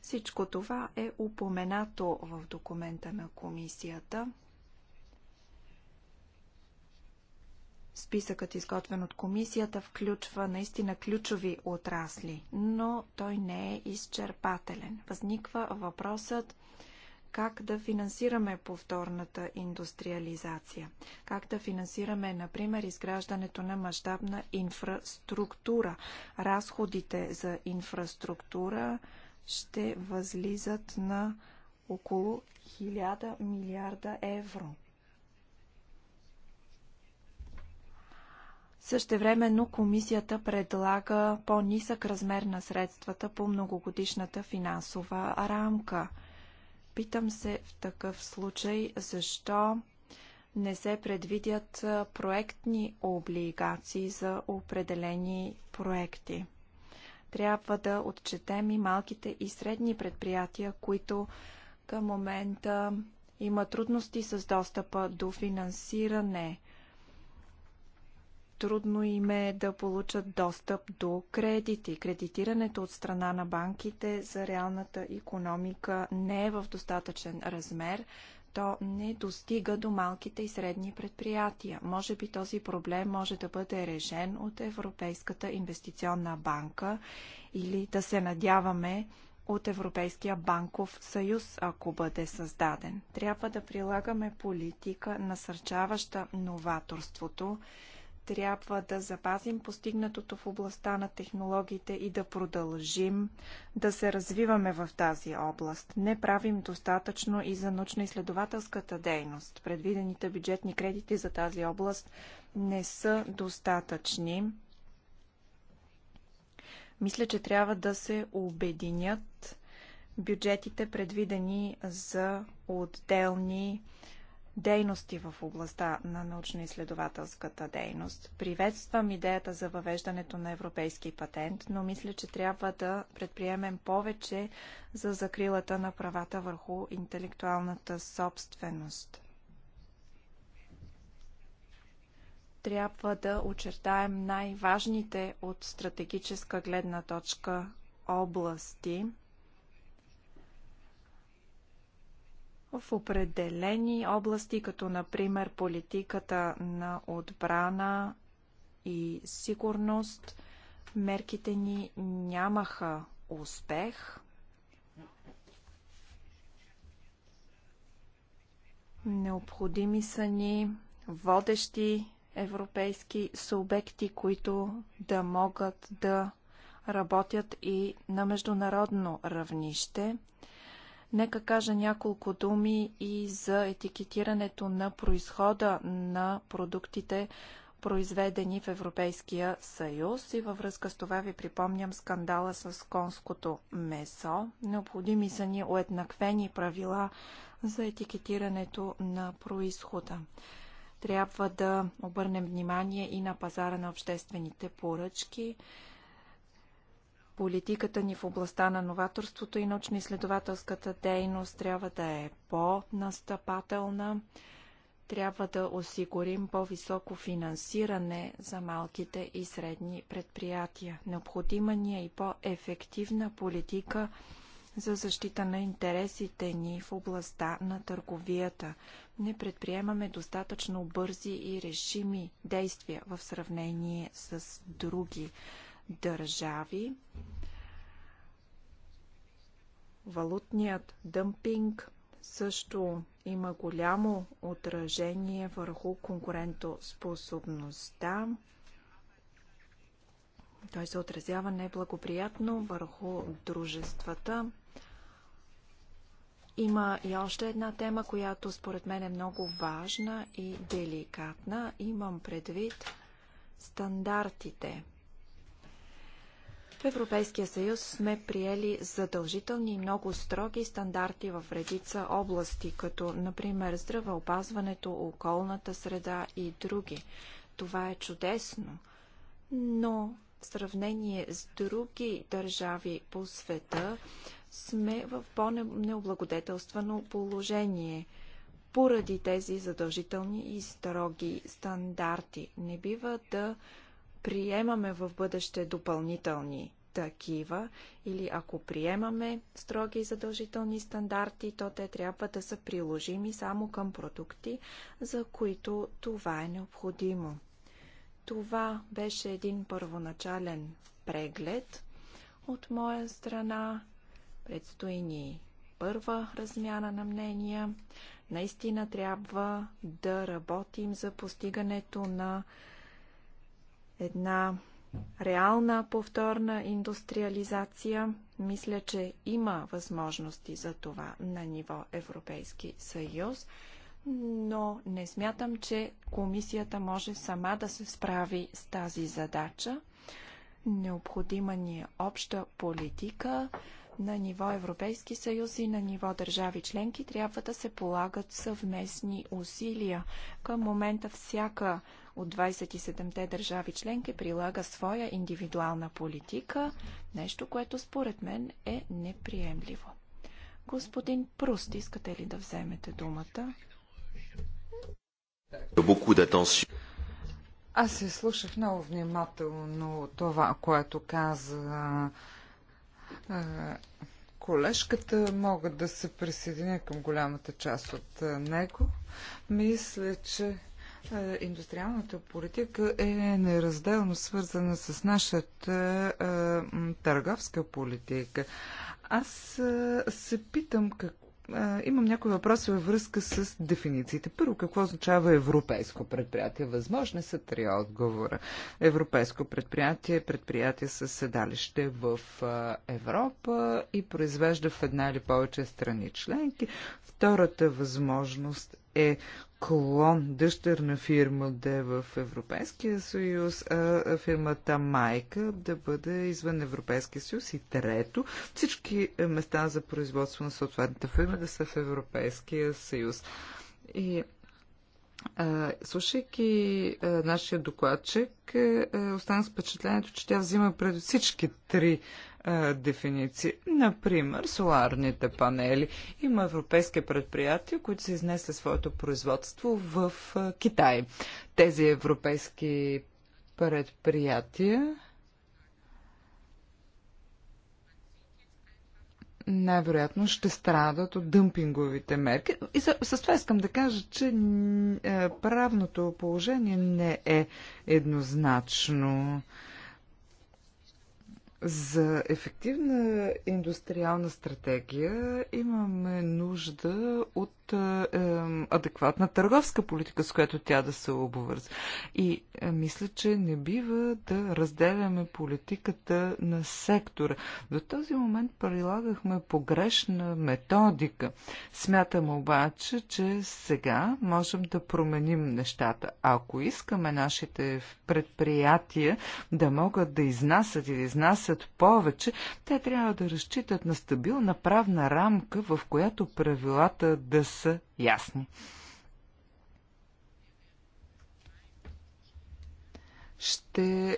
Всичко това е упоменато в документа на комисията. Списъкът, изготвен от комисията, включва наистина ключови отрасли, но той не е изчерпателен. Възниква въпросът как да финансираме повторната индустриализация, как да финансираме, например, изграждането на мащабна инфраструктура. Разходите за инфраструктура ще възлизат на около 1000 милиарда евро. Същевременно комисията предлага по-нисък размер на средствата по многогодишната финансова рамка. Питам се в такъв случай защо не се предвидят проектни облигации за определени проекти трябва да отчетем и малките и средни предприятия, които към момента има трудности с достъпа до финансиране. Трудно им е да получат достъп до кредити. Кредитирането от страна на банките за реалната економика не е в достатъчен размер то не достига до малките и средни предприятия. Може би този проблем може да бъде решен от Европейската инвестиционна банка или да се надяваме от Европейския банков съюз, ако бъде създаден. Трябва да прилагаме политика, насърчаваща новаторството, трябва да запазим постигнатото в областта на технологиите и да продължим да се развиваме в тази област. Не правим достатъчно и за научно-изследователската дейност. Предвидените бюджетни кредити за тази област не са достатъчни. Мисля, че трябва да се обединят бюджетите, предвидени за отделни дейности в областта на научно-изследователската дейност. Приветствам идеята за въвеждането на европейски патент, но мисля, че трябва да предприемем повече за закрилата на правата върху интелектуалната собственост. Трябва да очертаем най-важните от стратегическа гледна точка области – в определени области, като например политиката на отбрана и сигурност, мерките ни нямаха успех. Необходими са ни водещи европейски субекти, които да могат да работят и на международно равнище – Нека кажа няколко думи и за етикетирането на произхода на продуктите, произведени в Европейския съюз и във връзка с това ви припомням скандала с конското месо. Необходими са ни уеднаквени правила за етикетирането на происхода. Трябва да обърнем внимание и на пазара на обществените поръчки, Политиката ни в областта на новаторството и научно-изследователската дейност трябва да е по-настъпателна. Трябва да осигурим по-високо финансиране за малките и средни предприятия. Необходима ни е и по-ефективна политика за защита на интересите ни в областта на търговията. Не предприемаме достатъчно бързи и решими действия в сравнение с други държави. Валутният дъмпинг също има голямо отражение върху конкурентоспособността. Той се отразява неблагоприятно върху дружествата. Има и още една тема, която според мен е много важна и деликатна. Имам предвид стандартите – Европейския съюз сме приели задължителни и много строги стандарти в редица области, като например здравеопазването, околната среда и други. Това е чудесно, но в сравнение с други държави по света сме в по-необлагодетелствено положение поради тези задължителни и строги стандарти. Не бива да приемаме в бъдеще допълнителни такива или ако приемаме строги и задължителни стандарти, то те трябва да са приложими само към продукти, за които това е необходимо. Това беше един първоначален преглед. От моя страна предстои ни първа размяна на мнения. Наистина трябва да работим за постигането на една реална повторна индустриализация. Мисля, че има възможности за това на ниво Европейски съюз, но не смятам, че комисията може сама да се справи с тази задача. Необходима ни е обща политика, на ниво Европейски съюз и на ниво държави членки трябва да се полагат съвместни усилия. Към момента всяка от 27-те държави членки прилага своя индивидуална политика, нещо, което според мен е неприемливо. Господин Пруст, искате ли да вземете думата? Аз се слушах много внимателно това, което каза колежката, мога да се присъединя към голямата част от него. Мисля, че индустриалната политика е неразделно свързана с нашата търговска политика. Аз се питам какво имам някои въпроси във връзка с дефинициите. Първо, какво означава европейско предприятие? Възможни са три отговора. Европейско предприятие е предприятие с седалище в Европа и произвежда в една или повече страни членки. Втората възможност е клон, дъщерна фирма да е в Европейския съюз, а фирмата майка да бъде извън Европейския съюз. И трето, всички места за производство на съответната фирма да са в Европейския съюз. И слушайки нашия докладчик, е, остана останах с впечатлението, че тя взима пред всички три дефиниции. Например, соларните панели. Има европейски предприятия, които са изнесли своето производство в а, Китай. Тези европейски предприятия най-вероятно ще страдат от дъмпинговите мерки. И с, с това искам да кажа, че правното положение не е еднозначно. За ефективна индустриална стратегия имаме нужда от е, е, адекватна търговска политика, с която тя да се обвърза. И е, мисля, че не бива да разделяме политиката на сектора. До този момент прилагахме погрешна методика. Смятам обаче, че сега можем да променим нещата. Ако искаме нашите предприятия да могат да изнасят и да изнасят повече, те трябва да разчитат на стабилна правна рамка, в която правилата да се са ясни. ще е,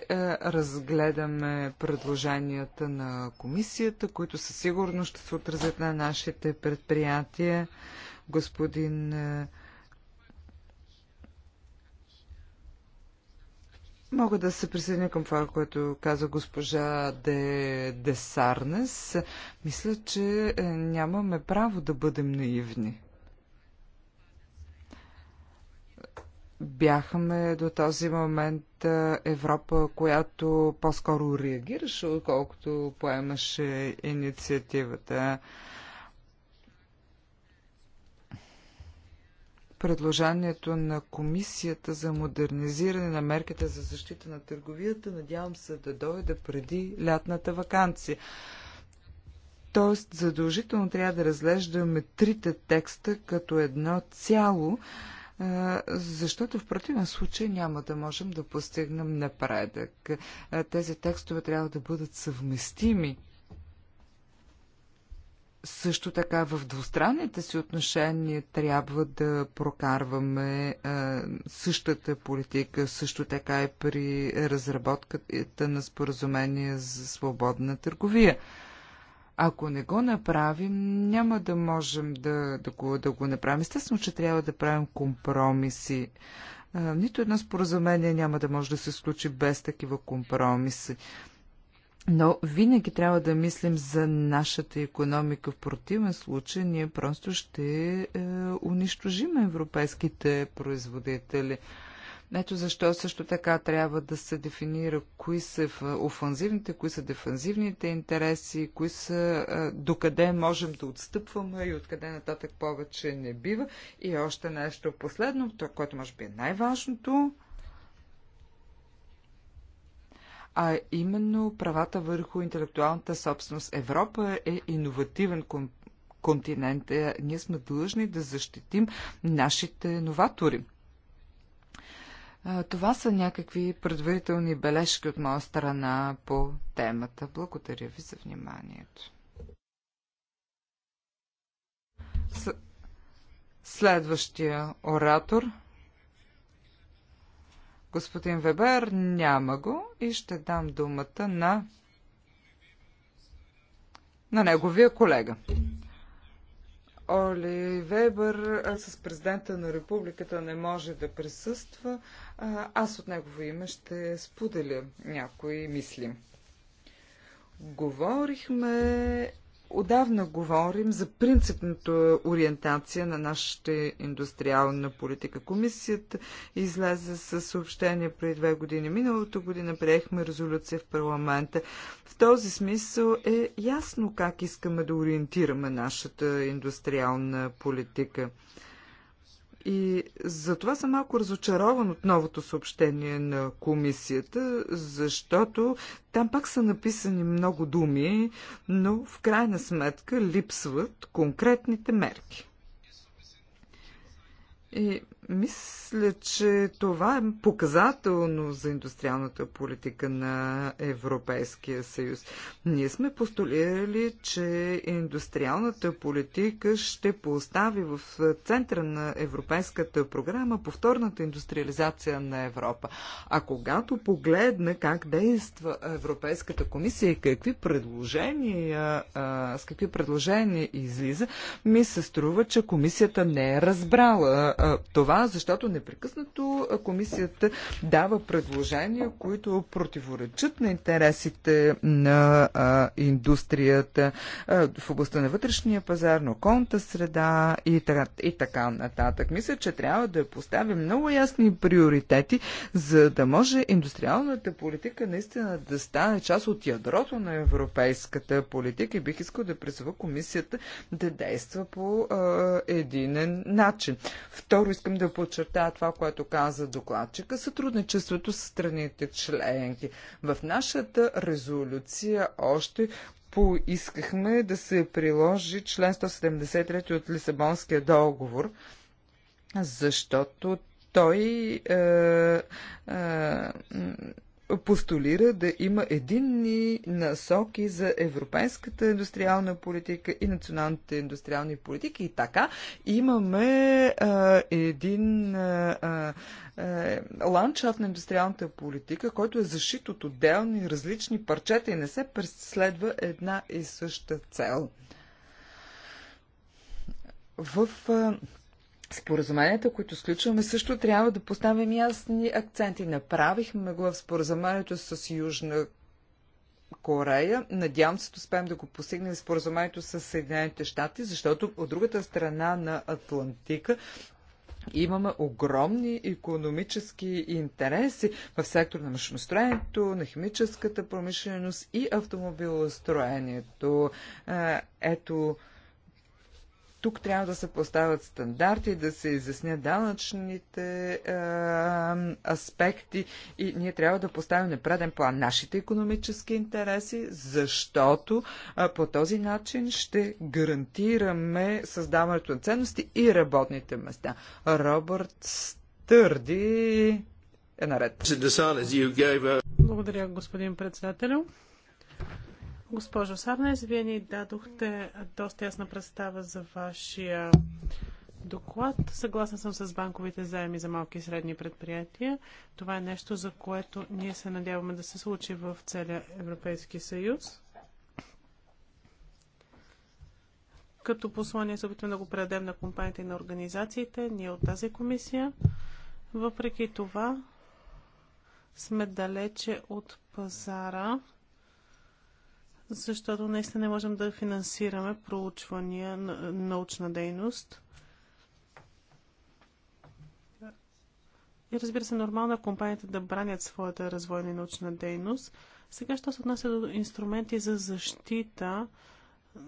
разгледаме предложенията на комисията, които със сигурност ще се отразят на нашите предприятия. Господин е, Мога да се присъединя към това, което каза госпожа Де, Десарнес. Мисля, че е, нямаме право да бъдем наивни. бяхме до този момент Европа, която по-скоро реагираше, отколкото поемаше инициативата. Предложението на Комисията за модернизиране на мерките за защита на търговията, надявам се да дойде преди лятната вакансия. Тоест, задължително трябва да разглеждаме трите текста като едно цяло, защото в противен случай няма да можем да постигнем напредък. Тези текстове трябва да бъдат съвместими. Също така в двустранните си отношения трябва да прокарваме същата политика, също така и при разработката на споразумение за свободна търговия. Ако не го направим, няма да можем да, да, го, да го направим. Естествено, че трябва да правим компромиси. А, нито едно споразумение няма да може да се случи без такива компромиси. Но винаги трябва да мислим за нашата економика. В противен случай ние просто ще е, унищожим европейските производители. Ето защо също така трябва да се дефинира кои са офанзивните, кои са дефанзивните интереси, кои са докъде можем да отстъпваме и откъде нататък повече не бива. И още нещо последно, то, което може би е най-важното, а именно правата върху интелектуалната собственост. Европа е иновативен континент. Е, ние сме длъжни да защитим нашите новатори. Това са някакви предварителни бележки от моя страна по темата. Благодаря ви за вниманието. Следващия оратор. Господин Вебер няма го и ще дам думата на на неговия колега. Оли Вебър с президента на републиката не може да присъства. Аз от негово име ще споделя някои мисли. Говорихме Отдавна говорим за принципната ориентация на нашата индустриална политика. Комисията излезе с съобщение преди две години. Миналото година приехме резолюция в парламента. В този смисъл е ясно как искаме да ориентираме нашата индустриална политика. И затова съм малко разочарован от новото съобщение на комисията, защото там пак са написани много думи, но в крайна сметка липсват конкретните мерки. И мисля, че това е показателно за индустриалната политика на Европейския съюз. Ние сме постулирали, че индустриалната политика ще постави в центъра на Европейската програма повторната индустриализация на Европа. А когато погледна как действа Европейската комисия и какви предложения, с какви предложения излиза, ми се струва, че комисията не е разбрала това защото непрекъснато комисията дава предложения, които противоречат на интересите на а, индустрията а, в областта на вътрешния пазар, на околната среда и така, и така нататък. Мисля, че трябва да поставим много ясни приоритети, за да може индустриалната политика наистина да стане част от ядрото на европейската политика и бих искал да призова комисията да действа по а, единен начин. Второ, искам да подчертая това, което каза докладчика, сътрудничеството с страните членки. В нашата резолюция още поискахме да се приложи член 173 от Лисабонския договор, защото той е, е, постулира да има единни насоки за европейската индустриална политика и националните индустриални политики. И така имаме а, един а, а, ландшафт на индустриалната политика, който е защит от отделни различни парчета и не се преследва една и съща цел. В а, споразуменията, които сключваме, също трябва да поставим ясни акценти. Направихме го в споразумението с Южна Корея. Надявам се, успеем да го постигнем в споразумението с Съединените щати, защото от другата страна на Атлантика имаме огромни економически интереси в сектор на машиностроението, на химическата промишленост и автомобилостроението. Е, ето, тук трябва да се поставят стандарти, да се изяснят данъчните е, аспекти и ние трябва да поставим на преден план нашите економически интереси, защото е, по този начин ще гарантираме създаването на ценности и работните места. Робърт Стърди е наред. Благодаря, господин председател. Госпожо Сарнес, вие ни дадохте доста ясна представа за вашия доклад. Съгласна съм с банковите заеми за малки и средни предприятия. Това е нещо, за което ние се надяваме да се случи в целия Европейски съюз. Като послание се опитваме да го предадем на компаниите и на организациите, ние от тази комисия. Въпреки това, сме далече от пазара защото наистина не можем да финансираме проучвания, на научна дейност. И разбира се, нормално е компаниите да бранят своята развойна и научна дейност. Сега, що се отнася до инструменти за защита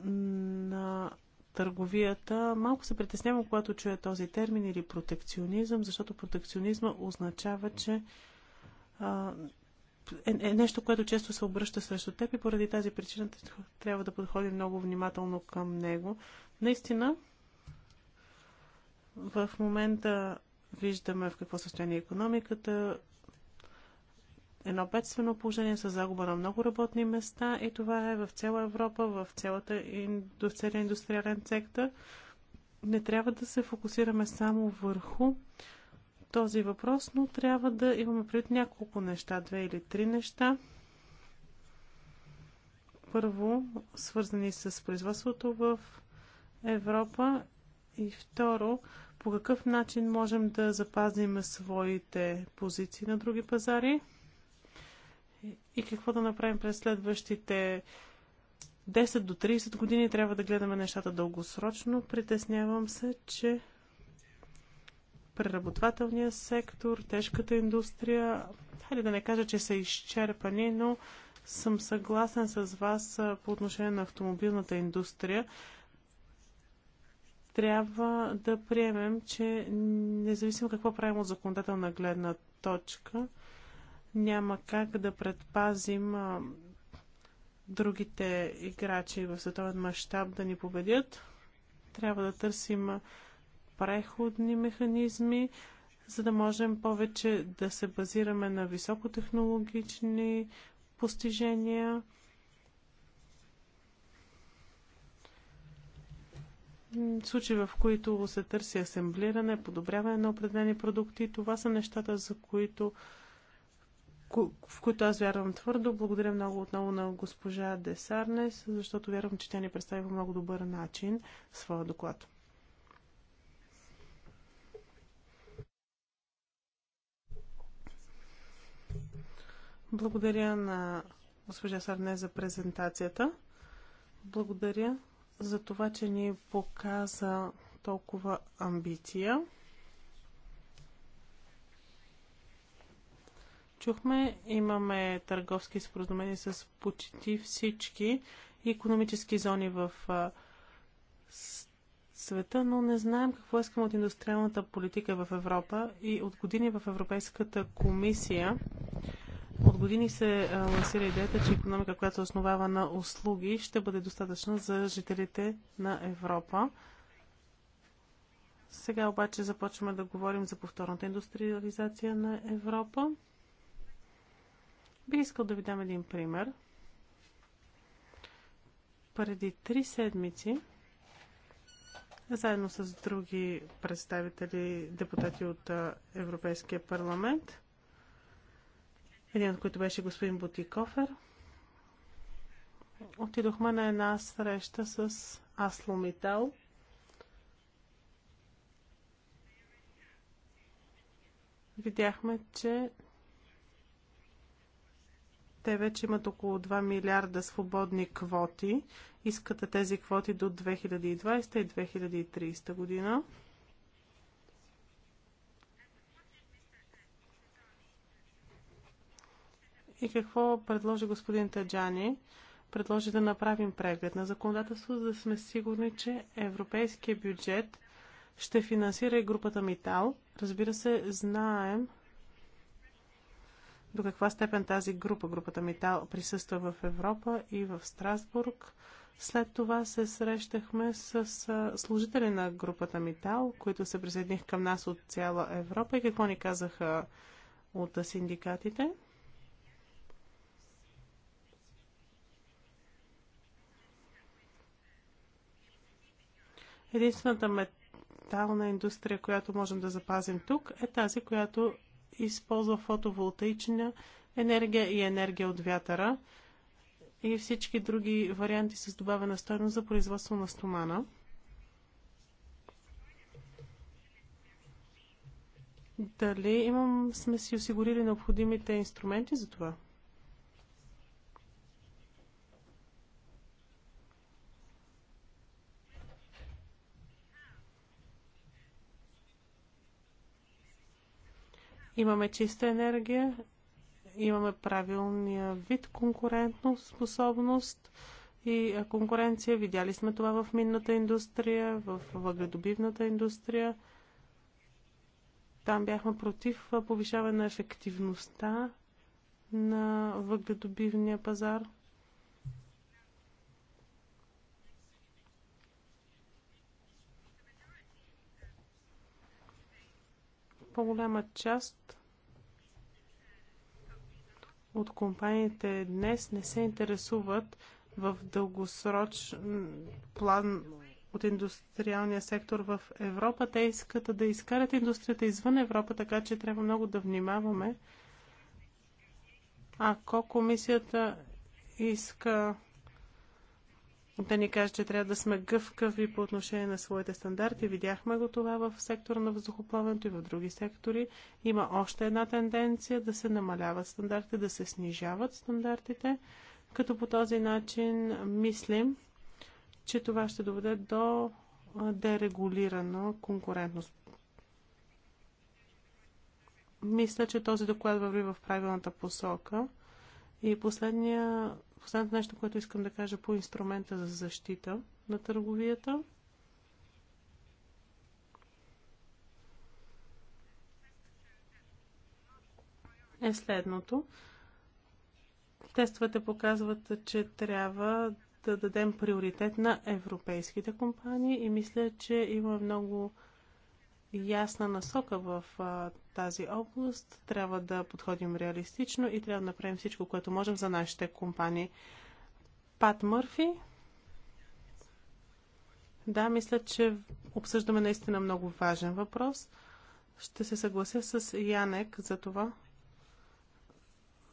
на търговията, малко се притеснявам, когато чуя този термин или протекционизъм, защото протекционизма означава, че а, е, е нещо, което често се обръща срещу теб и поради тази причина трябва да подходим много внимателно към него. Наистина, в момента виждаме в какво състояние е економиката, едно бедствено положение с загуба на много работни места и това е в цяла Европа, в цялата целия индустриален сектор. Не трябва да се фокусираме само върху този въпрос, но трябва да имаме пред няколко неща, две или три неща. Първо, свързани с производството в Европа и второ, по какъв начин можем да запазим своите позиции на други пазари и какво да направим през следващите 10 до 30 години. Трябва да гледаме нещата дългосрочно. Притеснявам се, че преработвателния сектор, тежката индустрия. Хайде да не кажа, че са изчерпани, но съм съгласен с вас по отношение на автомобилната индустрия. Трябва да приемем, че независимо какво правим от законодателна гледна точка, няма как да предпазим а, другите играчи в световен мащаб да ни победят. Трябва да търсим преходни механизми, за да можем повече да се базираме на високотехнологични постижения. Случаи, в които се търси асемблиране, подобряване на определени продукти, това са нещата, за които в които аз вярвам твърдо. Благодаря много отново на госпожа Десарнес, защото вярвам, че тя ни представи по много добър начин своя доклад. Благодаря на госпожа Сарне за презентацията. Благодаря за това, че ни показа толкова амбиция. Чухме, имаме търговски споразумения с почти всички економически зони в света, но не знаем какво искаме от индустриалната политика в Европа и от години в Европейската комисия години се лансира идеята, че економика, която се основава на услуги, ще бъде достатъчна за жителите на Европа. Сега обаче започваме да говорим за повторната индустриализация на Европа. Би искал да ви дам един пример. Преди три седмици, заедно с други представители, депутати от Европейския парламент, един от които беше господин Бутикофер. Отидохме на една среща с Асломитал. Видяхме, че те вече имат около 2 милиарда свободни квоти. Искате тези квоти до 2020 и 2030 година. И какво предложи господин Таджани? Предложи да направим преглед на законодателство, за да сме сигурни, че европейския бюджет ще финансира и групата Митал. Разбира се, знаем до каква степен тази група, групата Митал, присъства в Европа и в Страсбург. След това се срещахме с служители на групата Митал, които се присъединих към нас от цяла Европа и какво ни казаха от синдикатите. Единствената метална индустрия, която можем да запазим тук, е тази, която използва фотоволтаична енергия и енергия от вятъра и всички други варианти с добавена стойност за производство на стомана. Дали имам, сме си осигурили необходимите инструменти за това? Имаме чиста енергия, имаме правилния вид конкурентно способност и конкуренция. Видяли сме това в минната индустрия, в въгледобивната индустрия. Там бяхме против повишаване на ефективността на въгледобивния пазар. По-голяма част от компаниите днес не се интересуват в дългосрочен план от индустриалния сектор в Европа. Те искат да изкарат индустрията извън Европа, така че трябва много да внимаваме. Ако комисията иска да ни каже, че трябва да сме гъвкави по отношение на своите стандарти. Видяхме го това в сектора на въздухоплаването и в други сектори. Има още една тенденция да се намаляват стандартите, да се снижават стандартите, като по този начин мислим, че това ще доведе до дерегулирана конкурентност. Мисля, че този доклад върви в правилната посока. И последния Последното нещо, което искам да кажа по инструмента за защита на търговията. е следното. Тестовете показват, че трябва да дадем приоритет на европейските компании и мисля, че има много ясна насока в а, тази област. Трябва да подходим реалистично и трябва да направим всичко, което можем за нашите компании. Пат Мърфи. Да, мисля, че обсъждаме наистина много важен въпрос. Ще се съглася с Янек за това.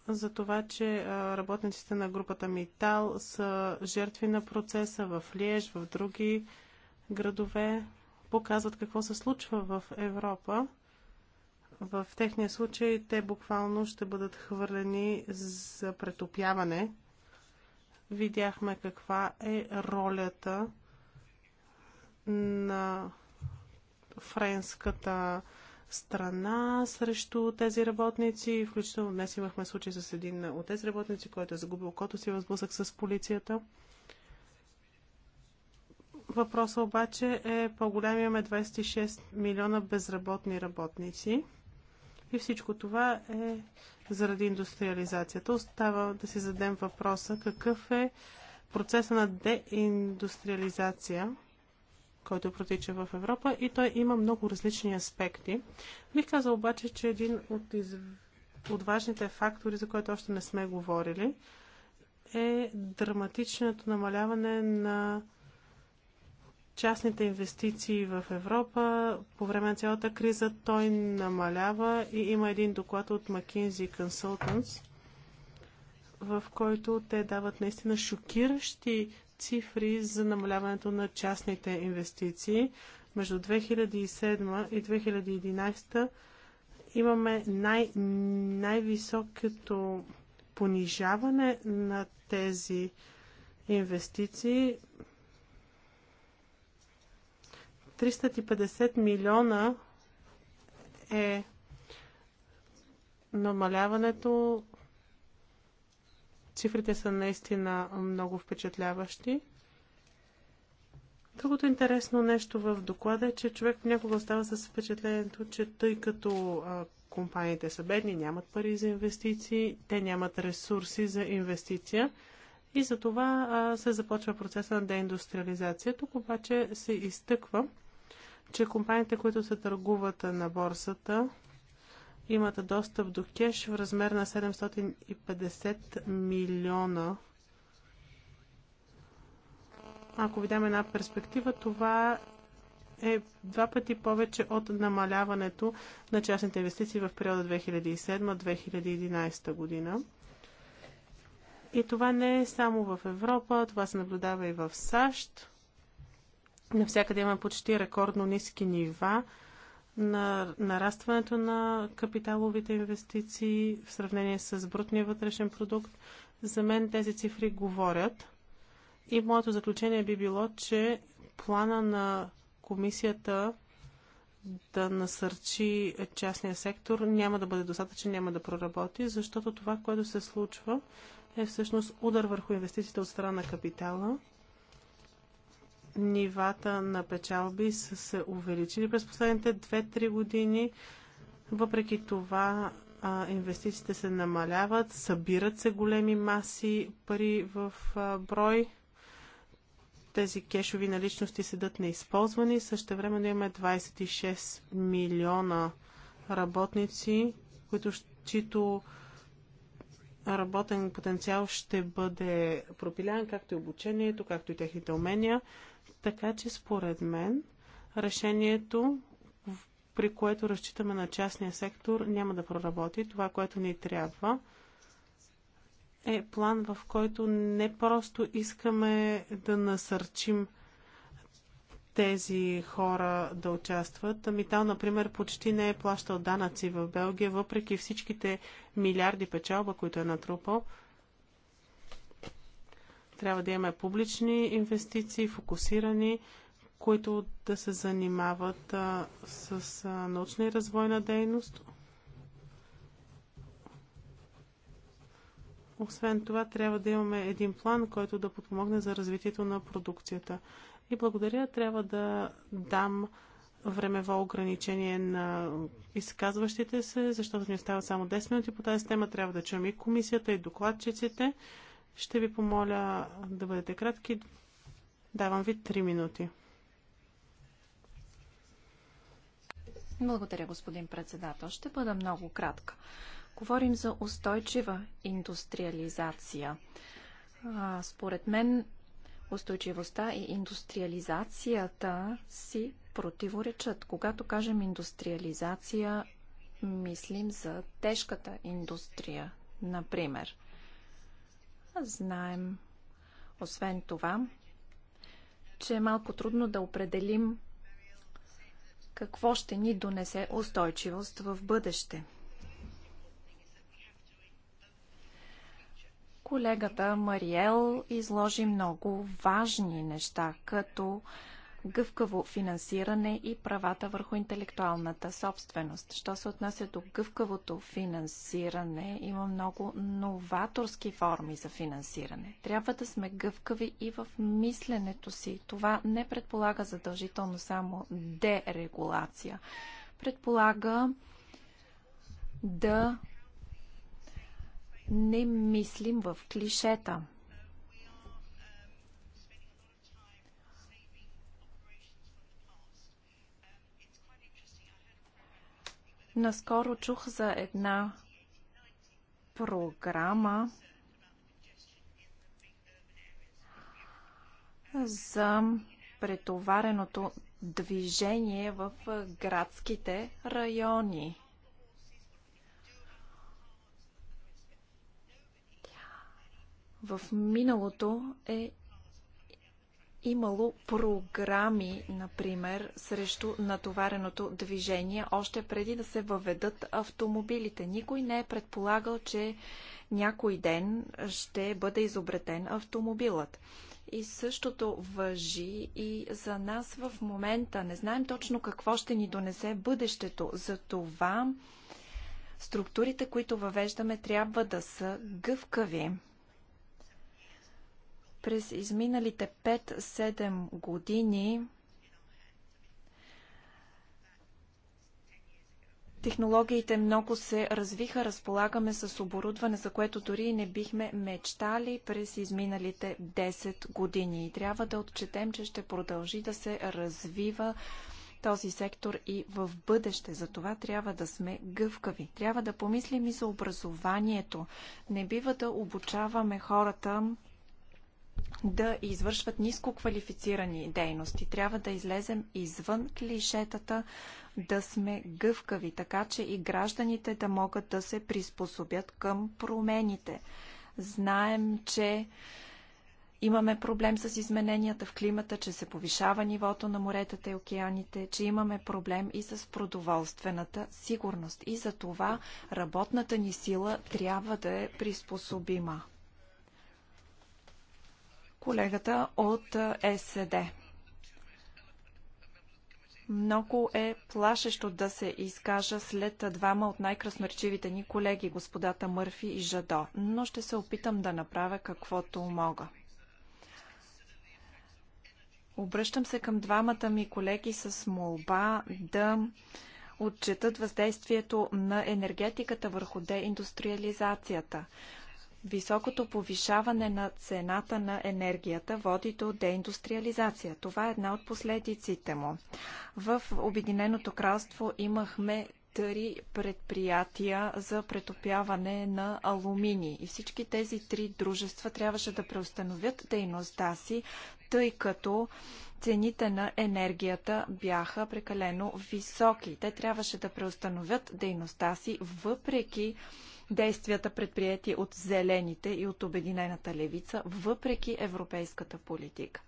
За това, че работниците на групата Митал са жертви на процеса в Лиеж, в други градове показват какво се случва в Европа. В техния случай те буквално ще бъдат хвърлени за претопяване. Видяхме каква е ролята на френската страна срещу тези работници. Включително днес имахме случай с един от тези работници, който е загубил кото си в сблъсък с полицията. Въпросът обаче е по-голям имаме 26 милиона безработни работници. И всичко това е заради индустриализацията. Остава да си зададем въпроса какъв е процеса на деиндустриализация, който протича в Европа и той има много различни аспекти. Бих казал обаче, че един от, из... от важните фактори, за който още не сме говорили, е драматичното намаляване на частните инвестиции в Европа. По време на цялата криза той намалява и има един доклад от McKinsey Consultants, в който те дават наистина шокиращи цифри за намаляването на частните инвестиции. Между 2007 и 2011 имаме най- най-високото понижаване на тези инвестиции 350 милиона е намаляването. Цифрите са наистина много впечатляващи. Другото интересно нещо в доклада е, че човек някога остава с впечатлението, че тъй като а, компаниите са бедни, нямат пари за инвестиции, те нямат ресурси за инвестиция и за това а, се започва процеса на деиндустриализация. Тук обаче се изтъква, че компаниите, които се търгуват на борсата, имат достъп до кеш в размер на 750 милиона. Ако ви една перспектива, това е два пъти повече от намаляването на частните инвестиции в периода 2007-2011 година. И това не е само в Европа, това се наблюдава и в САЩ. Навсякъде имаме почти рекордно ниски нива на нарастването на капиталовите инвестиции в сравнение с брутния вътрешен продукт. За мен тези цифри говорят. И моето заключение би било, че плана на комисията да насърчи частния сектор няма да бъде достатъчен, няма да проработи, защото това, което се случва е всъщност удар върху инвестициите от страна на капитала нивата на печалби са се увеличили през последните 2-3 години. Въпреки това, инвестициите се намаляват, събират се големи маси пари в брой. Тези кешови наличности седат неизползвани. Също време имаме 26 милиона работници, които, чието работен потенциал ще бъде пропилян, както и обучението, както и техните умения. Така че според мен решението, при което разчитаме на частния сектор, няма да проработи. Това, което ни трябва, е план, в който не просто искаме да насърчим тези хора да участват. Митал, например, почти не е плащал данъци в Белгия, въпреки всичките милиарди печалба, които е натрупал. Трябва да имаме публични инвестиции, фокусирани, които да се занимават а, с научна и развойна дейност. Освен това, трябва да имаме един план, който да подпомогне за развитието на продукцията. И благодаря, трябва да дам времево ограничение на изказващите се, защото ни остават само 10 минути по тази тема. Трябва да чуем и комисията, и докладчиците. Ще ви помоля да бъдете кратки. Давам ви 3 минути. Благодаря, господин председател. Ще бъда много кратка. Говорим за устойчива индустриализация. А, според мен, устойчивостта и индустриализацията си противоречат. Когато кажем индустриализация, мислим за тежката индустрия, например – Знаем, освен това, че е малко трудно да определим какво ще ни донесе устойчивост в бъдеще. Колегата Мариел изложи много важни неща, като гъвкаво финансиране и правата върху интелектуалната собственост. Що се отнася до гъвкавото финансиране, има много новаторски форми за финансиране. Трябва да сме гъвкави и в мисленето си. Това не предполага задължително само дерегулация. Предполага да не мислим в клишета – Наскоро чух за една програма за претовареното движение в градските райони. В миналото е имало програми, например, срещу натовареното движение, още преди да се въведат автомобилите. Никой не е предполагал, че някой ден ще бъде изобретен автомобилът. И същото въжи и за нас в момента. Не знаем точно какво ще ни донесе бъдещето. Затова структурите, които въвеждаме, трябва да са гъвкави. През изминалите 5-7 години технологиите много се развиха, разполагаме с оборудване, за което дори не бихме мечтали през изминалите 10 години. И трябва да отчетем, че ще продължи да се развива този сектор и в бъдеще. За това трябва да сме гъвкави. Трябва да помислим и за образованието. Не бива да обучаваме хората да извършват ниско квалифицирани дейности. Трябва да излезем извън клишетата, да сме гъвкави, така че и гражданите да могат да се приспособят към промените. Знаем, че имаме проблем с измененията в климата, че се повишава нивото на моретата и океаните, че имаме проблем и с продоволствената сигурност. И за това работната ни сила трябва да е приспособима колегата от СД. Много е плашещо да се изкажа след двама от най-красноречивите ни колеги, господата Мърфи и Жадо, но ще се опитам да направя каквото мога. Обръщам се към двамата ми колеги с молба да отчетат въздействието на енергетиката върху деиндустриализацията. Високото повишаване на цената на енергията води до деиндустриализация. Това е една от последиците му. В Обединеното кралство имахме три предприятия за претопяване на алумини. И всички тези три дружества трябваше да преустановят дейността си, тъй като цените на енергията бяха прекалено високи. Те трябваше да преустановят дейността си, въпреки действията предприяти от зелените и от Обединената левица, въпреки европейската политика.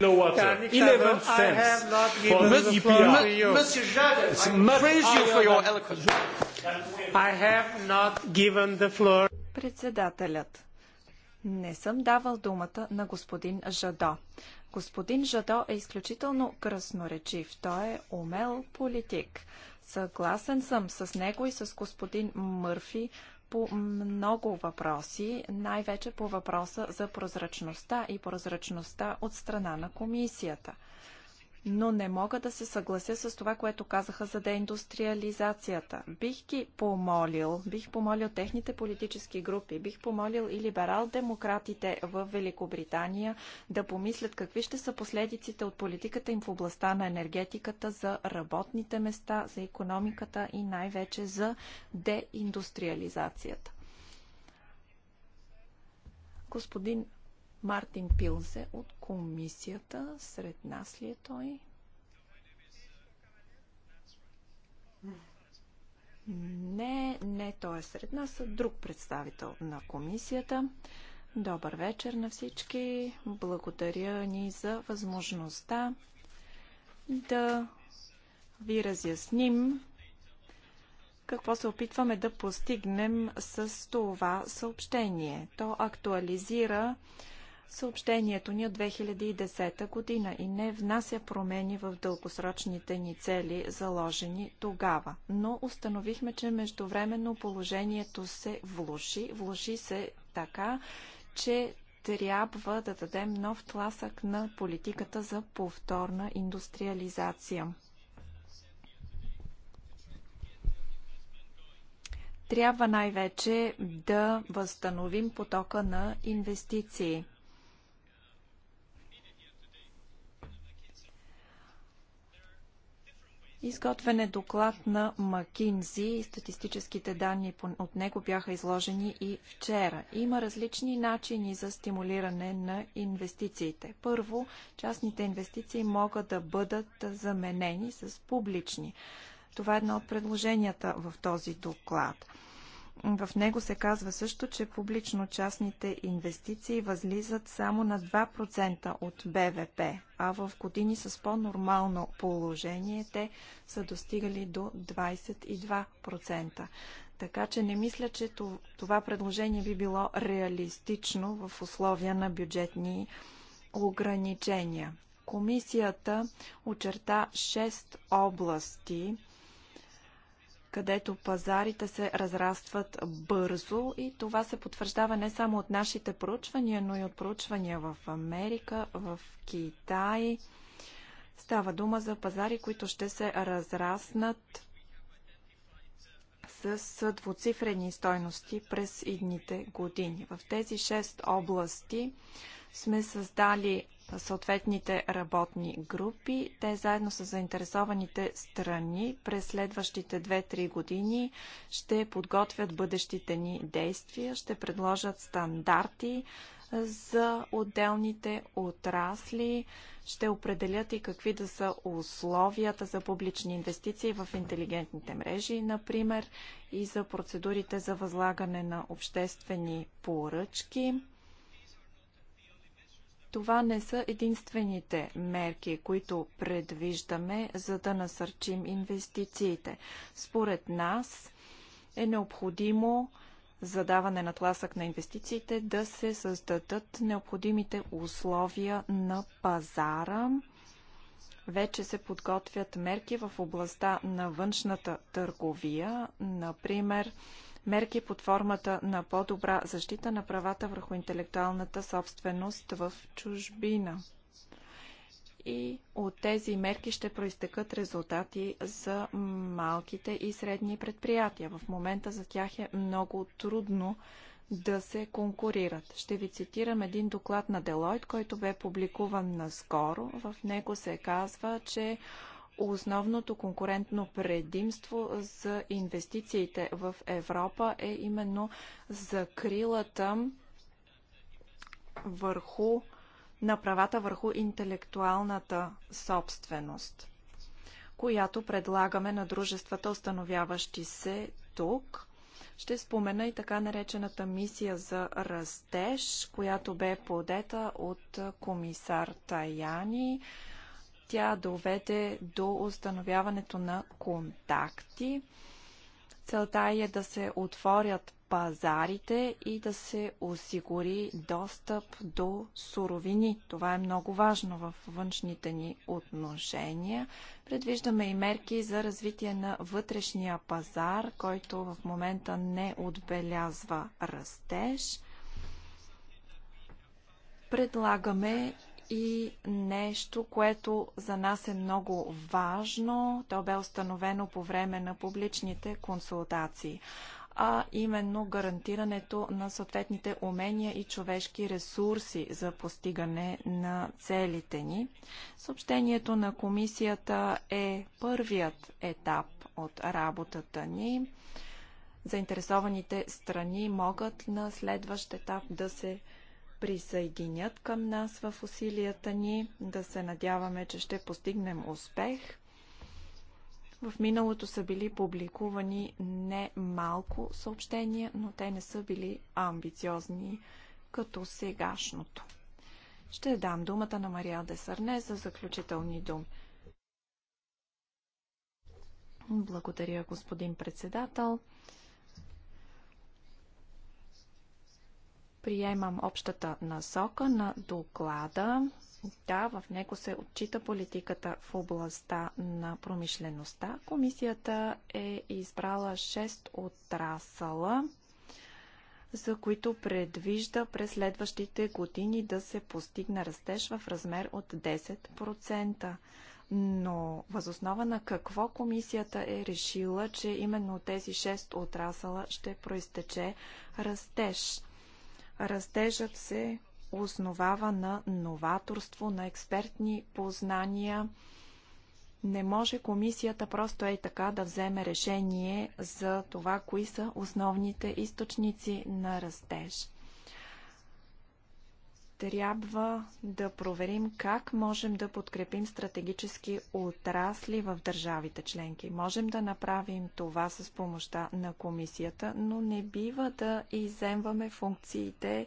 E Председателят. Не съм давал думата на господин Жадо. Господин Жадо е изключително красноречив. Той е умел политик. Съгласен съм с него и с господин Мърфи по много въпроси, най-вече по въпроса за прозрачността и прозрачността от страна на комисията но не мога да се съглася с това, което казаха за деиндустриализацията. Бих ги помолил, бих помолил техните политически групи, бих помолил и либерал-демократите в Великобритания да помислят какви ще са последиците от политиката им в областта на енергетиката за работните места, за економиката и най-вече за деиндустриализацията. Господин Мартин Пилзе от комисията. Сред нас ли е той? Не, не той е сред нас, а друг представител на комисията. Добър вечер на всички. Благодаря ни за възможността да ви разясним какво се опитваме да постигнем с това съобщение. То актуализира съобщението ни от 2010 година и не внася промени в дългосрочните ни цели, заложени тогава. Но установихме, че междувременно положението се влуши. Влуши се така, че трябва да дадем нов тласък на политиката за повторна индустриализация. Трябва най-вече да възстановим потока на инвестиции – Изготвен е доклад на Макинзи и статистическите данни от него бяха изложени и вчера. Има различни начини за стимулиране на инвестициите. Първо, частните инвестиции могат да бъдат заменени с публични. Това е едно от предложенията в този доклад. В него се казва също, че публично-частните инвестиции възлизат само на 2% от БВП, а в години с по-нормално положение те са достигали до 22%. Така че не мисля, че това предложение би било реалистично в условия на бюджетни ограничения. Комисията очерта 6 области, където пазарите се разрастват бързо и това се потвърждава не само от нашите проучвания, но и от проучвания в Америка, в Китай. Става дума за пазари, които ще се разраснат с двуцифрени стойности през идните години. В тези шест области сме създали съответните работни групи. Те заедно с заинтересованите страни през следващите 2-3 години ще подготвят бъдещите ни действия, ще предложат стандарти за отделните отрасли, ще определят и какви да са условията за публични инвестиции в интелигентните мрежи, например, и за процедурите за възлагане на обществени поръчки това не са единствените мерки, които предвиждаме, за да насърчим инвестициите. Според нас е необходимо за даване на тласък на инвестициите да се създадат необходимите условия на пазара. Вече се подготвят мерки в областта на външната търговия, например мерки под формата на по-добра защита на правата върху интелектуалната собственост в чужбина. И от тези мерки ще проистекат резултати за малките и средни предприятия. В момента за тях е много трудно да се конкурират. Ще ви цитирам един доклад на Делойт, който бе публикуван наскоро. В него се казва, че Основното конкурентно предимство за инвестициите в Европа е именно закрилата върху на правата върху интелектуалната собственост, която предлагаме на дружествата, установяващи се тук. Ще спомена и така наречената мисия за растеж, която бе подета от комисар Таяни. Тя доведе до установяването на контакти. Целта е да се отворят пазарите и да се осигури достъп до суровини. Това е много важно в външните ни отношения. Предвиждаме и мерки за развитие на вътрешния пазар, който в момента не отбелязва растеж. Предлагаме и нещо, което за нас е много важно. То бе установено по време на публичните консултации а именно гарантирането на съответните умения и човешки ресурси за постигане на целите ни. Съобщението на комисията е първият етап от работата ни. Заинтересованите страни могат на следващ етап да се присъединят към нас в усилията ни, да се надяваме, че ще постигнем успех. В миналото са били публикувани не малко съобщения, но те не са били амбициозни като сегашното. Ще дам думата на Мария Десърне за заключителни думи. Благодаря, господин председател. Приемам общата насока на доклада. Да, в него се отчита политиката в областта на промишлеността. Комисията е избрала 6 отрасъла, за които предвижда през следващите години да се постигне растеж в размер от 10% но възоснова на какво комисията е решила, че именно тези 6 отрасъла ще проистече растеж. Растежът се основава на новаторство, на експертни познания. Не може комисията просто е така да вземе решение за това, кои са основните източници на растеж трябва да проверим как можем да подкрепим стратегически отрасли в държавите членки. Можем да направим това с помощта на комисията, но не бива да иземваме функциите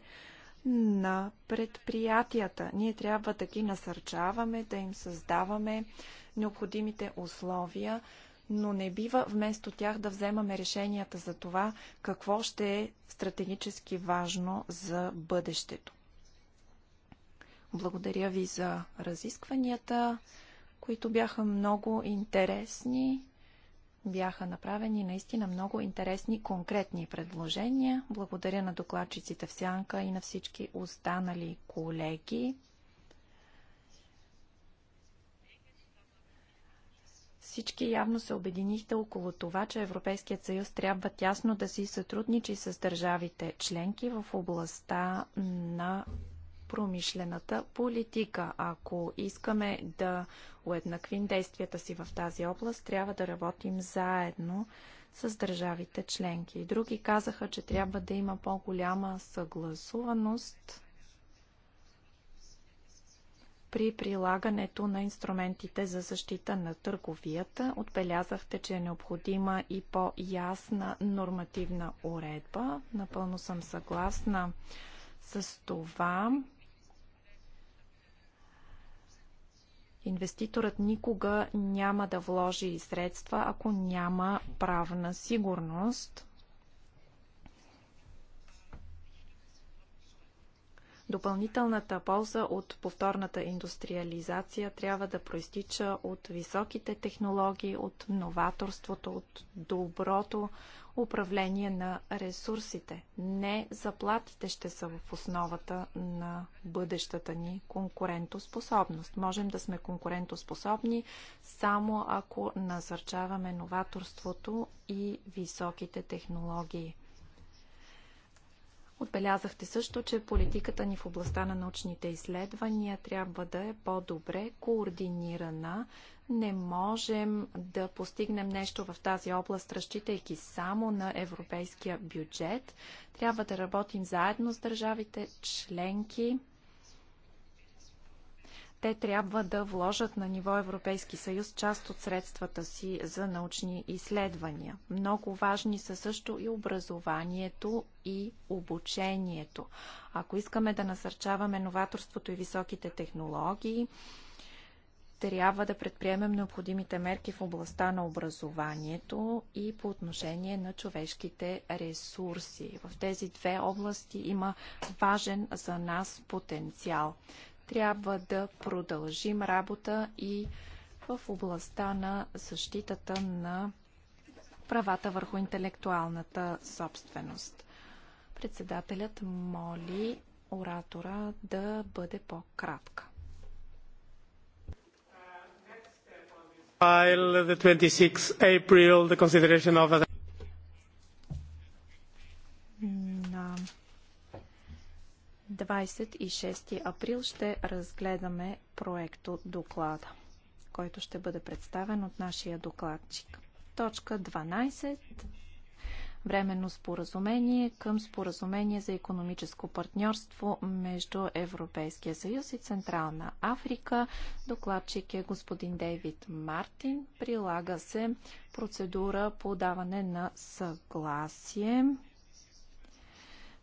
на предприятията. Ние трябва да ги насърчаваме, да им създаваме необходимите условия, но не бива вместо тях да вземаме решенията за това какво ще е стратегически важно за бъдещето. Благодаря ви за разискванията, които бяха много интересни. Бяха направени наистина много интересни конкретни предложения. Благодаря на докладчиците в Сянка и на всички останали колеги. Всички явно се обединихте около това, че Европейският съюз трябва тясно да си сътрудничи с държавите членки в областта на промишлената политика. Ако искаме да уеднаквим действията си в тази област, трябва да работим заедно с държавите членки. Други казаха, че трябва да има по-голяма съгласуваност при прилагането на инструментите за защита на търговията. Отбелязахте, че е необходима и по-ясна нормативна уредба. Напълно съм съгласна с това. Инвеститорът никога няма да вложи средства, ако няма правна сигурност. Допълнителната полза от повторната индустриализация трябва да проистича от високите технологии, от новаторството, от доброто управление на ресурсите. Не заплатите ще са в основата на бъдещата ни конкурентоспособност. Можем да сме конкурентоспособни само ако насърчаваме новаторството и високите технологии. Отбелязахте също, че политиката ни в областта на научните изследвания трябва да е по-добре координирана. Не можем да постигнем нещо в тази област, разчитайки само на европейския бюджет. Трябва да работим заедно с държавите членки, те трябва да вложат на ниво Европейски съюз част от средствата си за научни изследвания. Много важни са също и образованието и обучението. Ако искаме да насърчаваме новаторството и високите технологии, трябва да предприемем необходимите мерки в областта на образованието и по отношение на човешките ресурси. В тези две области има важен за нас потенциал трябва да продължим работа и в областта на защитата на правата върху интелектуалната собственост. Председателят моли оратора да бъде по-кратка. 26 April, the consideration of 26 април ще разгледаме проекто доклада, който ще бъде представен от нашия докладчик. Точка 12. Временно споразумение към споразумение за економическо партньорство между Европейския съюз и Централна Африка. Докладчик е господин Дейвид Мартин. Прилага се процедура по даване на съгласие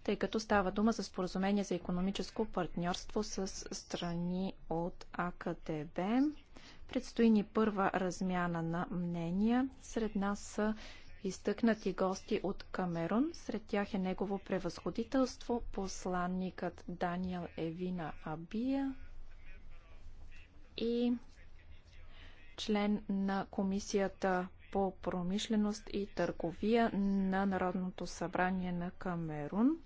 тъй като става дума за споразумение за економическо партньорство с страни от АКТБ. Предстои ни първа размяна на мнения. Сред нас са изтъкнати гости от Камерун. Сред тях е негово превъзходителство, посланникът Даниел Евина Абия и член на комисията по промишленост и търговия на Народното събрание на Камерун.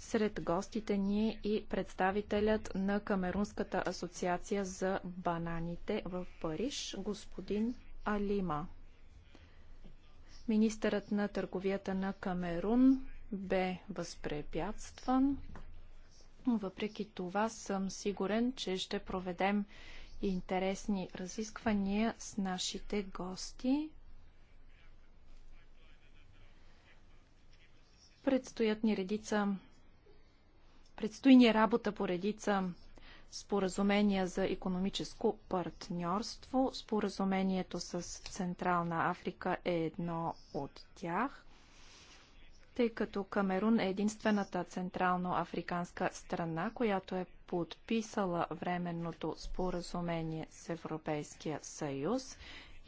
Сред гостите ни е и представителят на Камерунската асоциация за бананите в Париж, господин Алима. Министърът на търговията на Камерун бе възпрепятстван. Въпреки това съм сигурен, че ще проведем интересни разисквания с нашите гости. Предстоят ни редица Предстои ни работа по редица споразумения за економическо партньорство. Споразумението с Централна Африка е едно от тях, тъй като Камерун е единствената централно-африканска страна, която е подписала временното споразумение с Европейския съюз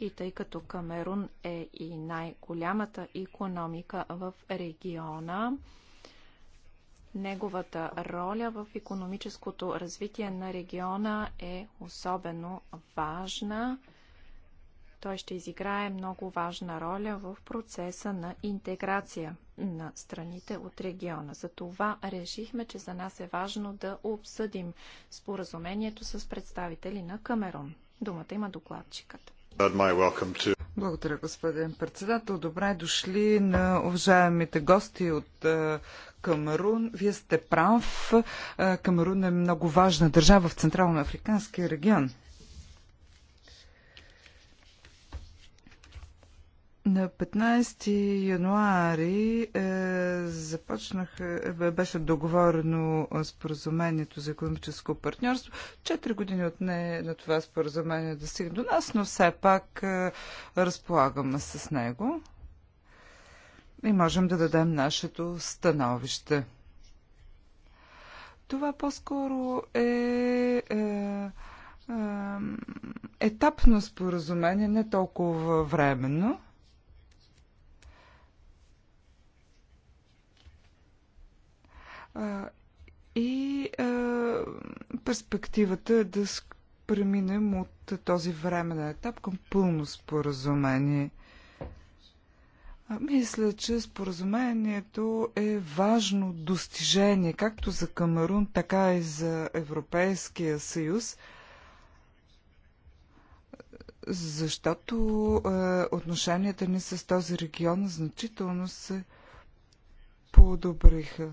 и тъй като Камерун е и най-голямата економика в региона, Неговата роля в економическото развитие на региона е особено важна. Той ще изиграе много важна роля в процеса на интеграция на страните от региона. За това решихме, че за нас е важно да обсъдим споразумението с представители на Камерун. Думата има докладчикът. Благодаря, господин председател. Добре дошли на уважаемите гости от е, Камерун. Вие сте прав. Е, Камерун е много важна държава в Централно-Африканския регион. На 15 януари е, започнах, е, беше договорено споразумението за економическо партньорство. Четири години от не на това споразумение да стигне до нас, но все пак е, разполагаме с него и можем да дадем нашето становище. Това по-скоро е, е, е етапно споразумение, не толкова временно. и перспективата е да преминем от този временен етап към пълно споразумение. Мисля, че споразумението е важно достижение, както за Камерун, така и за Европейския съюз, защото е, отношенията ни с този регион значително се подобриха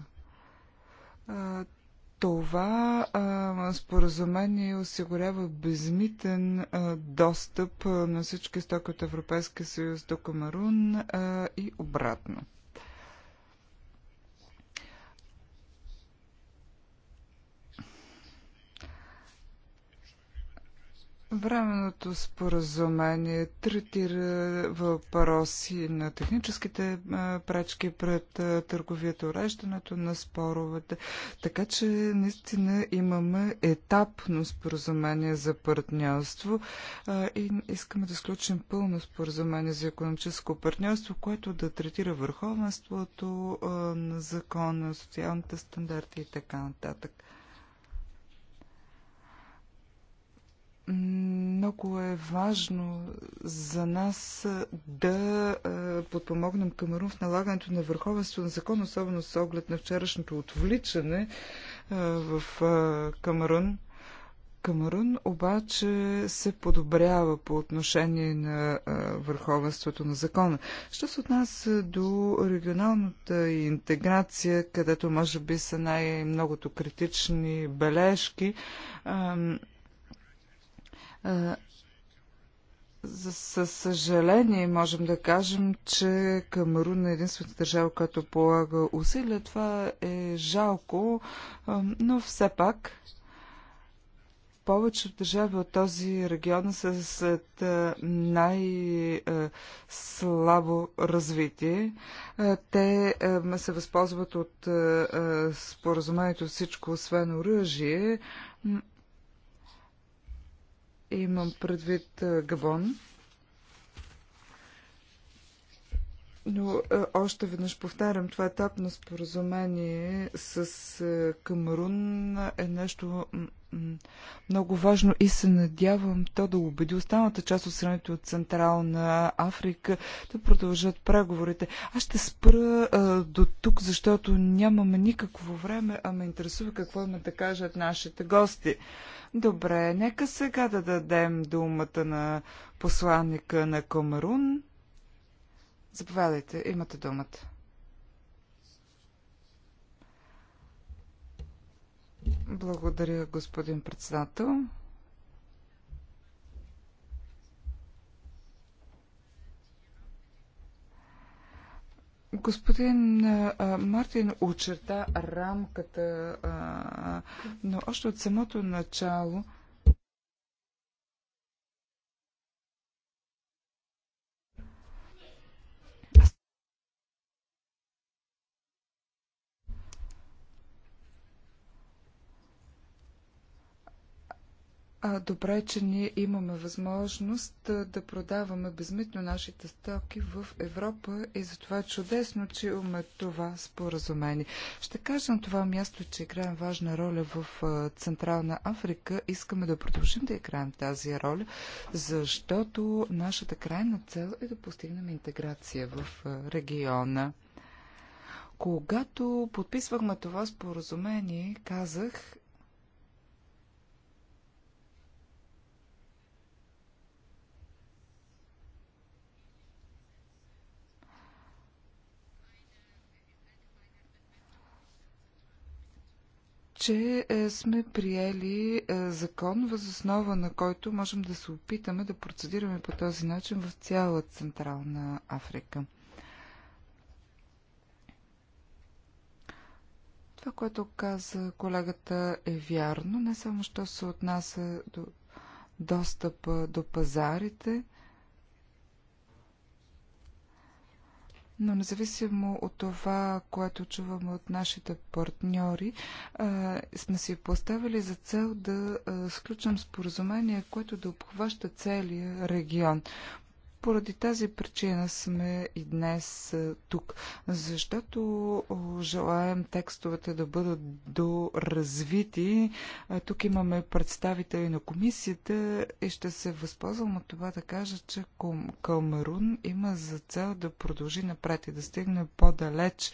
това а, споразумение осигурява безмитен а, достъп а, на всички стоки от Европейския съюз до Камерун а, и обратно. Временното споразумение третира въпроси на техническите е, пречки пред е, търговията, уреждането на споровете, така че наистина имаме етапно споразумение за партньорство е, и искаме да сключим пълно споразумение за економическо партньорство, което да третира върховенството на закона, социалните стандарти и така нататък. Много е важно за нас да е, подпомогнем Камерун в налагането на върховенство на закон, особено с оглед на вчерашното отвличане е, в е, Камерун. Камерун обаче се подобрява по отношение на върховенството на закона. Що се отнася до регионалната интеграция, където може би са най-многото критични бележки, за със съжаление можем да кажем, че Камерун е единствената държава, която полага усилия. Това е жалко, но все пак повече държави от този регион са с най-слабо развитие. Те се възползват от споразумението всичко, освен оръжие, Имам предвид Габон. Но още веднъж повтарям, това етап на споразумение с Камерун е нещо много важно и се надявам то да убеди останалата част от страните от Централна Африка да продължат преговорите. Аз ще спра а, до тук, защото нямаме никакво време, а ме интересува какво има да кажат нашите гости. Добре, нека сега да дадем думата на посланника на Камерун. Заповядайте, имате думата. Благодаря, господин председател. Господин Мартин очерта рамката, но още от самото начало А, добре, е, че ние имаме възможност да продаваме безмитно нашите стоки в Европа и затова е чудесно, че имаме това споразумение. Ще кажа на това място, че играем важна роля в Централна Африка. Искаме да продължим да играем тази роля, защото нашата крайна цел е да постигнем интеграция в региона. Когато подписвахме това споразумение, казах, че е, сме приели е, закон, възоснова на който можем да се опитаме да процедираме по този начин в цяла Централна Африка. Това, което каза колегата е вярно, не само що се отнася до достъп до пазарите, Но независимо от това, което чуваме от нашите партньори, сме си поставили за цел да сключим споразумение, което да обхваща целия регион. Поради тази причина сме и днес тук, защото желаем текстовете да бъдат доразвити. Тук имаме представители на комисията и ще се възползвам от това да кажа, че Камерун има за цел да продължи напред и да стигне по-далеч.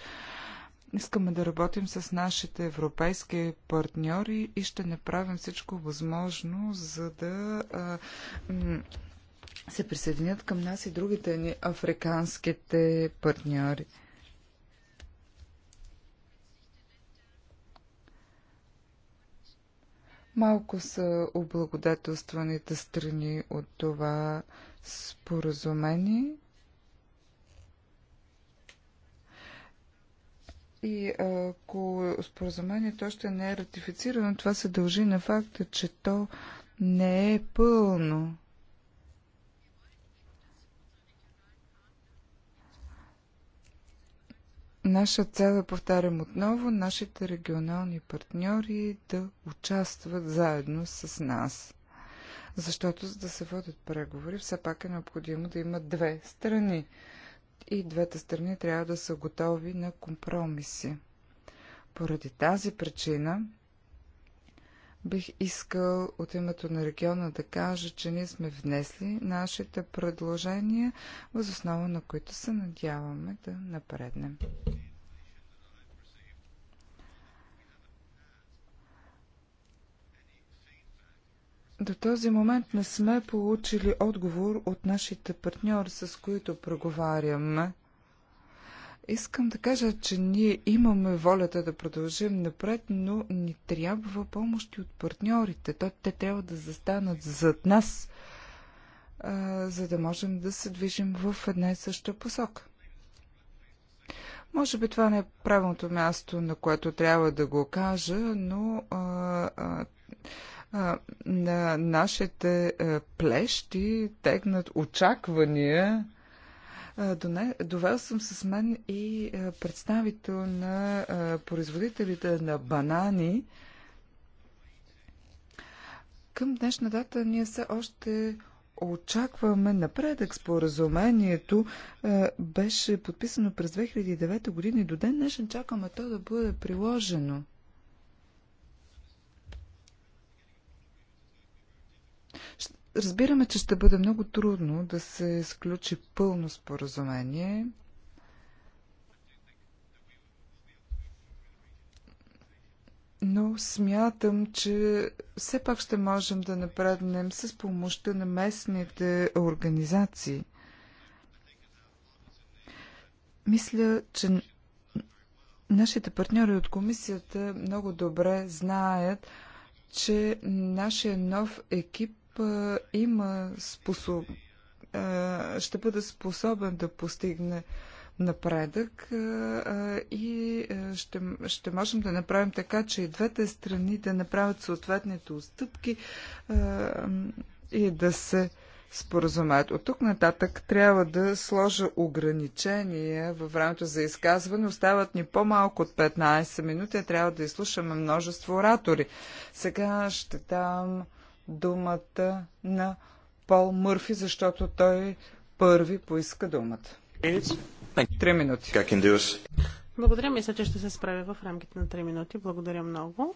Искаме да работим с нашите европейски партньори и ще направим всичко възможно, за да се присъединят към нас и другите ни африканските партньори. Малко са облагодателстваните страни от това споразумение. И ако споразумението още не е ратифицирано, това се дължи на факта, че то не е пълно. Наша цел е, повтарям отново, нашите регионални партньори да участват заедно с нас. Защото за да се водят преговори, все пак е необходимо да има две страни. И двете страни трябва да са готови на компромиси. Поради тази причина Бих искал от името на региона да кажа, че ние сме внесли нашите предложения, въз основа на които се надяваме да напреднем. До този момент не сме получили отговор от нашите партньори, с които преговаряме. Искам да кажа, че ние имаме волята да продължим напред, но ни трябва помощи от партньорите. Те, те трябва да застанат зад нас, а, за да можем да се движим в една и съща посока. Може би това не е правилното място, на което трябва да го кажа, но а, а, на нашите а, плещи тегнат очаквания Довел съм с мен и представител на производителите на банани. Към днешна дата ние все още очакваме напредък. Споразумението беше подписано през 2009 година и до ден днешен чакаме то да бъде приложено. Разбираме, че ще бъде много трудно да се сключи пълно споразумение. Но смятам, че все пак ще можем да напреднем с помощта на местните организации. Мисля, че нашите партньори от комисията много добре знаят, че нашия нов екип има способ, ще бъде способен да постигне напредък и ще, ще можем да направим така, че и двете страни да направят съответните отстъпки и да се споразумеят. От тук нататък трябва да сложа ограничения във времето за изказване. Остават ни по-малко от 15 минути. Трябва да изслушаме множество оратори. Сега ще дам думата на Пол Мърфи, защото той първи поиска думата. Три минути. Благодаря, мисля, че ще се справя в рамките на три минути. Благодаря много.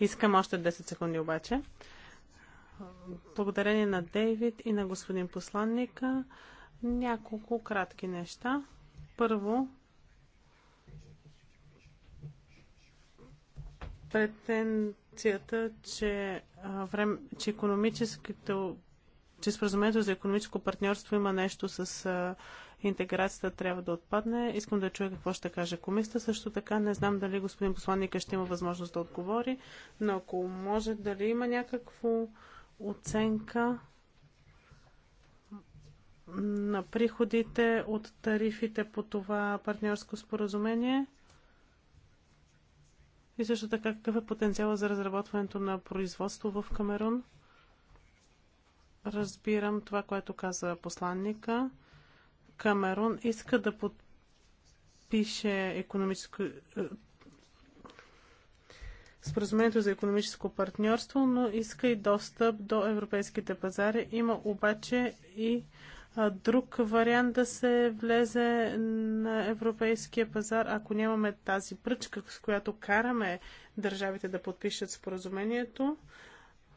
Искам още 10 секунди обаче. Благодарение на Дейвид и на господин посланника, няколко кратки неща. Първо, претенцията, че, а, врем, че економическото че споразумението за економическо партньорство има нещо с а, интеграцията трябва да отпадне. Искам да чуя какво ще каже комисията. Също така не знам дали господин посланника ще има възможност да отговори, но ако може, дали има някакво оценка на приходите от тарифите по това партньорско споразумение – и също така, какъв е потенциала за разработването на производство в Камерун? Разбирам това, което каза посланника. Камерун иска да подпише економическо... Е, споразумението за економическо партньорство, но иска и достъп до европейските пазари. Има обаче и друг вариант да се влезе на европейския пазар, ако нямаме тази пръчка, с която караме държавите да подпишат споразумението.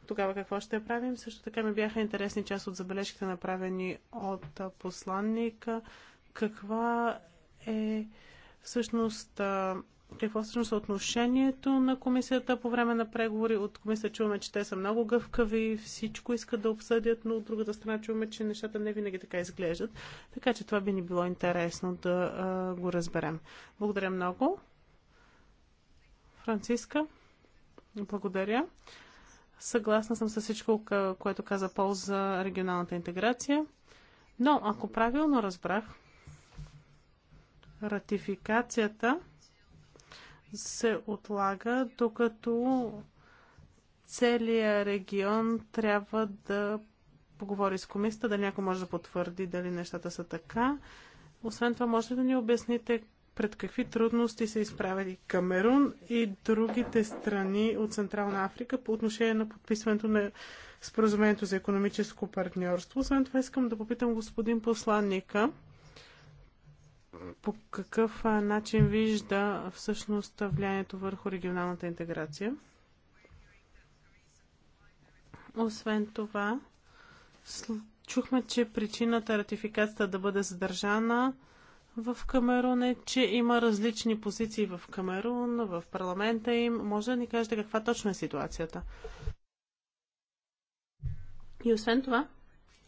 Тогава какво ще правим? Също така ми бяха интересни част от забележките, направени от посланника. Каква е всъщност какво всъщност е отношението на комисията по време на преговори. От комисията чуваме, че те са много гъвкави, всичко искат да обсъдят, но от другата страна чуваме, че нещата не винаги така изглеждат. Така че това би ни било интересно да а, го разберем. Благодаря много. Франциска, благодаря. Съгласна съм с всичко, което каза Пол за регионалната интеграция. Но, ако правилно разбрах, ратификацията се отлага, докато целият регион трябва да поговори с комисията, дали някой може да потвърди дали нещата са така. Освен това, може ли да ни обясните пред какви трудности са изправили Камерун и другите страни от Централна Африка по отношение на подписването на споразумението за економическо партньорство? Освен това, искам да попитам господин посланника по какъв начин вижда всъщност влиянието върху регионалната интеграция. Освен това, чухме, че причината ратификацията да бъде задържана в Камерун е, че има различни позиции в Камерун, в парламента им. Може да ни кажете каква точно е ситуацията? И освен това,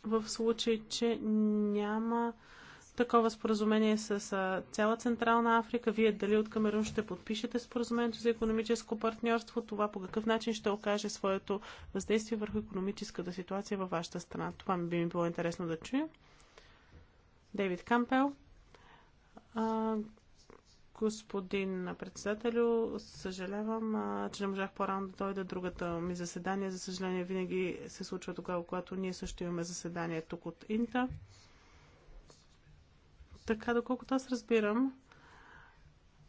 в случай, че няма такова споразумение с цяла Централна Африка. Вие дали от Камерун ще подпишете споразумението за економическо партньорство? Това по какъв начин ще окаже своето въздействие върху економическата ситуация във вашата страна? Това ми би ми било интересно да чуя. Дейвид Кампел. А, господин председателю, съжалявам, а, че не можах по-рано да дойда другата ми заседание. За съжаление, винаги се случва тогава, когато ние също имаме заседание тук от Инта. Така, доколкото аз разбирам,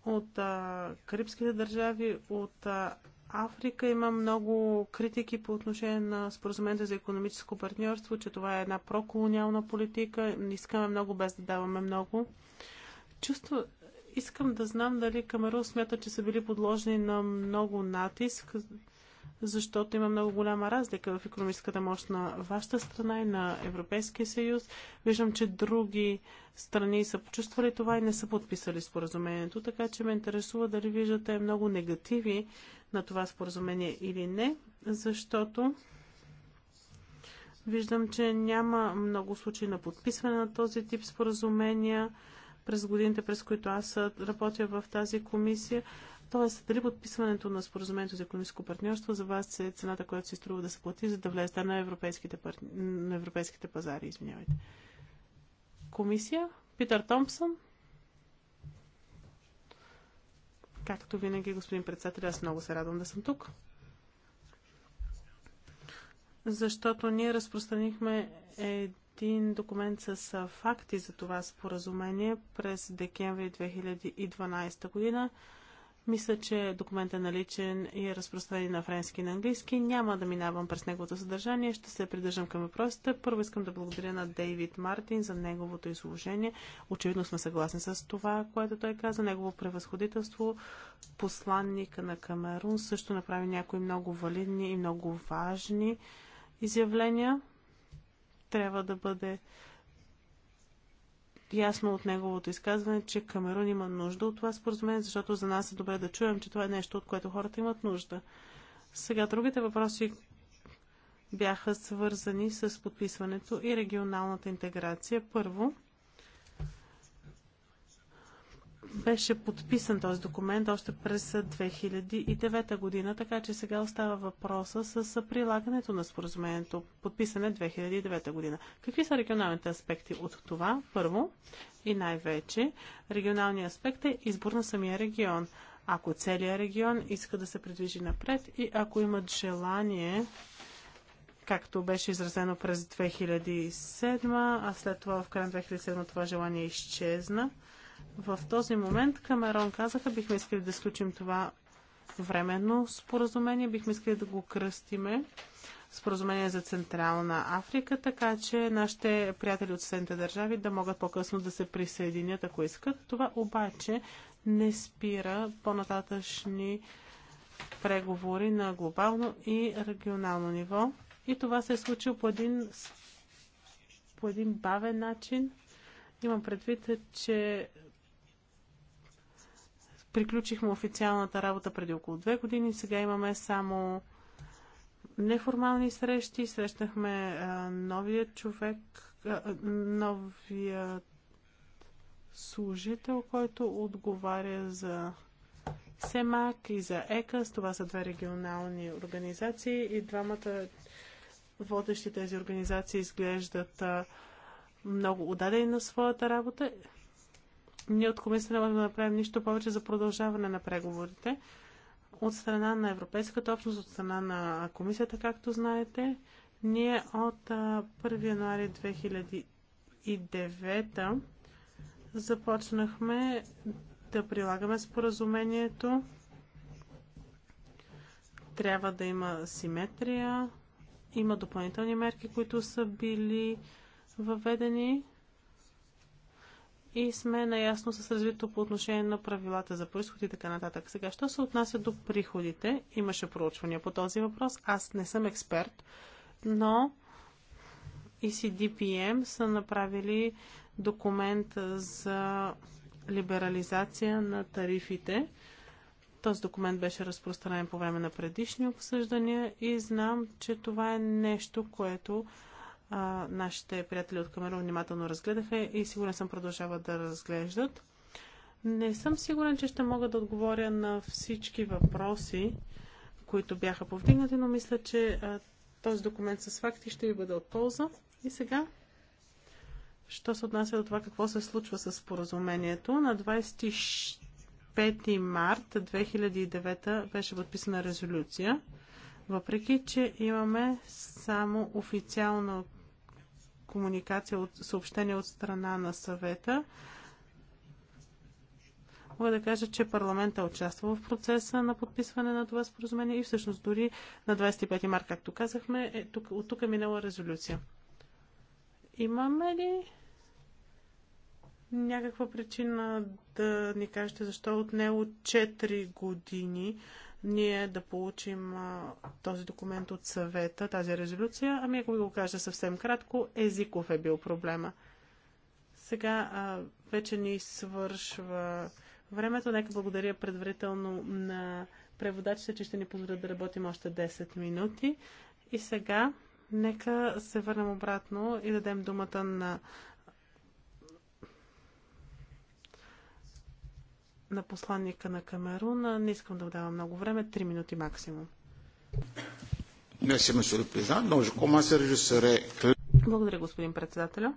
от а, карибските държави, от а, Африка има много критики по отношение на споразумението за економическо партньорство, че това е една проколониална политика. Не искаме много, без да даваме много. Чувство, искам да знам дали Камеру смята, че са били подложени на много натиск защото има много голяма разлика в економическата мощ на вашата страна и на Европейския съюз. Виждам, че други страни са почувствали това и не са подписали споразумението, така че ме интересува дали виждате много негативи на това споразумение или не, защото виждам, че няма много случаи на подписване на този тип споразумения през годините, през които аз работя в тази комисия. Тоест, дали подписването на споразумението за економическо партньорство за вас е цената, която се струва да се плати, за да влезете на европейските, пар... на европейските пазари, извинявайте. Комисия? Питър Томпсън? Както винаги, господин председател, аз много се радвам да съм тук. Защото ние разпространихме един документ с факти за това споразумение през декември 2012 година. Мисля, че документът е наличен и е разпространен на френски и на английски. Няма да минавам през неговото съдържание, ще се придържам към въпросите. Първо искам да благодаря на Дейвид Мартин за неговото изложение. Очевидно сме съгласни с това, което той каза. Негово превъзходителство, посланника на Камерун, също направи някои много валидни и много важни изявления. Трябва да бъде ясно от неговото изказване, че Камерун има нужда от това споразумение, защото за нас е добре да чуем, че това е нещо, от което хората имат нужда. Сега другите въпроси бяха свързани с подписването и регионалната интеграция. Първо, беше подписан този документ още през 2009 година, така че сега остава въпроса с прилагането на споразумението, подписане 2009 година. Какви са регионалните аспекти от това? Първо и най-вече, регионалният аспект е избор на самия регион. Ако целият регион иска да се придвижи напред и ако имат желание както беше изразено през 2007, а след това в края на 2007 това желание изчезна. В този момент Камерон казаха, бихме искали да сключим това временно споразумение, бихме искали да го кръстиме споразумение за Централна Африка, така че нашите приятели от съседните държави да могат по-късно да се присъединят, ако искат. Това обаче не спира по-нататъчни преговори на глобално и регионално ниво. И това се е случило по един, по един бавен начин. Имам предвид, че Приключихме официалната работа преди около две години. Сега имаме само неформални срещи. Срещнахме а, новия човек, а, новия служител, който отговаря за СЕМАК и за ЕКАС. Това са две регионални организации и двамата водещи тези организации изглеждат а, много удадени на своята работа. Ние от комисията няма да направим нищо повече за продължаване на преговорите. От страна на Европейската общност, от страна на комисията, както знаете, ние от 1 януари 2009 започнахме да прилагаме споразумението. Трябва да има симетрия. Има допълнителни мерки, които са били въведени и сме наясно с развито по отношение на правилата за происход и така нататък. Сега, що се отнася до приходите, имаше проучвания по този въпрос. Аз не съм експерт, но и e CDPM са направили документ за либерализация на тарифите. Този документ беше разпространен по време на предишни обсъждания и знам, че това е нещо, което а, нашите приятели от Камерун внимателно разгледаха и сигурен съм продължават да разглеждат. Не съм сигурен, че ще мога да отговоря на всички въпроси, които бяха повдигнати, но мисля, че а, този документ с факти ще ви бъде от полза. И сега, що се отнася до това какво се случва с споразумението, на 25 март 2009 беше подписана резолюция, въпреки че имаме само официално комуникация от съобщение от страна на съвета. Мога да кажа, че парламента участва в процеса на подписване на това споразумение и всъщност дори на 25 март, както казахме, е, тук, от тук е минала резолюция. Имаме ли някаква причина да ни кажете защо от него 4 години ние да получим а, този документ от съвета, тази резолюция. Ами ако ви го кажа съвсем кратко, езиков е бил проблема. Сега а, вече ни свършва времето. Нека благодаря предварително на преводачите, че ще ни позволят да работим още 10 минути. И сега нека се върнем обратно и дадем думата на на посланника на Камеруна. Не искам да отдавам много време, 3 минути максимум. Благодаря, господин председателя.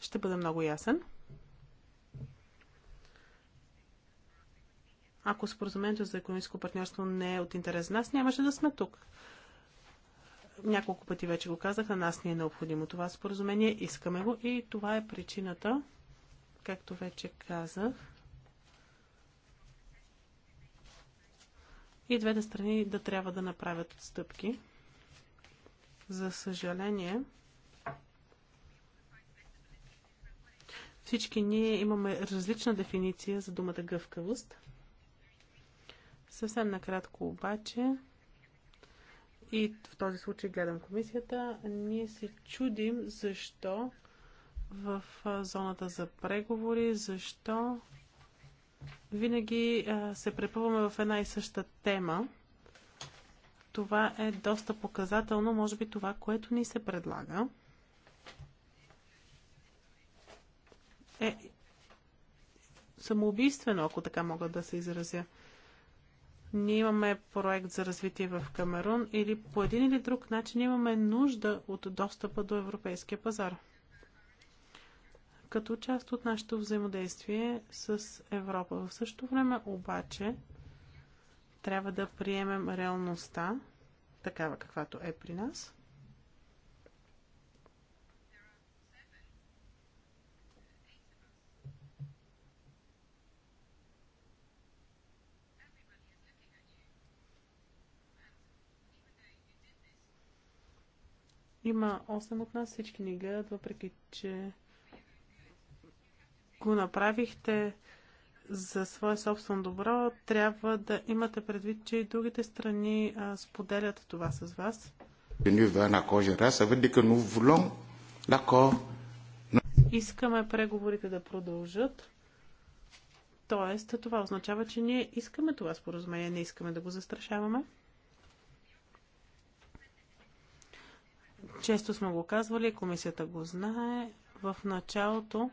Ще бъда много ясен. Ако споразумението за економическо партньорство не е от интерес за нас, нямаше да сме тук. Няколко пъти вече го казах, на нас ни е необходимо това споразумение, искаме го и това е причината, както вече казах, и двете страни да трябва да направят отстъпки. За съжаление, всички ние имаме различна дефиниция за думата гъвкавост. Съвсем накратко обаче, и в този случай гледам комисията, ние се чудим защо в зоната за преговори, защо винаги се препъваме в една и съща тема. Това е доста показателно, може би това, което ни се предлага. Е самоубийствено, ако така мога да се изразя. Ние имаме проект за развитие в Камерун или по един или друг начин имаме нужда от достъпа до европейския пазар като част от нашето взаимодействие с Европа. В същото време обаче трябва да приемем реалността, такава каквато е при нас. Има 8 от нас, всички ни гледат, въпреки че го направихте за свое собствено добро, трябва да имате предвид, че и другите страни а, споделят това с вас. Искаме преговорите да продължат. Тоест, това означава, че ние искаме това споразумение, не искаме да го застрашаваме. Често сме го казвали, комисията го знае. В началото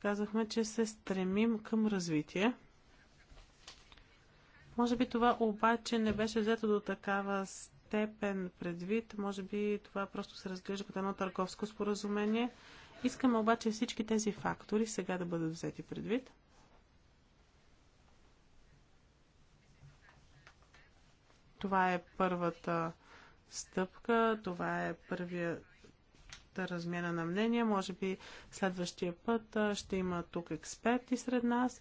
казахме, че се стремим към развитие. Може би това обаче не беше взето до такава степен предвид. Може би това просто се разглежда като едно търговско споразумение. Искаме обаче всички тези фактори сега да бъдат взети предвид. Това е първата стъпка, това е първия размяна на мнения. Може би следващия път ще има тук експерти сред нас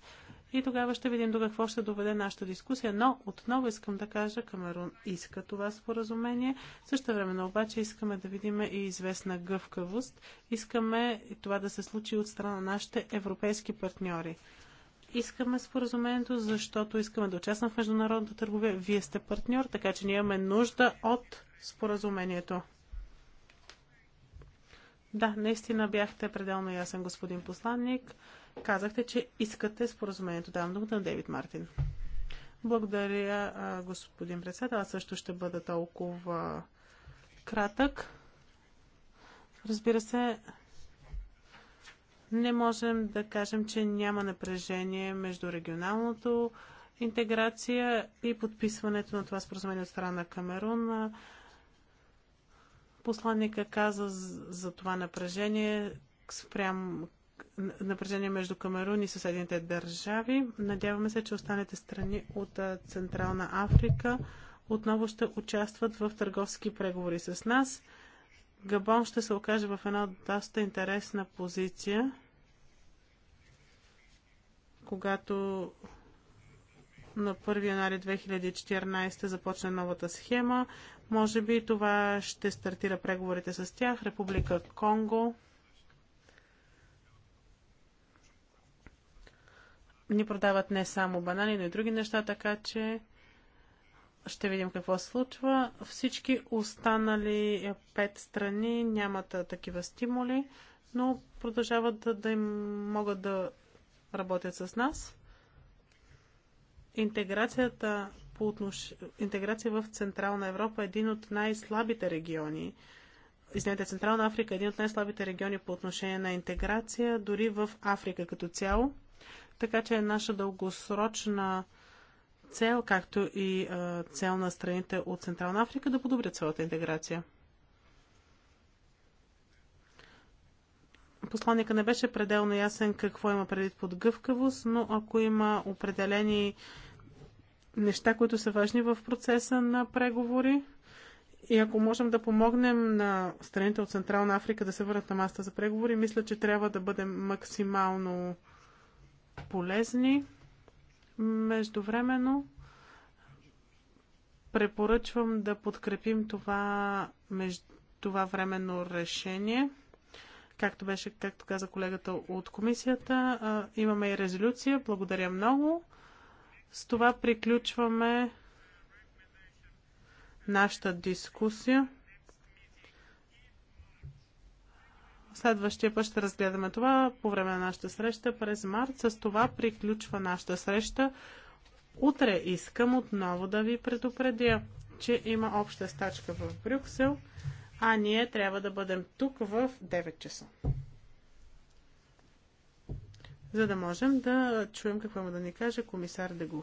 и тогава ще видим до какво ще доведе нашата дискусия. Но отново искам да кажа, Камерун иска това споразумение. Също време обаче искаме да видим и известна гъвкавост. Искаме това да се случи от страна на нашите европейски партньори. Искаме споразумението, защото искаме да участвам в международната търговия. Вие сте партньор, така че ние имаме нужда от споразумението. Да, наистина бяхте пределно ясен, господин посланник. Казахте, че искате споразумението. Давам думата на Дейвид Мартин. Благодаря, господин председател. Аз също ще бъда толкова кратък. Разбира се, не можем да кажем, че няма напрежение между регионалното интеграция и подписването на това споразумение от страна на Камерун. Посланника каза за това напрежение спрям напрежение между Камерун и съседните държави. Надяваме се, че останете страни от Централна Африка отново ще участват в търговски преговори с нас. Габон ще се окаже в една доста интересна позиция, когато на 1 януари 2014 започне новата схема. Може би това ще стартира преговорите с тях. Република Конго. Ни продават не само банани, но и други неща, така че ще видим какво се случва. Всички останали пет страни нямат такива стимули, но продължават да, да им могат да работят с нас. Интеграцията, по отнош... Интеграция в Централна Европа е един от най-слабите региони. Извинете, Централна Африка е един от най-слабите региони по отношение на интеграция, дори в Африка като цяло. Така че е наша дългосрочна цел, както и е, цел на страните от Централна Африка да подобрят своята интеграция. Посланника не беше пределно ясен какво има предвид под гъвкавост, но ако има определени неща, които са важни в процеса на преговори. И ако можем да помогнем на страните от Централна Африка да се върнат на маста за преговори, мисля, че трябва да бъдем максимално полезни. Междувременно препоръчвам да подкрепим това, това временно решение. Както беше, както каза колегата от комисията, имаме и резолюция. Благодаря много. С това приключваме нашата дискусия. Следващия път ще разгледаме това по време на нашата среща през март. С това приключва нашата среща. Утре искам отново да ви предупредя, че има обща стачка в Брюксел, а ние трябва да бъдем тук в 9 часа. За да можем да чуем какво има да ни каже комисар Дегух.